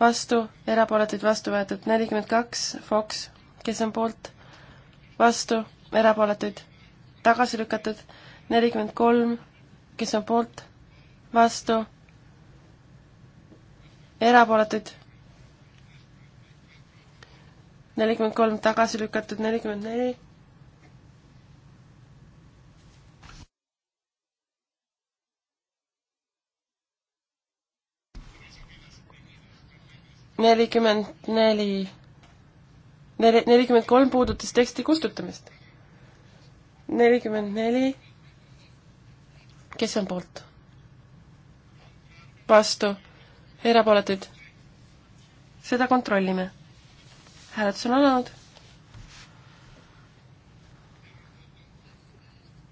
vastu, erapooletuid vastu võetud, nelikümmend kaks, Fox kes on poolt, vastu, erapooletuid, tagasi lükatud, nelikümmend kolm, kes on poolt, vastu, erapooletuid, nelikümmend kolm tagasi lükatud, nelikümmend neli, nelikümmend neli nelikümmend kolm puudutas teksti kustutamist. nelikümmend neli. kes on poolt? vastu, erapooletuid. seda kontrollime. hääletus on alanud.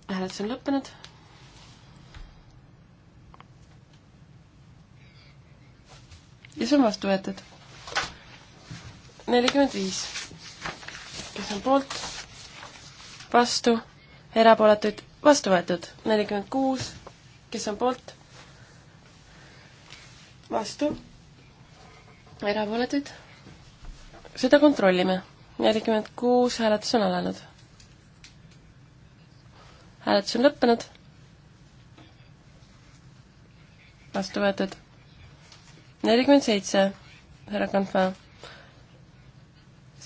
hääletus on lõppenud. ja see on vastu võetud. nelikümmend viis kes on poolt, vastu, erapooletuid, vastu võetud. nelikümmend kuus, kes on poolt, vastu, erapooletuid, seda kontrollime. nelikümmend kuus, hääletus on alanud. hääletus on lõppenud. vastu võetud. nelikümmend seitse, härra Kanfa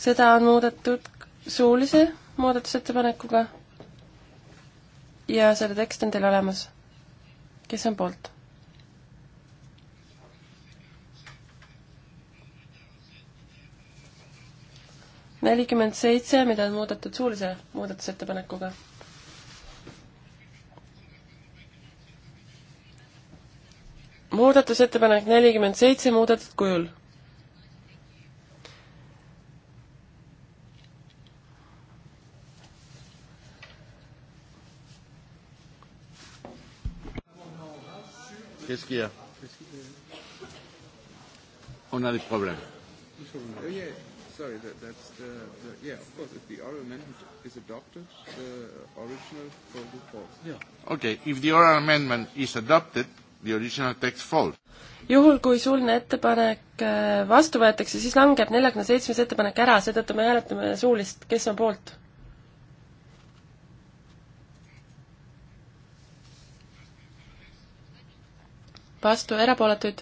seda on muudetud suulise muudatusettepanekuga ja selle tekst on teil olemas. kes on poolt? nelikümmend seitse, mida on muudetud suulise muudatusettepanekuga. muudatusettepanek nelikümmend seitse muudetud kujul Qu'est-ce qu'il y a On a des problèmes. Oh, yeah. Sorry, that, that's the, the yeah. Of course, if the oral amendment is adopted, the original probably falls. Yeah. Okay. If the oral amendment is adopted, the original text falls. juhul, kui suuline ettepanek äh, vastu võetakse, siis langeb neljakümne seitsmes ettepanek ära, seetõttu me hääletame suulist, kes on poolt vastu, erapooletuid.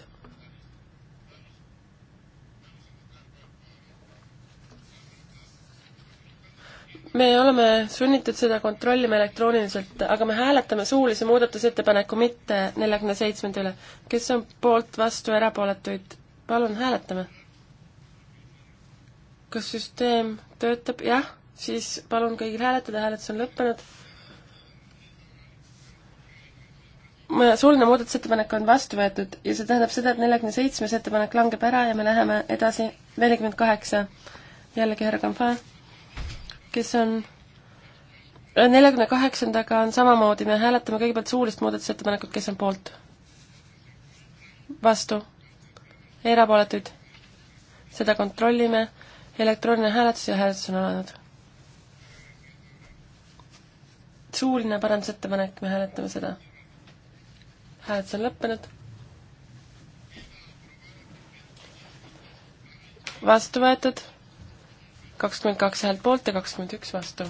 me oleme sunnitud seda kontrollima elektrooniliselt, aga me hääletame suulise muudatusettepaneku mitte neljakümne seitsmenda üle. kes on poolt, vastu, erapooletuid, palun hääletame. kas süsteem töötab? jah, siis palun kõigil hääletada, hääletus on lõppenud suuline muudatusettepanek on vastu võetud ja see tähendab seda, et neljakümne seitsmes ettepanek langeb ära ja me läheme edasi nelikümmend kaheksa. jällegi härra Kampa, kes on äh, neljakümne kaheksandaga on samamoodi, me hääletame kõigepealt suulist muudatusettepanekut, kes on poolt? vastu? erapooletuid? seda kontrollime, elektrooniline hääletus ja hääletus on alanud. suuline parandusettepanek, me hääletame seda hääletus on lõppenud. vastu võetud kakskümmend kaks häält poolt ja kakskümmend üks vastu.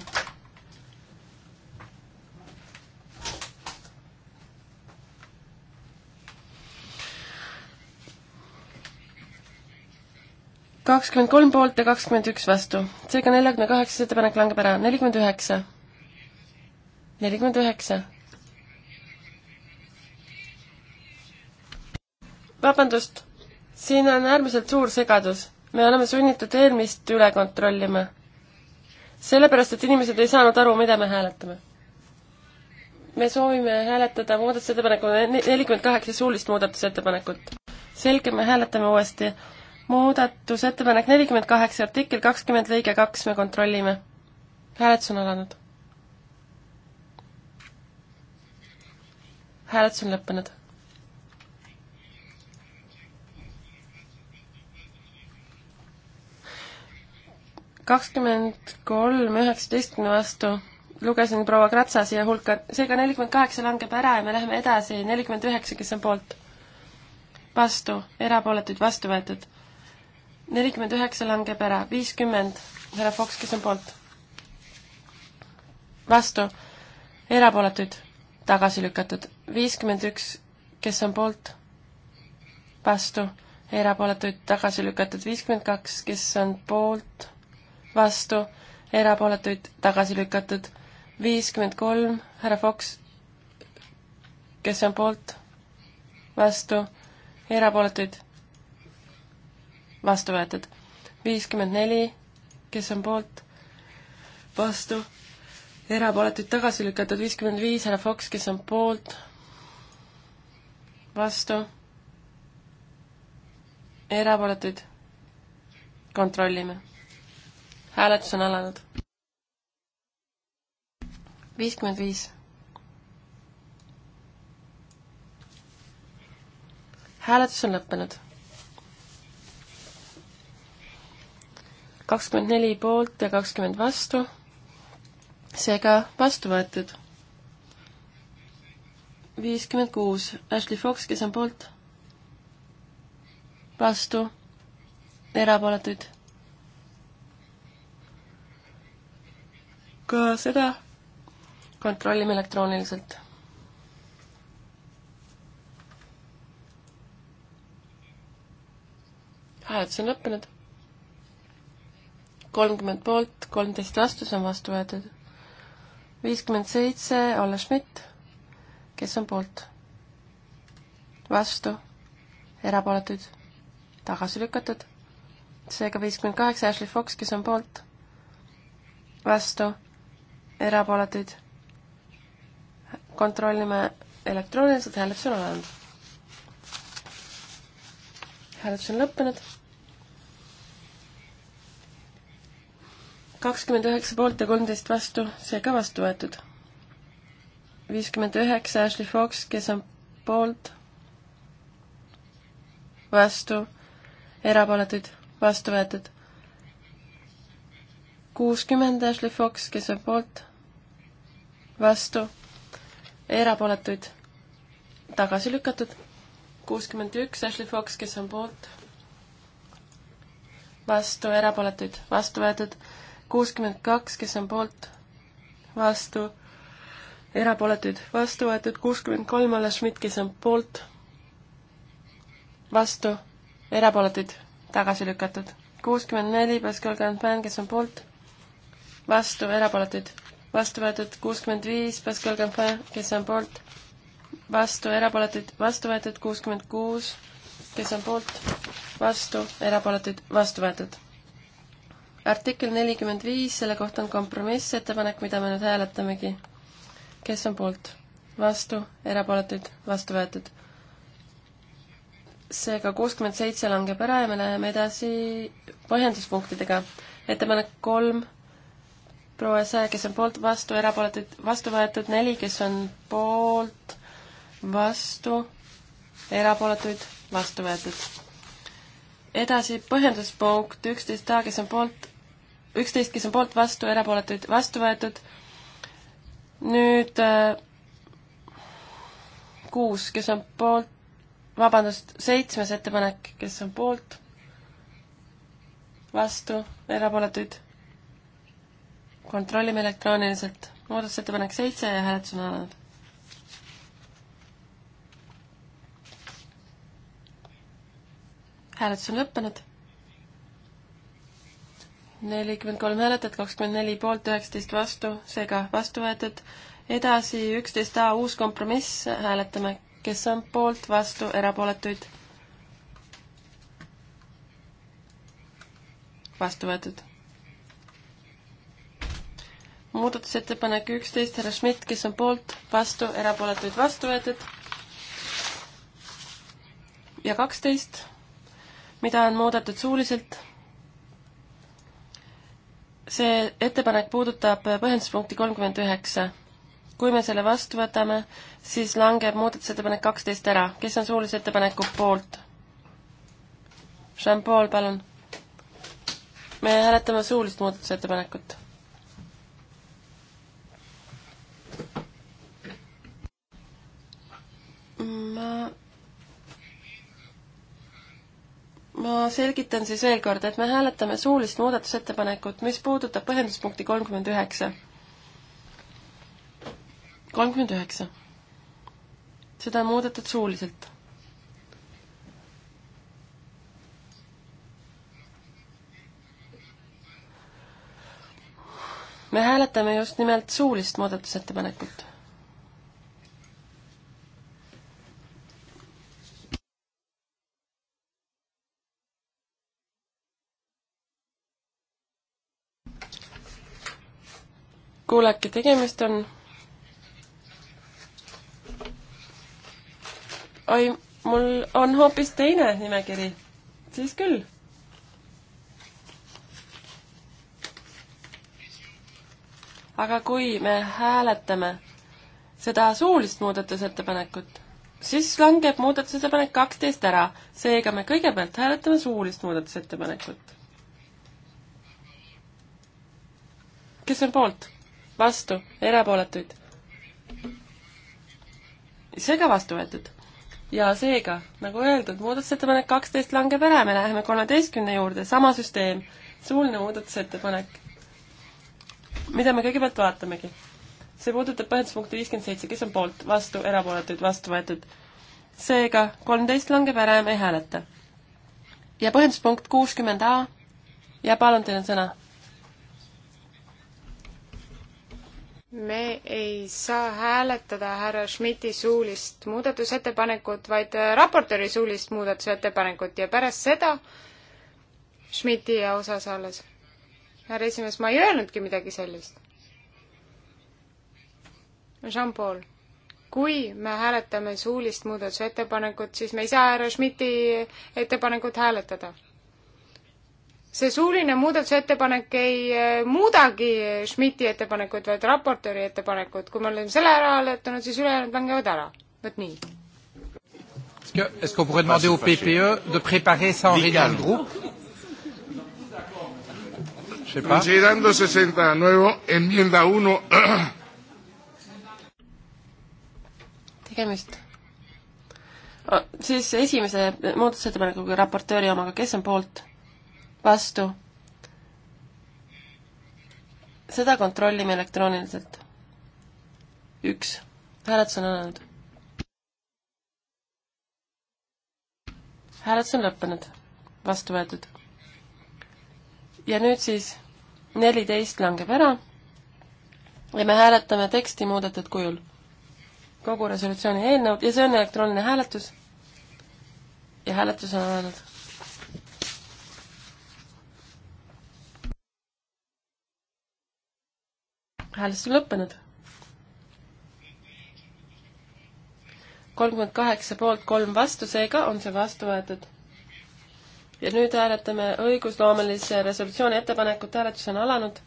kakskümmend kolm poolt ja kakskümmend üks vastu. seega neljakümne kaheksas ettepanek langeb ära. nelikümmend üheksa. nelikümmend üheksa. vabandust, siin on äärmiselt suur segadus. me oleme sunnitud eelmist üle kontrollima. sellepärast, et inimesed ei saanud aru, mida me hääletame. me soovime hääletada muudatusettepanekuna nelikümmend kaheksa suulist muudatusettepanekut. selge, me hääletame uuesti. muudatusettepanek nelikümmend kaheksa, artikkel kakskümmend lõige kaks, me kontrollime. hääletus on alanud. hääletus on lõppenud kakskümmend kolm üheksateistkümne vastu lugesin proua Kratsa siia hulka, seega nelikümmend kaheksa langeb ära ja me läheme edasi, nelikümmend üheksa, kes on poolt? vastu, erapooletuid vastu võetud. nelikümmend üheksa langeb ära, viiskümmend, härra Fox, kes on poolt? vastu, erapooletuid tagasi lükatud, viiskümmend üks, kes on poolt? vastu, erapooletuid tagasi lükatud, viiskümmend kaks, kes on poolt? vastu, erapooletuid tagasi lükatud. viiskümmend kolm, härra Fox, kes on poolt, vastu, erapooletuid vastu võetud. viiskümmend neli, kes on poolt, vastu, erapooletuid tagasi lükatud. viiskümmend viis, härra Fox, kes on poolt, vastu, erapooletuid kontrollime hääletus on alanud. viiskümmend viis. hääletus on lõppenud. kakskümmend neli poolt ja kakskümmend vastu, seega vastu võetud. viiskümmend kuus, Ashley Fox, kes on poolt, vastu, erapooletuid ka seda kontrollime elektrooniliselt. hääletus on lõppenud. kolmkümmend poolt, kolmteist vastu, see on vastu võetud. viiskümmend seitse, Olle Schmidt, kes on poolt? vastu, erapooletuid, tagasi lükatud. seega viiskümmend kaheksa, Ashley Fox, kes on poolt? vastu erapooletuid. kontrollime elektrooniliselt, hääletus on alanud. hääletus on lõppenud. kakskümmend üheksa poolt ja kolmteist vastu, seega vastu võetud. viiskümmend üheksa Ashley Fox, kes on poolt, vastu, erapooletuid, vastu võetud. kuuskümmend Ashley Fox, kes on poolt vastu, erapooletuid tagasi lükatud, kuuskümmend üks Ashley Fox, kes on poolt, vastu, erapooletuid vastu võetud, kuuskümmend kaks, kes on poolt, vastu, erapooletuid vastu võetud, kuuskümmend kolm Olle Schmidt, kes on poolt, vastu, erapooletuid tagasi lükatud, kuuskümmend neli Pascal Canfin, kes on poolt, vastu, erapooletuid vastu võetud kuuskümmend viis, Pascal Canfin, kes on poolt, vastu, erapooletuid, vastu võetud kuuskümmend kuus, kes on poolt, vastu, erapooletuid, vastu võetud. artikkel nelikümmend viis, selle kohta on kompromissettepanek, mida me nüüd hääletamegi. kes on poolt, vastu, erapooletuid, vastu võetud. seega kuuskümmend seitse langeb ära ja me läheme edasi põhjenduspunktidega. ettepanek kolm proua Saja, kes on poolt, vastu, erapooletuid vastu võetud, neli, kes on poolt, vastu, erapooletuid vastu võetud. edasi põhjenduspunkt üksteist A, kes on poolt, üksteist, kes on poolt, vastu, erapooletuid vastu võetud. nüüd äh, kuus, kes on poolt, vabandust, seitsmes ettepanek, kes on poolt, vastu, erapooletuid kontrollime elektrooniliselt. muudatusettepanek seitse ja hääletus on alanud. hääletus on lõppenud. nelikümmend kolm hääletajat, kakskümmend neli poolt, üheksateist vastu, seega vastu võetud. edasi üksteist A uus kompromiss, hääletame, kes on poolt, vastu, erapooletuid. vastu võetud muudatusettepanek üksteist, härra Schmidt, kes on poolt, vastu, erapooletuid vastu võetud. ja kaksteist, mida on muudetud suuliselt. see ettepanek puudutab põhjenduspunkti kolmkümmend üheksa. kui me selle vastu võtame, siis langeb muudatusettepanek kaksteist ära. kes on suulise ettepaneku poolt? Jean-Paul, palun. me hääletame suulist muudatusettepanekut ma ma selgitan siis veel kord, et me hääletame suulist muudatusettepanekut, mis puudutab põhjenduspunkti kolmkümmend üheksa. kolmkümmend üheksa. seda on muudetud suuliselt. me hääletame just nimelt suulist muudatusettepanekut kuulake, tegemist on oi, mul on hoopis teine nimekiri. siis küll. aga kui me hääletame seda suulist muudatusettepanekut, siis langeb muudatusettepanek kaksteist ära, seega me kõigepealt hääletame suulist muudatusettepanekut. kes on poolt? vastu, erapooletuid. seega vastu võetud. ja seega, nagu öeldud, muudatusettepanek kaksteist langeb ära, me läheme kolmeteistkümne juurde, sama süsteem, suuline muudatusettepanek, mida me kõigepealt vaatamegi. see puudutab põhjenduspunkti viiskümmend seitse, kes on poolt, vastu, erapooletuid, vastu võetud. seega, kolmteist langeb ära ja me ei hääleta. ja põhjenduspunkt kuuskümmend A ja palun, teil on sõna me ei saa hääletada härra Schmidti suulist muudatusettepanekut, vaid raportööri suulist muudatusettepanekut ja pärast seda Schmidti osas alles. härra esimees, ma ei öelnudki midagi sellist. Jean-Paul, kui me hääletame suulist muudatusettepanekut, siis me ei saa härra Schmidti ettepanekut hääletada see suuline muudatusettepanek ei eh, muudagi Schmidti ettepanekut, vaid raportööri ettepanekut. kui me oleme selle ära hääletanud, siis ülejäänud langevad ära. vot nii. Est-ce qu'on pourrait demander au PPE e de préparer ça en réunion de groupe Je sais pas. Considerando 60 nuevo, enmienda 1. tegemist oh,. siis esimese muudatusettepanekuga raportööri omaga, kes on poolt? vastu. seda kontrollime elektrooniliselt. üks, hääletus on alanud. hääletus on lõppenud, vastu võetud. ja nüüd siis neliteist langeb ära ja me hääletame teksti muudetud kujul. kogu resolutsiooni eelnõud ja see on elektrooniline hääletus. ja hääletus on alanud hääletus on lõppenud. kolmkümmend kaheksa poolt, kolm vastu, seega on see vastu võetud. ja nüüd hääletame õigusloomelise resolutsiooni ettepanekut, hääletus on alanud.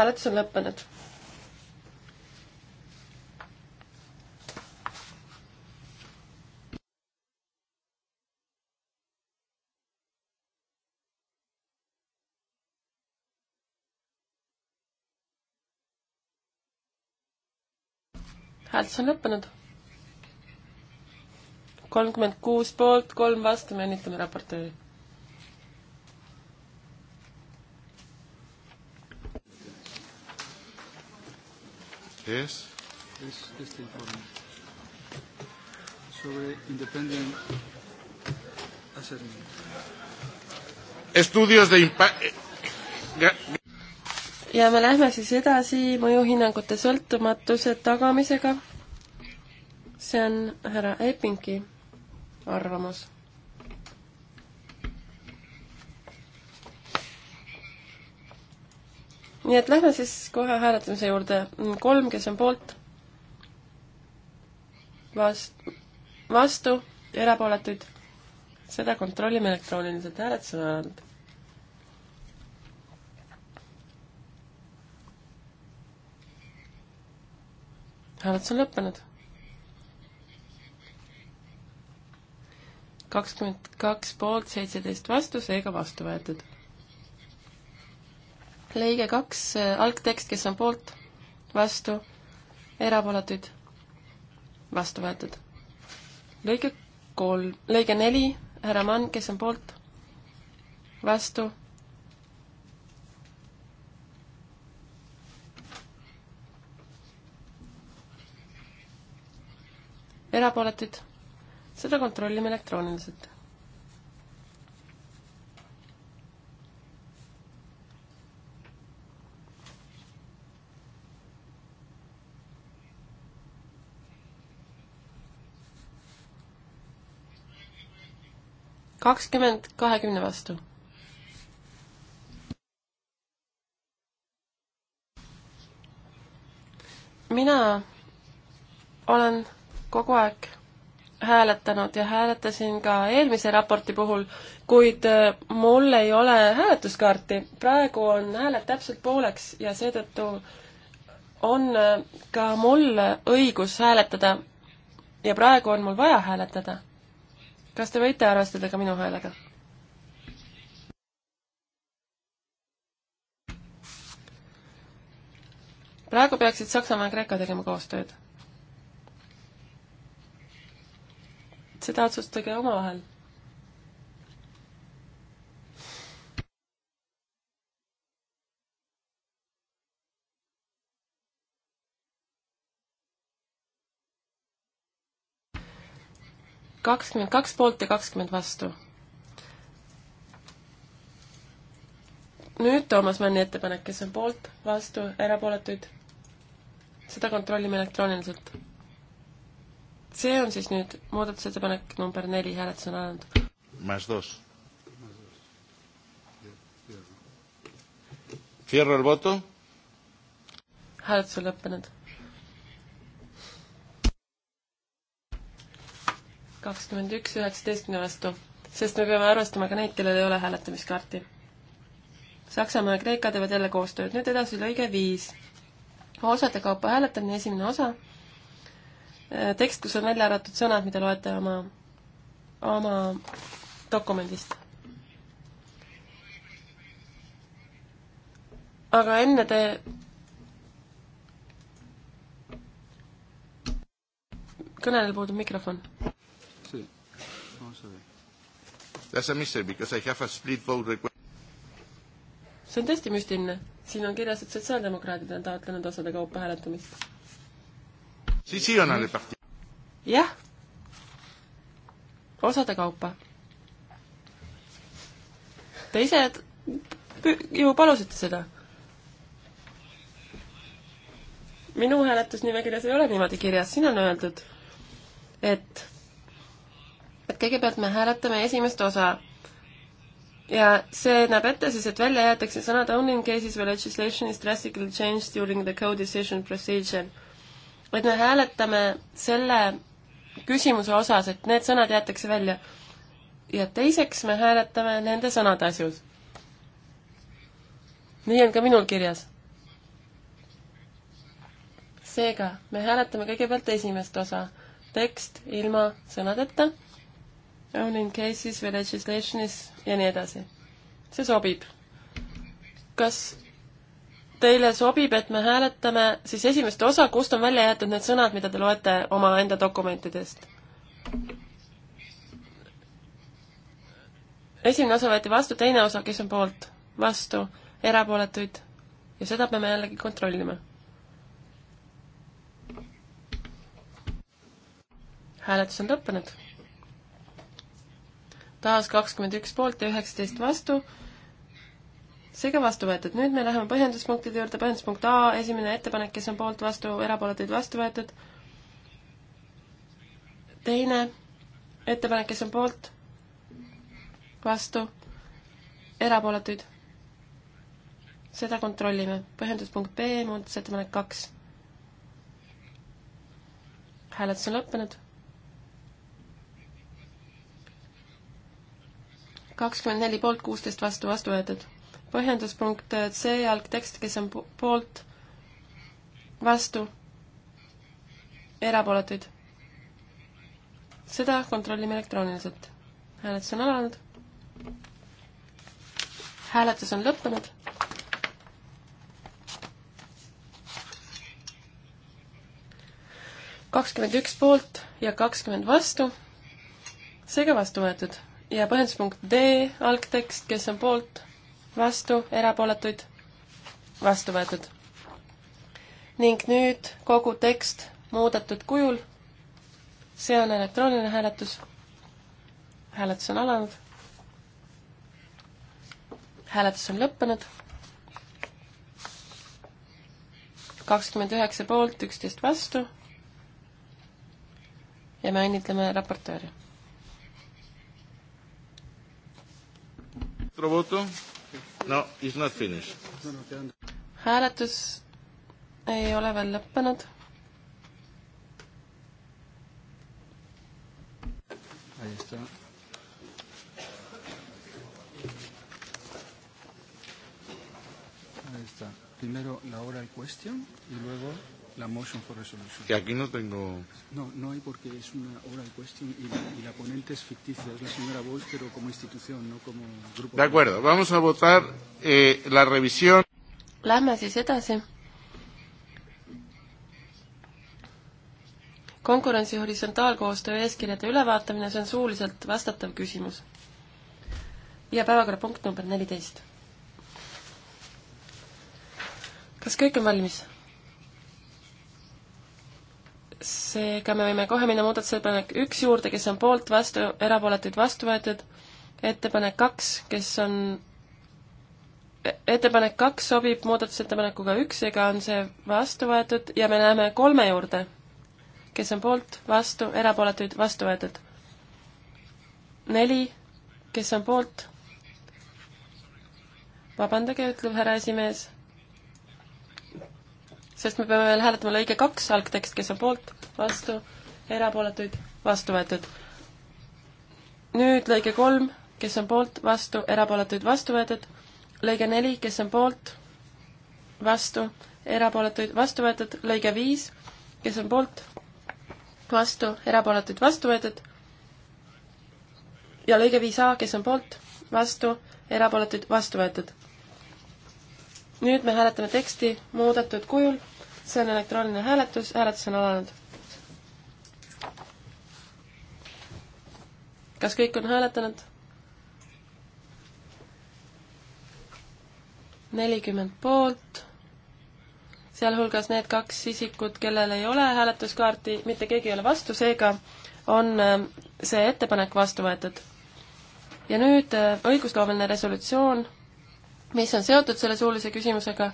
hääletus on lõppenud hääletus on lõppenud. kolmkümmend kuus poolt, kolm vastu, me õnnitleme raportööri. Yes. Yes, just informing. Sobre independent assessment. Estudios de impacto. Eh, ja me lähme siis edasi mõjuhinnangute sõltumatuse tagamisega. see on härra Eppingi arvamus. nii et lähme siis kohe hääletamise juurde. kolm, kes on poolt, vast-, vastu, erapooletuid. seda kontrollime elektrooniliselt, hääletus on alanud hääletus on lõppenud. kakskümmend kaks poolt, seitseteist vastu, seega vastu võetud. lõige kaks, algtekst, kes on poolt, vastu, erapooletuid, vastu võetud. lõige kolm, lõige neli, härra Mann, kes on poolt, vastu erapooletuid, seda kontrollime elektrooniliselt. kakskümmend kahekümne vastu mina olen kogu aeg hääletanud ja hääletasin ka eelmise raporti puhul, kuid äh, mul ei ole hääletuskaarti. praegu on hääled täpselt pooleks ja seetõttu on äh, ka mul õigus hääletada. ja praegu on mul vaja hääletada. kas te võite arvestada ka minu häälega? praegu peaksid Saksamaa ja Kreeka tegema koostööd seda otsustage omavahel. kakskümmend kaks poolt ja kakskümmend vastu. nüüd Toomas Männi ettepanek, kes on poolt, vastu, erapooletuid. seda kontrollime elektrooniliselt see on siis nüüd muudatusettepanek number neli, hääletus on alanud. Más dos. Cierro el voto. hääletus on lõppenud. kakskümmend üks üheksateistkümne vastu, sest me peame arvestama ka neid, kellel ei ole hääletamiskaarti. Saksamaa ja Kreeka teevad jälle koostööd, nüüd edasi lõige viis. osade kaupa hääletamine, esimene osa Äh, tekst, kus on välja arvatud sõnad, mida loete oma, oma dokumendist. aga enne te kõnel puudub mikrofon. see on tõesti müstiline. siin on kirjas, et sotsiaaldemokraadid on taotlenud osade kaupa hääletamist siis siin on ainult partii. jah, osade kaupa. Te ise ju palusite seda. minu hääletusnimekirjas ei ole niimoodi kirjas, siin on öeldud, et, et kõigepealt me hääletame esimest osa ja see näeb ette siis, et välja jäetakse sõnad only in cases where legislation is drastically changed during the co-decision procedure vaid me hääletame selle küsimuse osas, et need sõnad jäetakse välja. ja teiseks me hääletame nende sõnade asjus. nii on ka minul kirjas. seega, me hääletame kõigepealt esimest osa, tekst ilma sõnadeta, on in cases või legislation'is ja nii edasi. see sobib. kas teile sobib, et me hääletame siis esimest osa, kust on välja jäetud need sõnad, mida te loete omaenda dokumentidest? esimene osa võeti vastu, teine osa, kes on poolt, vastu, erapooletuid ja seda peame jällegi kontrollima. hääletus on lõppenud. taas kakskümmend üks poolt ja üheksateist vastu seega vastu võetud. nüüd me läheme põhjenduspunktide juurde, põhjenduspunkt A, esimene ettepanek, kes on poolt, vastu, erapooletuid, vastu võetud. teine ettepanek, kes on poolt, vastu, erapooletuid. seda kontrollime. põhjenduspunkt B, muudatusettepanek kaks. hääletus on lõppenud kakskümmend neli poolt, kuusteist vastu, vastu võetud põhjenduspunkt C algtekst, kes on poolt, vastu, erapooletuid. seda kontrollime elektrooniliselt. hääletus on alanud. hääletus on lõppenud. kakskümmend üks poolt ja kakskümmend vastu, seega vastu võetud. ja põhjenduspunkt D algtekst, kes on poolt vastu, erapooletuid, vastu võetud. ning nüüd kogu tekst muudetud kujul. see on elektrooniline hääletus. hääletus on alanud. hääletus on lõppenud. kakskümmend üheksa poolt, üksteist vastu. ja me õnnitleme raportööri. Otro voto no it's not finished. hääletus ei ole veel lõppenud. Ahí está. Ahí está. Primero la oral question y luego La motion for resolution. Que aquí no tengo... No, no hay porque es una oral question y la, y la ponente es ficticia, es la señora Bosch, pero como institución, no como grupo. De acuerdo, vamos a votar eh, la revisión. Lähme siis edasi. konkurentsi horisontaalkoostöö eeskirjade ülevaatamine, see on suuliselt vastatav küsimus. ja päevakorrapunkt number neliteist. kas kõik on valmis? seega me võime kohe minna muudatusettepanek üks juurde, kes on poolt, vastu, erapooletuid vastu võetud, ettepanek kaks, kes on, e-, ettepanek kaks sobib muudatusettepanekuga üks, seega on see vastu võetud ja me läheme kolme juurde, kes on poolt, vastu, erapooletuid vastu võetud. neli, kes on poolt, vabandage, ütleb härra esimees sest me peame veel hääletama lõige kaks, algtekst, kes on poolt, vastu, erapooletuid, vastu võetud. nüüd lõige kolm, kes on poolt, vastu, erapooletuid, vastu võetud. lõige neli, kes on poolt, vastu, erapooletuid, vastu võetud. lõige viis, kes on poolt, vastu, erapooletuid, vastu võetud. ja lõige viis A, kes on poolt, vastu, erapooletuid, vastu võetud nüüd me hääletame teksti muudetud kujul, see on elektrooniline hääletus, hääletus on alanud. kas kõik on hääletanud? nelikümmend poolt, sealhulgas need kaks isikut, kellel ei ole hääletuskaarti, mitte keegi ei ole vastu, seega on ähm, see ettepanek vastu võetud. ja nüüd äh, õigusloomeline resolutsioon mis on seotud selle suulise küsimusega.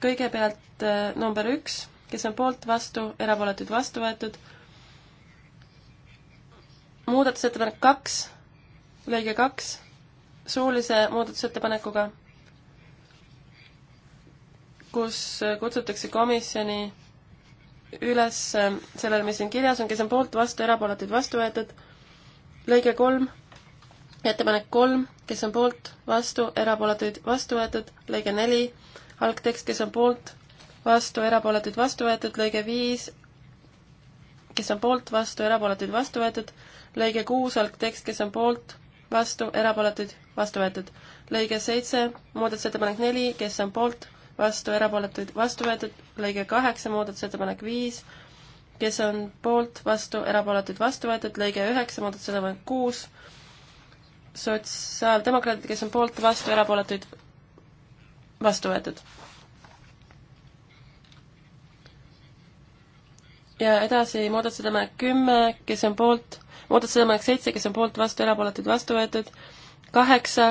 kõigepealt äh, number üks, kes on poolt, vastu, erapooletuid vastu võetud. muudatusettepanek kaks, lõige kaks, suulise muudatusettepanekuga, kus kutsutakse komisjoni üles äh, sellele, mis siin kirjas on, kes on poolt, vastu, erapooletuid vastu võetud. lõige kolm ettepanek kolm, kes on poolt, vastu, erapooletuid, vastu võetud, lõige neli, algtekst, kes on poolt, vastu, erapooletuid, vastu võetud, lõige viis, kes on poolt, vastu, erapooletuid, vastu võetud, lõige kuus, algtekst, kes on poolt, vastu, erapooletuid, vastu võetud. lõige seitse, muudatusettepanek neli, kes on poolt, vastu, erapooletuid, vastu võetud, lõige kaheksa, muudatusettepanek viis, kes on poolt, vastu, erapooletuid, vastu võetud, lõige üheksa, muudatusettepanek kuus, sotsiaaldemokraadid, kes on poolt, vastu, erapooletuid, vastu võetud. ja edasi muudatusettepanek kümme, kes on poolt, muudatusettepanek seitse, kes on poolt, vastu, erapooletuid, vastu võetud, kaheksa,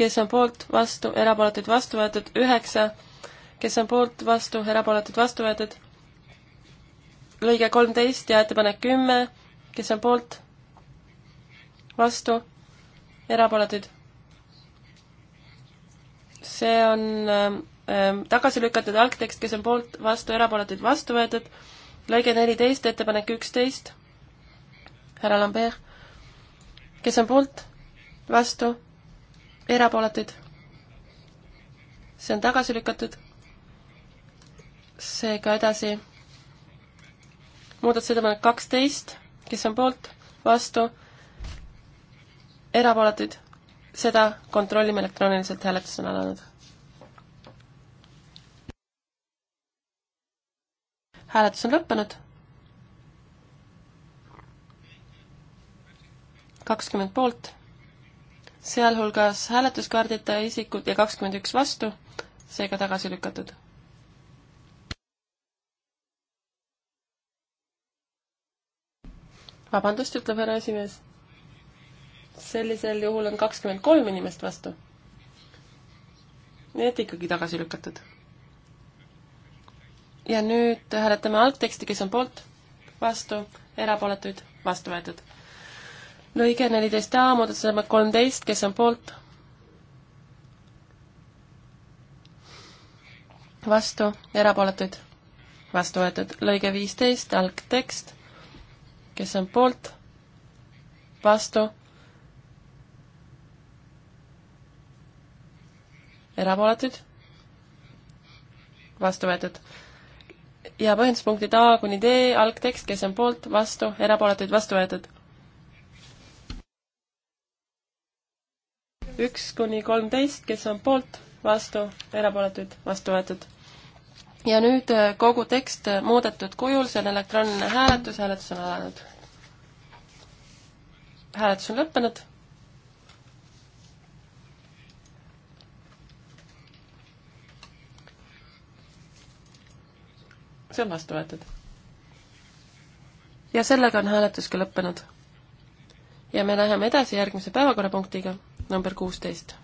kes on poolt, vastu, erapooletuid, vastu võetud, üheksa, kes on poolt, vastu, erapooletuid, vastu võetud, lõige kolmteist ja ettepanek kümme, kes on poolt, vastu, erapooletuid. see on ähm, ähm, tagasi lükatud algtekst, kes on poolt, vastu, erapooletuid vastu võetud. lõige neliteist, ettepanek üksteist. härra Lambert, kes on poolt, vastu, erapooletuid. see on tagasi lükatud. seega edasi muudatusettepanek kaksteist, kes on poolt, vastu erapooletuid, seda kontrollime elektrooniliselt, hääletus on alanud. hääletus on lõppenud. kakskümmend poolt, sealhulgas hääletuskaardita isikud ja kakskümmend üks vastu, seega tagasi lükatud vabandust, ütleb härra esimees sellisel juhul on kakskümmend kolm inimest vastu. nii et ikkagi tagasi lükatud. ja nüüd hääletame algteksti, kes on poolt, vastu, erapooletuid, vastu võetud. lõige neliteist A, muudatusettepanek kolmteist, kes on poolt, vastu, erapooletuid, vastu võetud. lõige viisteist, algtekst, kes on poolt, vastu erapooletuid, vastu võetud. ja põhjenduspunktid A kuni D, algtekst, kes on poolt, vastu, erapooletuid, vastu võetud. üks kuni kolmteist, kes on poolt, vastu, erapooletuid, vastu võetud. ja nüüd äh, kogu tekst äh, muudetud kujul, see on elektrooniline hääletus, hääletus on alanud. hääletus on lõppenud see on vastu võetud. ja sellega on hääletus ka lõppenud. ja me läheme edasi järgmise päevakorrapunktiga, number kuusteist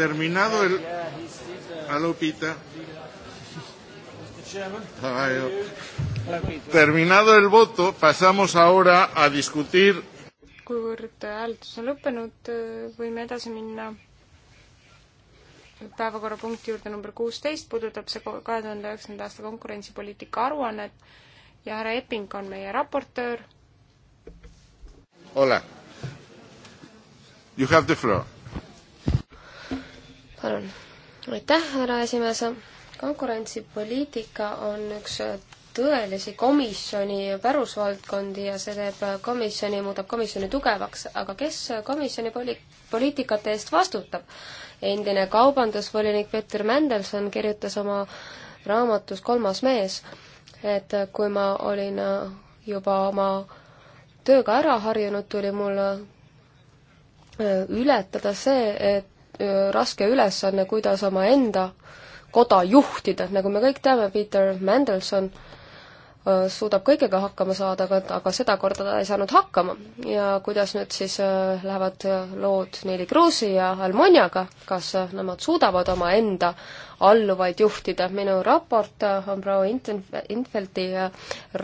terminado el. Aló, Pita. Oh. Terminado el voto, pasamos ahora a discutir. kuivõrd hääletus on lõppenud, võime edasi minna päevakorrapunkti juurde number kuusteist, puudutab see kahe tuhande üheksanda aasta konkurentsipoliitika aruannet ja härra Epping on meie raportöör. ole. You have the floor palun. aitäh, härra esimees. konkurentsipoliitika on üks tõelisi komisjoni pärusvaldkondi ja see teeb komisjoni, muudab komisjoni tugevaks, aga kes komisjoni poli-, poliitikate eest vastutab? endine kaubandusvolinik Peeter Mendelson kirjutas oma raamatus Kolmas mees, et kui ma olin juba oma tööga ära harjunud, tuli mul äh, ületada see, et Äh, raske ülesanne, kuidas omaenda koda juhtida, nagu me kõik teame, Peter Mendelson äh, suudab kõigega hakkama saada, aga, aga sedakorda ta ei saanud hakkama. ja kuidas nüüd siis äh, lähevad lood Neili Kruusi ja Almoniaga, kas nemad suudavad omaenda alluvaid juhtida? minu raport on proua Infeldti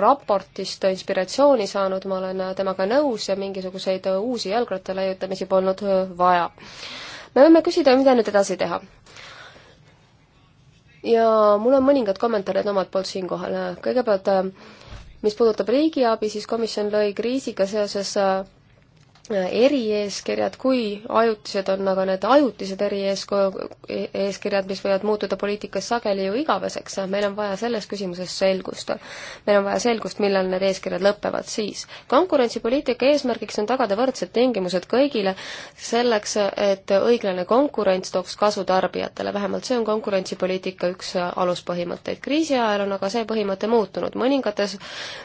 raportist inspiratsiooni saanud, ma olen temaga nõus ja mingisuguseid uusi jalgratta leiutamisi polnud vaja me võime küsida, mida nüüd edasi teha. ja mul on mõningad kommentaarid omalt poolt siinkohal. kõigepealt, äh, mis puudutab riigiabi, siis komisjon lõi kriisiga seoses äh, Äh, erieeskirjad, kui ajutised on aga need ajutised erieesko-, eeskirjad, mis võivad muutuda poliitikas sageli ju igaveseks, äh, meil on vaja selles küsimuses selgust. meil on vaja selgust, millal need eeskirjad lõpevad siis. konkurentsipoliitika eesmärgiks on tagada võrdsed tingimused kõigile, selleks äh, et õiglane konkurents tooks kasu tarbijatele, vähemalt see on konkurentsipoliitika üks aluspõhimõtteid. kriisi ajal on aga see põhimõte muutunud, mõningates,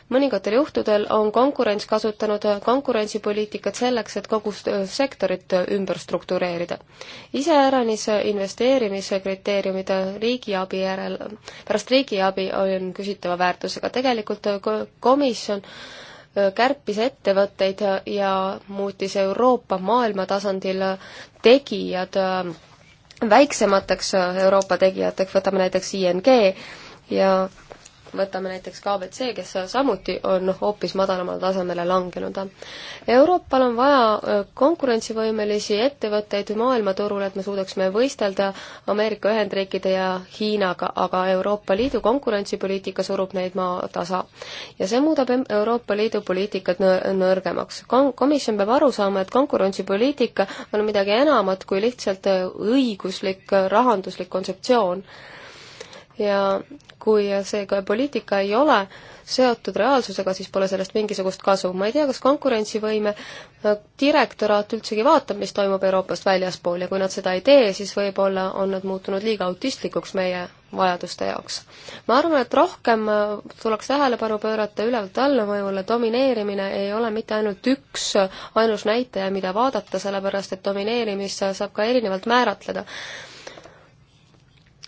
mõningatel juhtudel on konkurents kasutanud konkurentsipoliitikat selle selleks, et kogu sektorit ümber struktureerida. iseäranis investeerimise kriteeriumid riigiabi järel, pärast riigiabi on küsitava väärtusega, tegelikult komisjon kärpis ettevõtteid ja, ja muutis Euroopa maailma tasandil tegijad väiksemateks Euroopa tegijateks, võtame näiteks ING ja võtame näiteks KBC, kes samuti on hoopis madalamale tasemele langenud. Euroopal on vaja konkurentsivõimelisi ettevõtteid maailmaturul, et me suudaksime võistelda Ameerika Ühendriikide ja Hiinaga, aga Euroopa Liidu konkurentsipoliitika surub neid maa tasa. ja see muudab Euroopa Liidu poliitikat nõrgemaks. Kon-, komisjon peab aru saama, et konkurentsipoliitika on midagi enamat kui lihtsalt õiguslik rahanduslik kontseptsioon ja kui seega poliitika ei ole seotud reaalsusega, siis pole sellest mingisugust kasu. ma ei tea, kas konkurentsivõime äh, direktoraat üldsegi vaatab, mis toimub Euroopast väljaspool ja kui nad seda ei tee, siis võib-olla on nad muutunud liiga autistlikuks meie vajaduste jaoks. ma arvan, et rohkem äh, tuleks tähelepanu pöörata ülevalt alla mõjule, domineerimine ei ole mitte ainult üks äh, ainus näitaja, mida vaadata, sellepärast et domineerimist saab ka erinevalt määratleda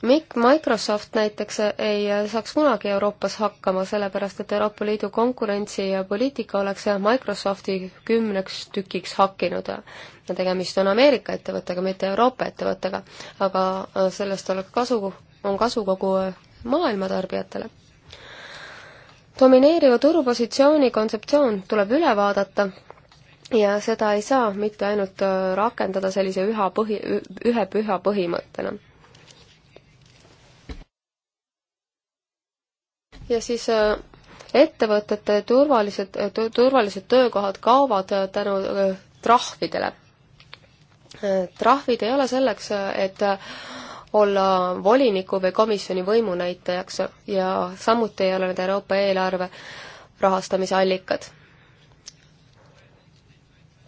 Mikk Microsoft näiteks ei saaks kunagi Euroopas hakkama, sellepärast et Euroopa Liidu konkurentsipoliitika oleks Microsofti kümneks tükiks hakkinud. ja tegemist on Ameerika ettevõttega, mitte Euroopa ettevõttega. aga sellest oleks kasu, on kasu kogu maailma tarbijatele. domineeriva turupositsiooni kontseptsioon tuleb üle vaadata, ja seda ei saa mitte ainult rakendada sellise üha põhi, ühe püha põhimõttena ja siis äh, ettevõtete turvalised, äh, turvalised töökohad kaovad äh, tänu trahvidele. trahvid ei ole selleks, et olla voliniku või komisjoni võimunäitajaks ja samuti ei ole need Euroopa eelarve rahastamise allikad.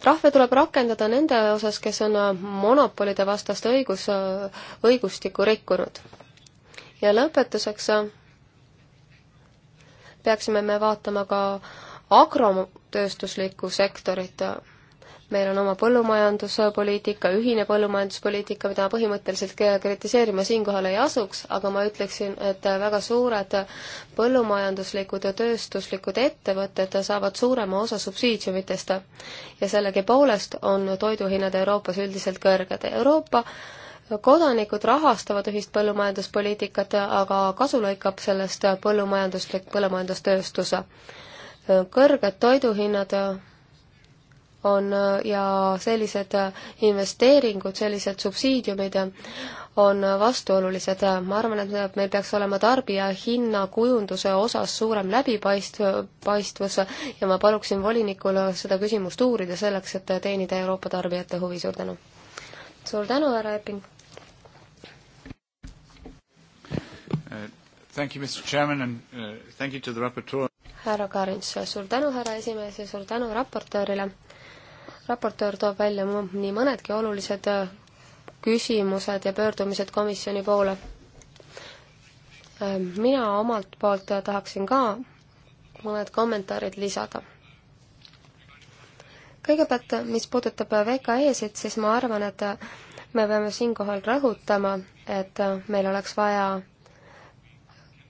trahve tuleb rakendada nende osas, kes on monopolide vastast õigus, õigustikku rikkunud. ja lõpetuseks peaksime me vaatama ka agrotööstuslikku sektorit. meil on oma põllumajanduspoliitika, ühine põllumajanduspoliitika, mida põhimõtteliselt kritiseerima siinkohal ei asuks, aga ma ütleksin, et väga suured põllumajanduslikud ja tööstuslikud ettevõtted saavad suurema osa subsiidiumitest ja sellegipoolest on toiduhinnad Euroopas üldiselt kõrged. Euroopa kodanikud rahastavad ühist põllumajanduspoliitikat, aga kasu lõikab sellest põllumajanduslik, põllumajandustööstus. kõrged toiduhinnad on ja sellised investeeringud, sellised subsiidiumid on vastuolulised. ma arvan, et meil peaks olema tarbija hinnakujunduse osas suurem läbipaist-, paistvus ja ma paluksin volinikul seda küsimust uurida selleks, et teenida Euroopa tarbijate huvi. suur tänu! suur tänu, härra Epping! Uh, uh, härra Karins, suur tänu, härra esimees, ja suur tänu raportöörile. raportöör toob välja nii mõnedki olulised uh, küsimused ja pöördumised komisjoni poole. mina omalt poolt tahaksin ka mõned kommentaarid lisada kõigepealt, mis puudutab VKE-sid, siis ma arvan, et me peame siinkohal rõhutama, et meil oleks vaja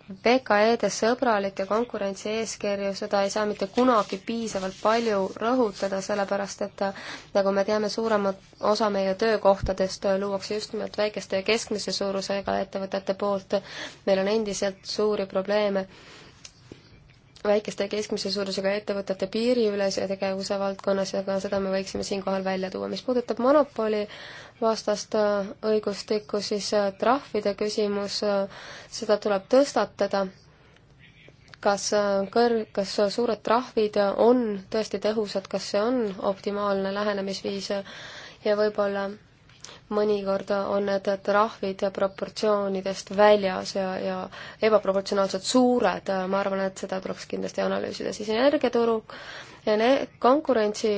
VKE-de sõbralikke konkurentsieeskirju, seda ei saa mitte kunagi piisavalt palju rõhutada, sellepärast et nagu me teame, suurema osa meie töökohtadest luuakse just nimelt väikeste ja keskmise suurusega ettevõtete poolt. meil on endiselt suuri probleeme väikeste ja keskmise suurusega ettevõtete piiriülese tegevuse valdkonnas ja ka seda me võiksime siinkohal välja tuua. mis puudutab monopoli äh, vastast äh, õigustikku, siis äh, trahvide küsimus, äh, seda tuleb tõstatada. kas kõr-, kas suured trahvid on tõesti tõhusad, kas see on optimaalne lähenemisviis ja võib-olla mõnikord on need trahvid proportsioonidest väljas ja, ja ebaproportsionaalselt suured, ma arvan, et seda tuleks kindlasti analüüsida. siis energiaturu ja konkurentsi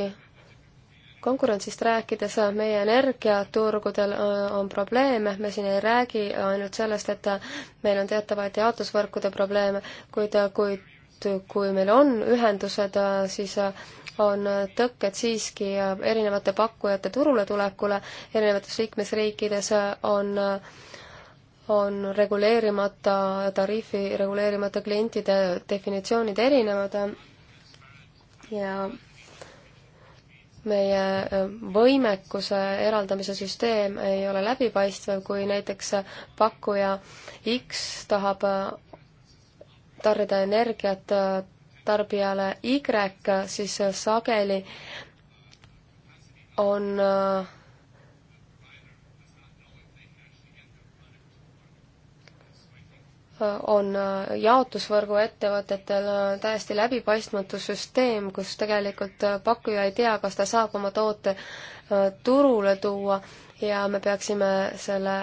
konkurentsist rääkides, meie energiaturgudel äh, on probleeme, me siin ei räägi ainult sellest, et meil on teatavaid jaotusvõrkude probleeme, kuid, kuid kui meil on ühendused, siis on tõkked siiski erinevate pakkujate turule tulekule, erinevates liikmesriikides on on reguleerimata tariifi, reguleerimata klientide definitsioonid erinevad ja meie äh, võimekuse eraldamise süsteem ei ole läbipaistv, kui näiteks äh, pakkuja X tahab äh, tarnida energiat tarbijale Y, siis sageli on on äh, jaotusvõrgu ettevõtetel äh, täiesti läbipaistmatu süsteem, kus tegelikult äh, pakkuja ei tea, kas ta saab oma toote turule tuua ja me peaksime selle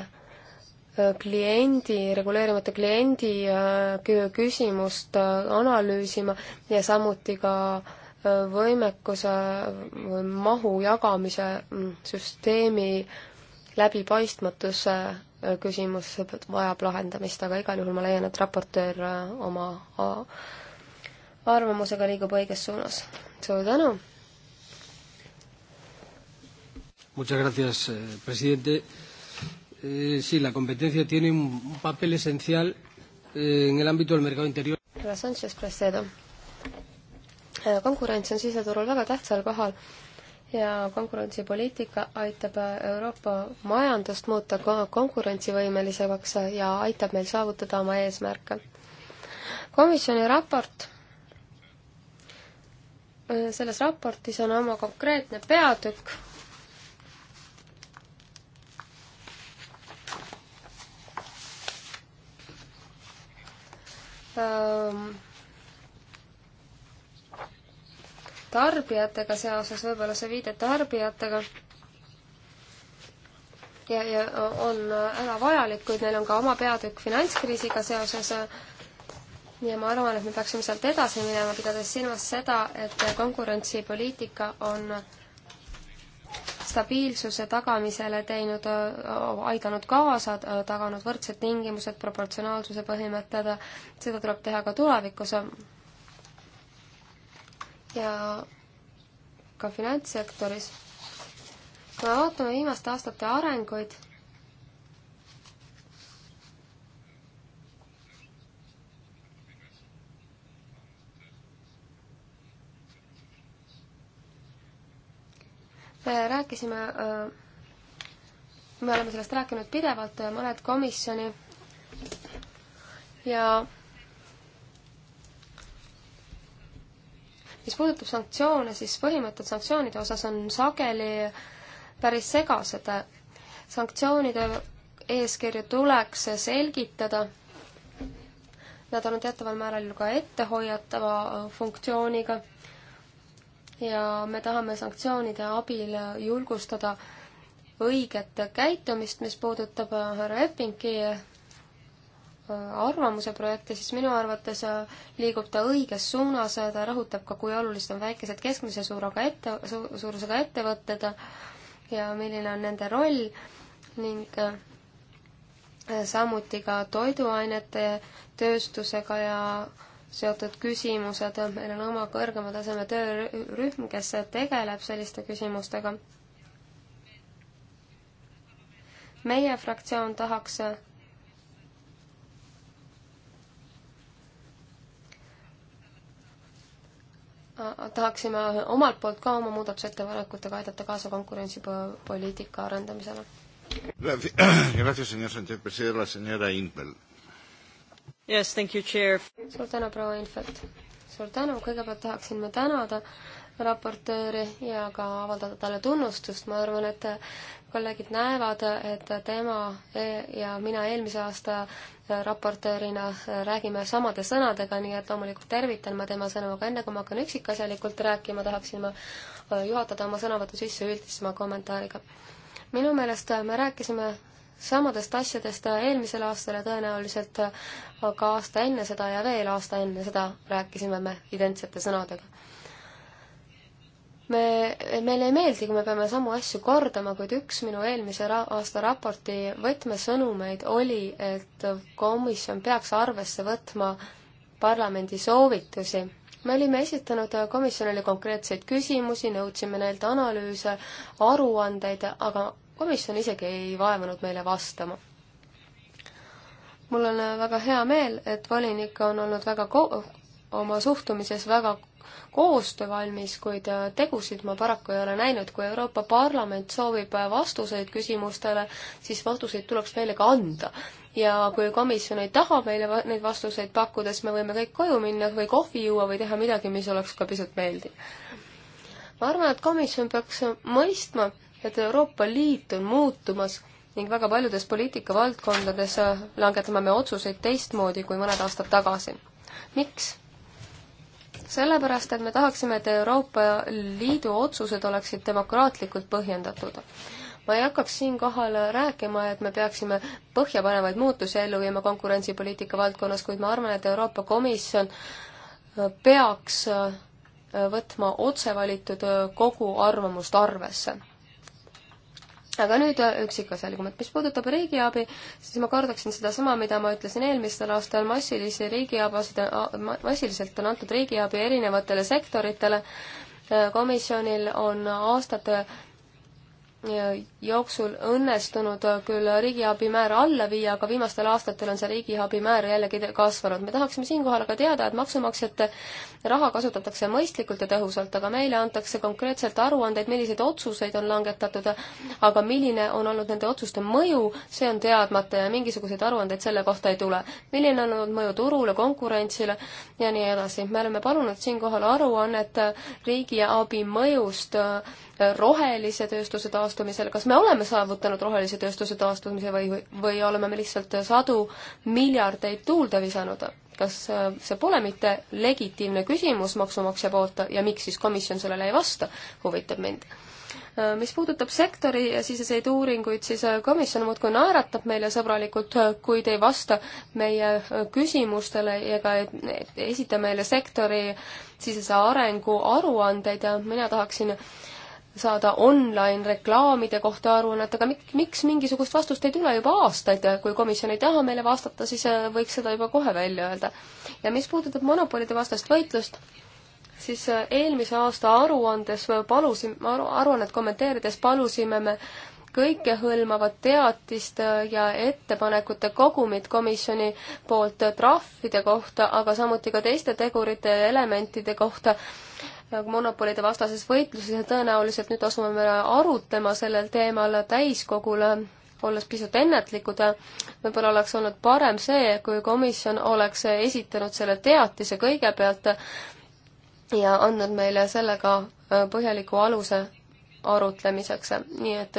kliendi, reguleerimata kliendi küsimust analüüsima ja samuti ka võimekuse või mahu jagamise mm, süsteemi läbipaistmatuse küsimus vajab lahendamist, aga igal juhul ma leian, et raportöör äh, oma äh, arvamusega liigub õiges suunas. suur tänu! Muchas gracias, eh, presidente. Eh, sí, la competencia tiene un papel esencial eh, en el ámbito del mercado interior. härra Sanchez Presedo. konkurents on siseturul väga tähtsal kohal ja konkurentsipoliitika aitab Euroopa majandust muuta konkurentsivõimelisemaks ja aitab meil saavutada oma eesmärke. komisjoni raport, selles raportis on oma konkreetne peatükk, Um... Ähm tarbijatega seoses, võib-olla see viide tarbijatega ja, ja on hädavajalik, kuid neil on ka oma peatükk finantskriisiga seoses ja ma arvan, et me peaksime sealt edasi minema, pidades silmas seda, et konkurentsipoliitika on stabiilsuse tagamisele teinud, aidanud kaasa, taganud võrdsed tingimused, proportsionaalsuse põhimõtted, seda tuleb teha ka tulevikus ja ka finantssektoris. kui me vaatame viimaste aastate arenguid, me rääkisime, me oleme sellest rääkinud pidevalt, mõned komisjoni ja mis puudutab sanktsioone, siis põhimõtted sanktsioonide osas on sageli päris segased. sanktsioonide eeskirju tuleks selgitada. Nad on teataval määral ju ka ettehoiatava funktsiooniga ja me tahame sanktsioonide abil julgustada õiget käitumist, mis puudutab härra Eppinki arvamuse projekti, siis minu arvates äh, liigub ta õiges suunas, äh, ta rõhutab ka, kui olulised on väikesed keskmise suuruga ette, suurusega ettevõtted äh, ja milline on nende roll ning samuti ka toiduainete tööstusega ja seotud küsimused, meil on oma kõrgema taseme töörühm, kes tegeleb selliste küsimustega. meie fraktsioon tahaks Äh, tahaksime omalt poolt ka oma muudatusettepanekutega aidata kaasa konkurentsipoliitika arendamisele. Yes, thank you, chair. suur tänu, proua Infeld. suur tänu, kõigepealt tahaksin ma tänada raportööri ja ka avaldada talle tunnustust, ma arvan, et kolleegid näevad, et tema ja mina eelmise aasta raportöörina räägime samade sõnadega, nii et loomulikult tervitan ma tema sõnu, aga enne kui ma hakkan üksikasjalikult rääkima, tahaksin ma äh, juhatada oma sõnavõtu sisse üldisema kommentaariga. minu meelest me rääkisime samadest asjadest eelmisel aastal ja tõenäoliselt ka aasta enne seda ja veel aasta enne seda rääkisime me identsete sõnadega me, meile ei meeldi, kui me peame samu asju kordama, kuid üks minu eelmise ra aasta raporti võtmesõnumeid oli, et komisjon peaks arvesse võtma parlamendi soovitusi. me olime esitanud komisjonile konkreetseid küsimusi, nõudsime neilt analüüse, aruandeid, aga komisjon isegi ei vaevanud meile vastama. mul on väga hea meel, et volinik on olnud väga ko-, oma suhtumises väga koostöövalmis, kuid äh, tegusid ma paraku ei ole näinud. kui Euroopa Parlament soovib äh, vastuseid küsimustele, siis vastuseid tuleks meile ka anda. ja kui komisjon ei taha meile neid vastuseid pakkuda, siis me võime kõik koju minna või kohvi juua või teha midagi, mis oleks ka pisut meeldiv. ma arvan, et komisjon peaks mõistma, et Euroopa Liit on muutumas ning väga paljudes poliitikavaldkondades äh, langetame me otsuseid teistmoodi kui mõned aastad tagasi. miks? sellepärast, et me tahaksime, et Euroopa Liidu otsused oleksid demokraatlikult põhjendatud. ma ei hakkaks siinkohal rääkima, et me peaksime põhjapanevaid muutusi ellu viima konkurentsipoliitika valdkonnas, kuid ma arvan, et Euroopa Komisjon peaks võtma otsevalitud kogu arvamust arvesse aga nüüd äh, üksikasjalikumalt, mis puudutab riigiabi, siis ma kordaksin sedasama, mida ma ütlesin eelmistel aastal, massilisi riigiabasid, äh, massiliselt on antud riigiabi erinevatele sektoritele, äh, komisjonil on aastate jooksul õnnestunud küll riigiabi määra alla viia, aga viimastel aastatel on see riigiabi määr jällegi kasvanud. me tahaksime siinkohal aga teada, et maksumaksjate raha kasutatakse mõistlikult ja tõhusalt, aga meile antakse konkreetselt aruandeid, milliseid otsuseid on langetatud, aga milline on olnud nende otsuste mõju, see on teadmata ja mingisuguseid aruandeid selle kohta ei tule. milline on olnud mõju turule, konkurentsile ja nii edasi. me oleme palunud siinkohal aruannet riigiabi mõjust rohelise tööstuse taastamisele, taastumisele, kas me oleme saavutanud rohelise tööstuse taastumise või, või, või oleme me lihtsalt sadu miljardeid tuulde visanud? kas äh, see pole mitte legitiimne küsimus maksumaksja poolt ja miks siis komisjon sellele ei vasta, huvitab mind äh, mis puudutab sektorisiseseid uuringuid, siis äh, komisjon muudkui naeratab meile sõbralikult, kuid ei vasta meie küsimustele ega esita meile sektorisisese arengu aruandeid ja mina tahaksin äh, saada online reklaamide kohta aruannet, aga miks, miks mingisugust vastust ei tule juba aastaid ja kui komisjon ei taha meile vastata, siis äh, võiks seda juba kohe välja öelda. ja mis puudutab monopolide vastast võitlust, siis äh, eelmise aasta aruandes palusime, aru, aruannet kommenteerides palusime me kõikehõlmavat teatist äh, ja ettepanekute kogumit komisjoni poolt trahvide kohta, aga samuti ka teiste tegurite ja elementide kohta, monopolide vastases võitluses ja tõenäoliselt nüüd asume me arutlema sellel teemal täiskogule, olles pisut ennetlikud. võib-olla oleks olnud parem see, kui komisjon oleks esitanud selle teatise kõigepealt ja andnud meile sellega põhjaliku aluse arutlemiseks, nii et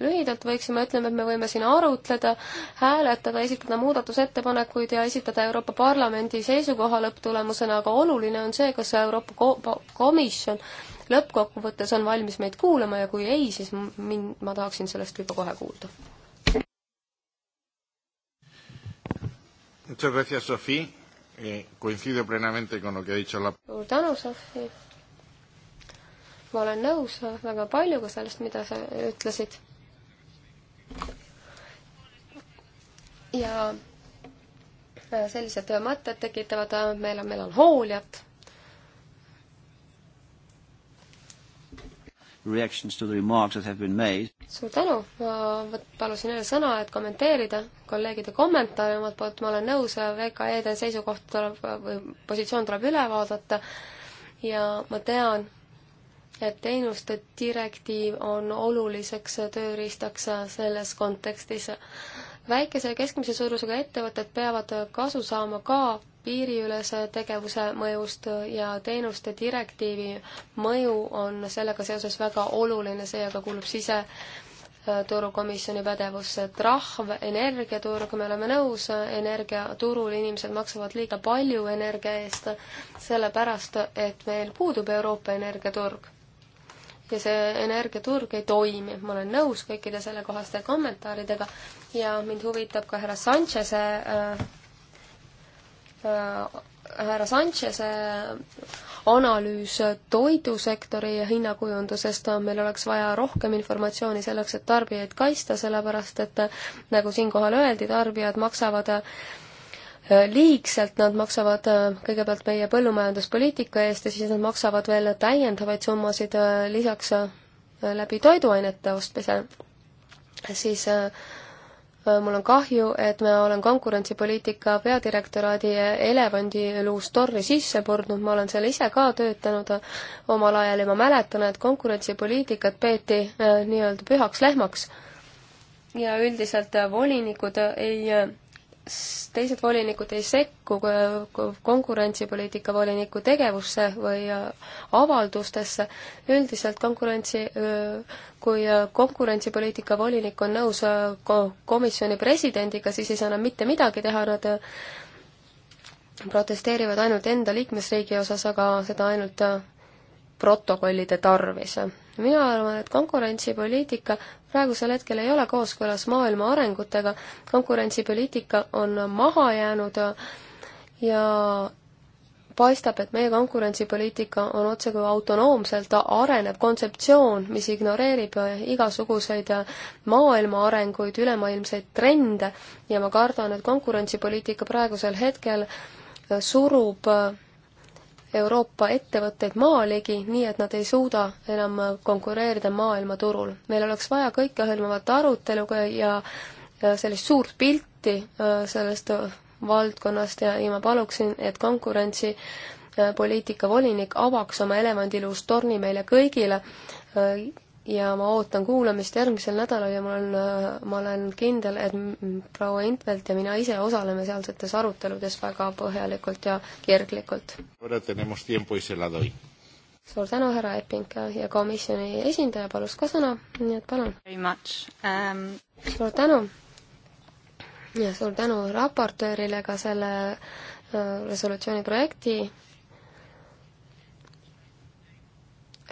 lühidalt võiksime, ütleme, et me võime siin arutleda, hääletada, esitada muudatusettepanekuid ja esitada Euroopa Parlamendi seisukoha lõpptulemusena, aga oluline on see, kas Euroopa ko-, Komisjon lõppkokkuvõttes on valmis meid kuulama ja kui ei, siis mind, ma tahaksin sellest juba kohe kuulda. Eh, suur tänu, Sofi! ma olen nõus väga paljuga sellest, mida sa ütlesid ja äh, sellised mõtted tekitavad äh, meile melanhooliat. Reactions to the remarks that have been made. suur tänu, ma palusin üle sõna, et kommenteerida kolleegide kommentaare, omalt poolt ma olen nõus, äh, VKE-de seisukoht tuleb, või positsioon tuleb üle vaadata ja ma tean, et teenuste direktiiv on oluliseks tööriistaks selles kontekstis. väikese ja keskmise suurusega ettevõtted peavad kasu saama ka piiriülese tegevuse mõjust ja teenuste direktiivi mõju on sellega seoses väga oluline, seega kuulub sise turukomisjoni pädevusse. trahv, energiaturg, me oleme nõus, energiaturul inimesed maksavad liiga palju energia eest, sellepärast et meil puudub Euroopa energiaturg ja see energiaturg ei toimi. ma olen nõus kõikide sellekohaste kommentaaridega ja mind huvitab ka härra Sanchez'e äh, äh, härra Sanchez'e analüüs toidusektori hinnakujundusest, meil oleks vaja rohkem informatsiooni selleks, et tarbijaid kaitsta, sellepärast et nagu siinkohal öeldi, tarbijad maksavad äh, Äh, liigselt, nad maksavad äh, kõigepealt meie põllumajanduspoliitika eest ja siis nad maksavad veel täiendavaid summasid äh, lisaks läbi toiduainete ostmise, siis mul on kahju, et ma olen konkurentsipoliitika peadirektoraadi elevandiluust torri sisse purdnud, ma olen seal ise ka töötanud omal ajal ja ma mäletan, et konkurentsipoliitikat peeti nii-öelda pühaks lehmaks. ja üldiselt volinikud ei teised volinikud ei sekku konkurentsipoliitika voliniku tegevusse või äh, avaldustesse. üldiselt konkurentsi, kui äh, konkurentsipoliitika volinik on nõus äh, komisjoni presidendiga, siis ei saa nad mitte midagi teha, nad protesteerivad ainult enda liikmesriigi osas, aga seda ainult protokollide tarvis mina arvan, et konkurentsipoliitika praegusel hetkel ei ole kooskõlas maailma arengutega, konkurentsipoliitika on maha jäänud ja paistab, et meie konkurentsipoliitika on otsekui autonoomselt arenev kontseptsioon, mis ignoreerib igasuguseid maailma arenguid, ülemaailmseid trende ja ma kardan, et konkurentsipoliitika praegusel hetkel surub Euroopa ettevõtteid maaligi, nii et nad ei suuda enam konkureerida maailmaturul. meil oleks vaja kõikehõlmavat arutelu ja, ja sellist suurt pilti äh, sellest valdkonnast ja, ja ma paluksin, et konkurentsi äh, poliitika volinik avaks oma elevandiluust torni meile kõigile äh, ja ma ootan kuulamist järgmisel nädalal ja ma olen, äh, ma olen kindel, et proua Intvelt ja mina ise osaleme sealsetes aruteludes väga põhjalikult ja kirglikult. suur tänu, härra Epping ja komisjoni esindaja palus ka sõna, nii et palun. Um... suur tänu ja suur tänu raportöörile ka selle äh, resolutsiooni projekti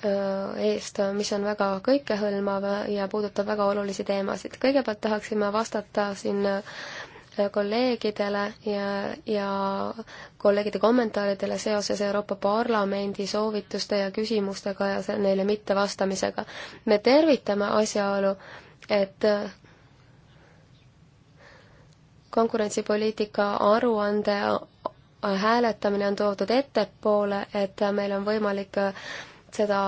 Äh, eest, mis on väga kõikehõlmav ja puudutab väga olulisi teemasid. kõigepealt tahaksin ma vastata siin äh, kolleegidele ja, ja kolleegide kommentaaridele seoses Euroopa Parlamendi soovituste ja küsimustega ja neile mittevastamisega. me tervitame asjaolu, et äh, konkurentsipoliitika aruande hääletamine on toodud ettepoole, et meil on võimalik seda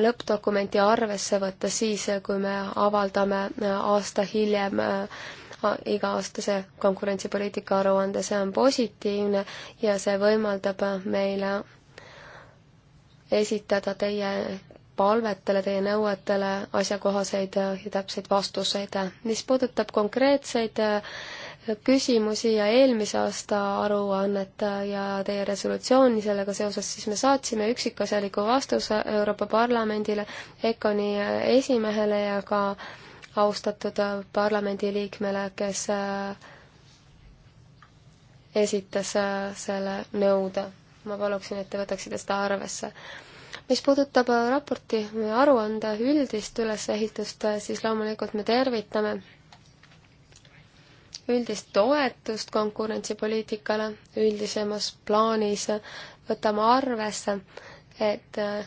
lõppdokumenti arvesse võtta siis, kui me avaldame aasta hiljem äh, iga-aastase konkurentsipoliitika aruande, see on positiivne ja see võimaldab meile esitada teie palvetele, teie nõuetele asjakohaseid ja täpseid vastuseid. mis puudutab konkreetseid äh, küsimusi ja eelmise aasta aruannet ja teie resolutsiooni sellega seoses, siis me saatsime üksikasjaliku vastuse Euroopa Parlamendile, ECONi esimehele ja ka austatud parlamendiliikmele, kes äh, esitas äh, selle nõude. ma paluksin, et te võtaksite seda arvesse mis puudutab äh, raporti aruande üldist ülesehitust, siis loomulikult me tervitame üldist toetust konkurentsipoliitikale üldisemas plaanis, võtame arvesse, et äh,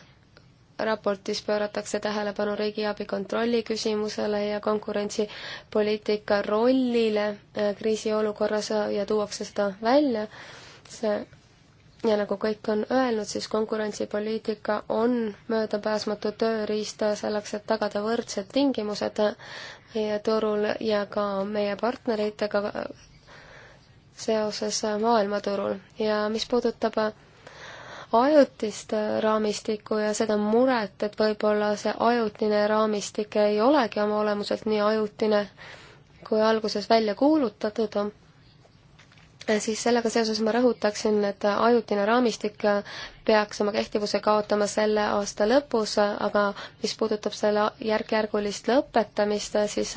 raportis pööratakse tähelepanu riigiabi kontrolli küsimusele ja konkurentsipoliitika rollile äh, kriisiolukorras ja tuuakse seda välja, see ja nagu kõik on öelnud, siis konkurentsipoliitika on möödapääsmatu tööriist selleks, et tagada võrdsed tingimused turul ja ka meie partneritega seoses maailmaturul ja mis puudutab ajutist raamistikku ja seda muret, et võib-olla see ajutine raamistik ei olegi oma olemuselt nii ajutine, kui alguses välja kuulutatud on Äh, siis sellega seoses ma rõhutaksin, et ajutine raamistik peaks oma kehtivuse kaotama selle aasta lõpus, aga mis puudutab selle järk-järgulist lõpetamist, siis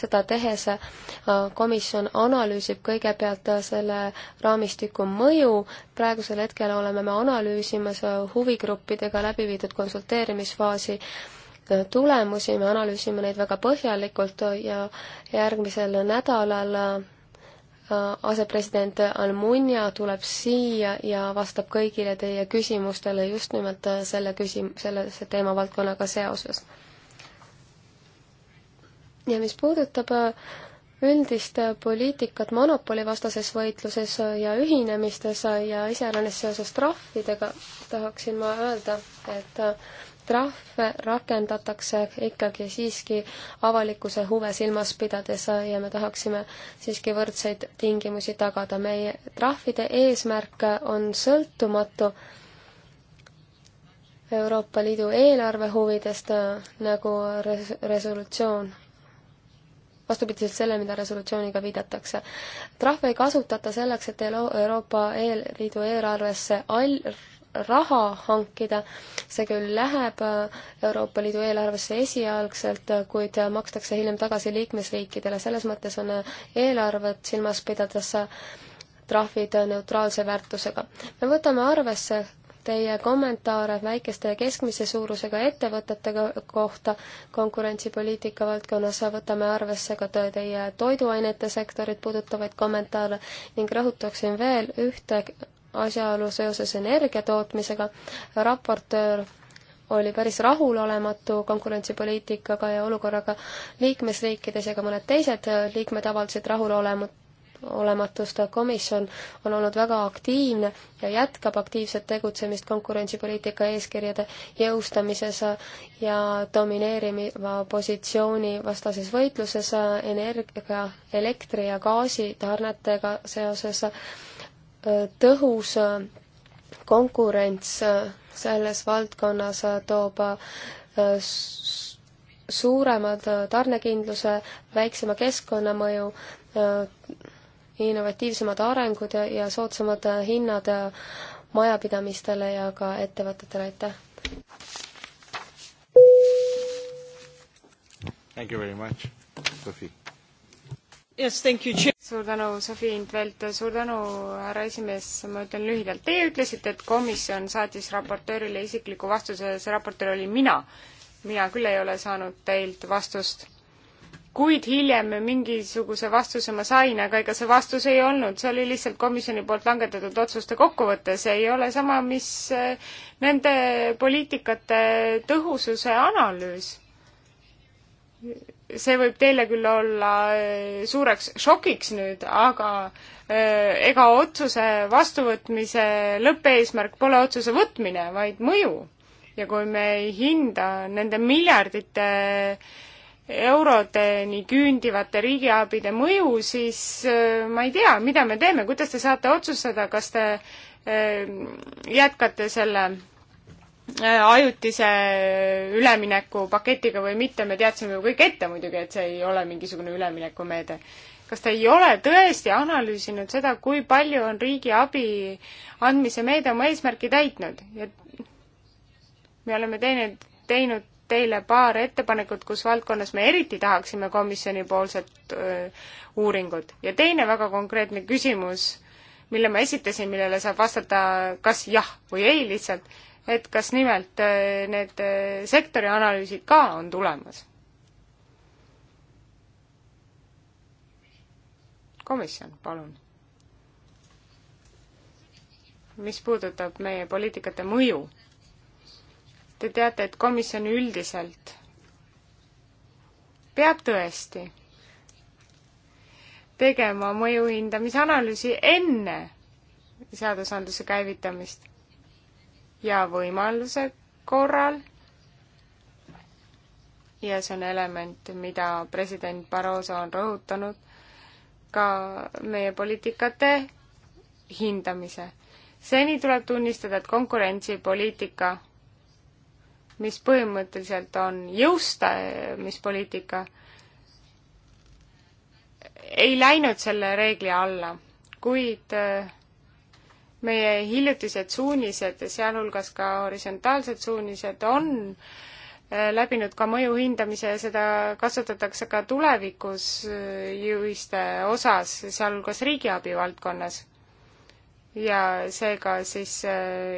seda tehes äh, komisjon analüüsib kõigepealt selle raamistiku mõju. praegusel hetkel oleme me analüüsimas huvigruppidega läbi viidud konsulteerimisfaasi äh, tulemusi, me analüüsime neid väga põhjalikult ja järgmisel nädalal asepresident Almunia tuleb siia ja vastab kõigile teie küsimustele just nimelt selle küsim-, sellise teemavaldkonnaga seoses. ja mis puudutab äh, üldist äh, poliitikat monopolivastases võitluses äh, ja ühinemistes ja iseäranis seoses trahvidega, tahaksin ma öelda, et trahve rakendatakse ikkagi siiski avalikkuse huve silmas pidades ja me tahaksime siiski võrdseid tingimusi tagada. meie trahvide eesmärk on sõltumatu Euroopa Liidu eelarve huvidest, äh, nagu res-, resolutsioon vastupidiselt selle, mida resolutsiooniga viidatakse. trahve ei kasutata selleks, et Euroopa eel-, liidu eelarvesse al-, raha hankida. see küll läheb äh, Euroopa Liidu eelarvesse esialgselt, äh, kuid äh, makstakse hiljem tagasi liikmesriikidele, selles mõttes on eelarvet silmas pidades trahvid neutraalse väärtusega. me võtame arvesse teie kommentaare väikeste ja keskmise suurusega ettevõtete kohta konkurentsipoliitika valdkonnas, võtame arvesse ka teie toiduainete sektorit puudutavaid kommentaare ning rõhutaksin veel ühte asjaolu seoses energia tootmisega. raportöör oli päris rahulolematu konkurentsipoliitikaga ja olukorraga liikmesriikides ja ka mõned teised liikmed avaldasid rahulolematust olematust komisjon on olnud väga aktiivne ja jätkab aktiivset tegutsemist konkurentsipoliitika eeskirjade jõustamises ja domineeriva positsiooni vastases võitluses energia, elektri ja gaasi tarnetega seoses tõhus konkurents selles valdkonnas toob äh, suuremad tarnekindluse, väiksema keskkonnamõju, äh, innovatiivsemad arengud ja, ja soodsamad hinnad majapidamistele ja ka ettevõtetele, aitäh! Thank you very much, Sophie. Yes, thank you, Chair. suur tänu, Sofi Intvelt, suur tänu, härra esimees, ma ütlen lühidalt, teie ütlesite, et komisjon saatis raportöörile isikliku vastuse, see raportöör olin mina. mina küll ei ole saanud teilt vastust. kuid hiljem mingisuguse vastuse ma sain, aga ega see vastus ei olnud, see oli lihtsalt komisjoni poolt langetatud otsuste kokkuvõte, see ei ole sama, mis eh, nende poliitikate tõhususe analüüs see võib teile küll olla äh, suureks šokiks nüüd, aga äh, ega otsuse vastuvõtmise lõppeesmärk pole otsuse võtmine, vaid mõju. ja kui me ei hinda nende miljardite eurodeni küündivate riigiabide mõju, siis äh, ma ei tea, mida me teeme, kuidas te saate otsustada, kas te jätkate selle Äh, ajutise üleminekupaketiga või mitte, me teadsime ju kõik ette muidugi, et see ei ole mingisugune üleminekumeede. kas te ei ole tõesti analüüsinud seda, kui palju on riigi abi andmise meede oma eesmärki täitnud ja me oleme teinud, teinud teile paar ettepanekut, kus valdkonnas me eriti tahaksime komisjonipoolset uuringut. ja teine väga konkreetne küsimus, mille ma esitasin, millele saab vastata kas jah või ei lihtsalt et kas nimelt äh, need äh, sektori analüüsid ka on tulemas? komisjon, palun. mis puudutab meie poliitikate mõju, te teate, et komisjon üldiselt peab tõesti tegema mõjuhindamise analüüsi enne seadusandluse käivitamist ja võimaluse korral ja see on element, mida president Barroso on rõhutanud ka meie poliitikate hindamise. seni tuleb tunnistada, et konkurentsipoliitika, mis põhimõtteliselt on jõustamispoliitika, ei läinud selle reegli alla, kuid äh, meie hiljutised suunised, sealhulgas ka horisontaalsed suunised, on äh, läbinud ka mõjuhindamise ja seda kasutatakse ka tulevikus äh, juhiste osas, sealhulgas riigiabi valdkonnas. ja seega siis äh,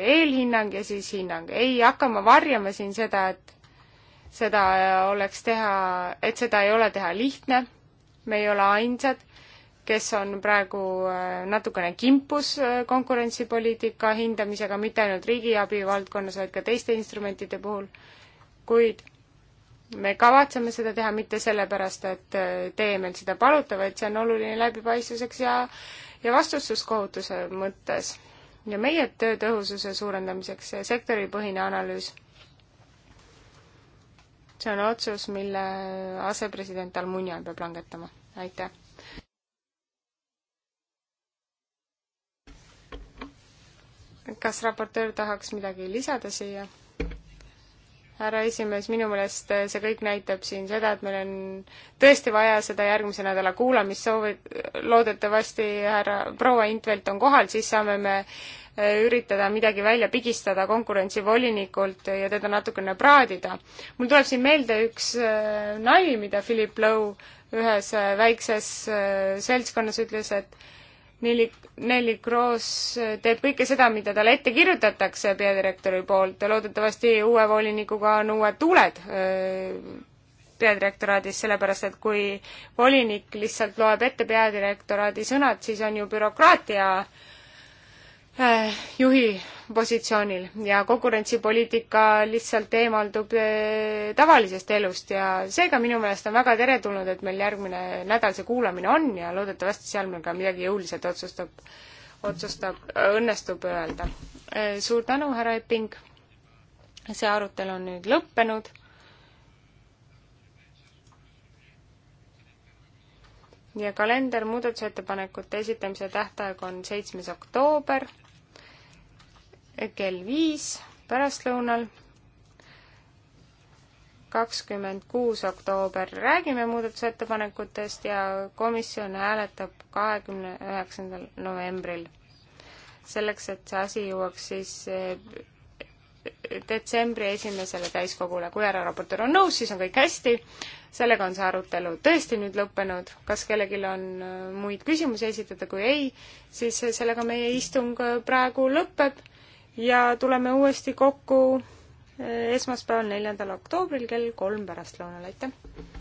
eelhinnang ja siis hinnang. ei hakka ma varjama siin seda, et seda oleks teha, et seda ei ole teha lihtne, me ei ole ainsad, kes on praegu äh, natukene kimpus äh, konkurentsipoliitika hindamisega, mitte ainult riigiabi valdkonnas, vaid ka teiste instrumentide puhul, kuid me kavatseme seda teha mitte sellepärast, et äh, teie meilt seda palute, vaid see on oluline läbipaistvuseks ja, ja vastutuskohutuse mõttes. ja meie töö tõhususe suurendamiseks sektoripõhine analüüs. see on otsus, mille asepresident Almunian peab langetama. aitäh! kas raportöör tahaks midagi lisada siia? härra esimees, minu meelest see kõik näitab siin seda, et meil on tõesti vaja seda järgmise nädala kuulamissoovi, loodetavasti härra proua Intvelt on kohal, siis saame me eh, üritada midagi välja pigistada konkurentsivolinikult ja teda natukene praadida. mul tuleb siin meelde üks eh, nali, mida Philip Lowe ühes eh, väikses seltskonnas ütles, et Nelli, Nelli Kross teeb kõike seda, mida talle ette kirjutatakse peadirektori poolt ja loodetavasti uue volinikuga on uued tuuled peadirektoraadis, sellepärast et kui volinik lihtsalt loeb ette peadirektoraadi sõnad, siis on ju bürokraatia äh, Äh, juhi positsioonil ja konkurentsipoliitika lihtsalt eemaldub äh, tavalisest elust ja seega minu meelest on väga teretulnud, et meil järgmine nädal see kuulamine on ja loodetavasti seal meil ka midagi jõuliselt otsustab, otsustab, õnnestub öelda. Äh, suur tänu, härra Epping. see arutelu on nüüd lõppenud. ja kalender muudatusettepanekute esitamise tähtaeg on seitsmes oktoober kell viis pärastlõunal, kakskümmend kuus oktoober räägime muudatusettepanekutest ja komisjon hääletab kahekümne üheksandal novembril. selleks, et see asi jõuaks siis eh, detsembri esimesele täiskogule, kui härraraportöör on nõus, siis on kõik hästi, sellega on see arutelu tõesti nüüd lõppenud, kas kellelgi on eh, muid küsimusi esitada, kui ei, siis sellega meie istung eh, praegu lõpeb ja tuleme uuesti kokku eh, esmaspäeval, neljandal oktoobril kell kolm pärastlõunal, aitäh!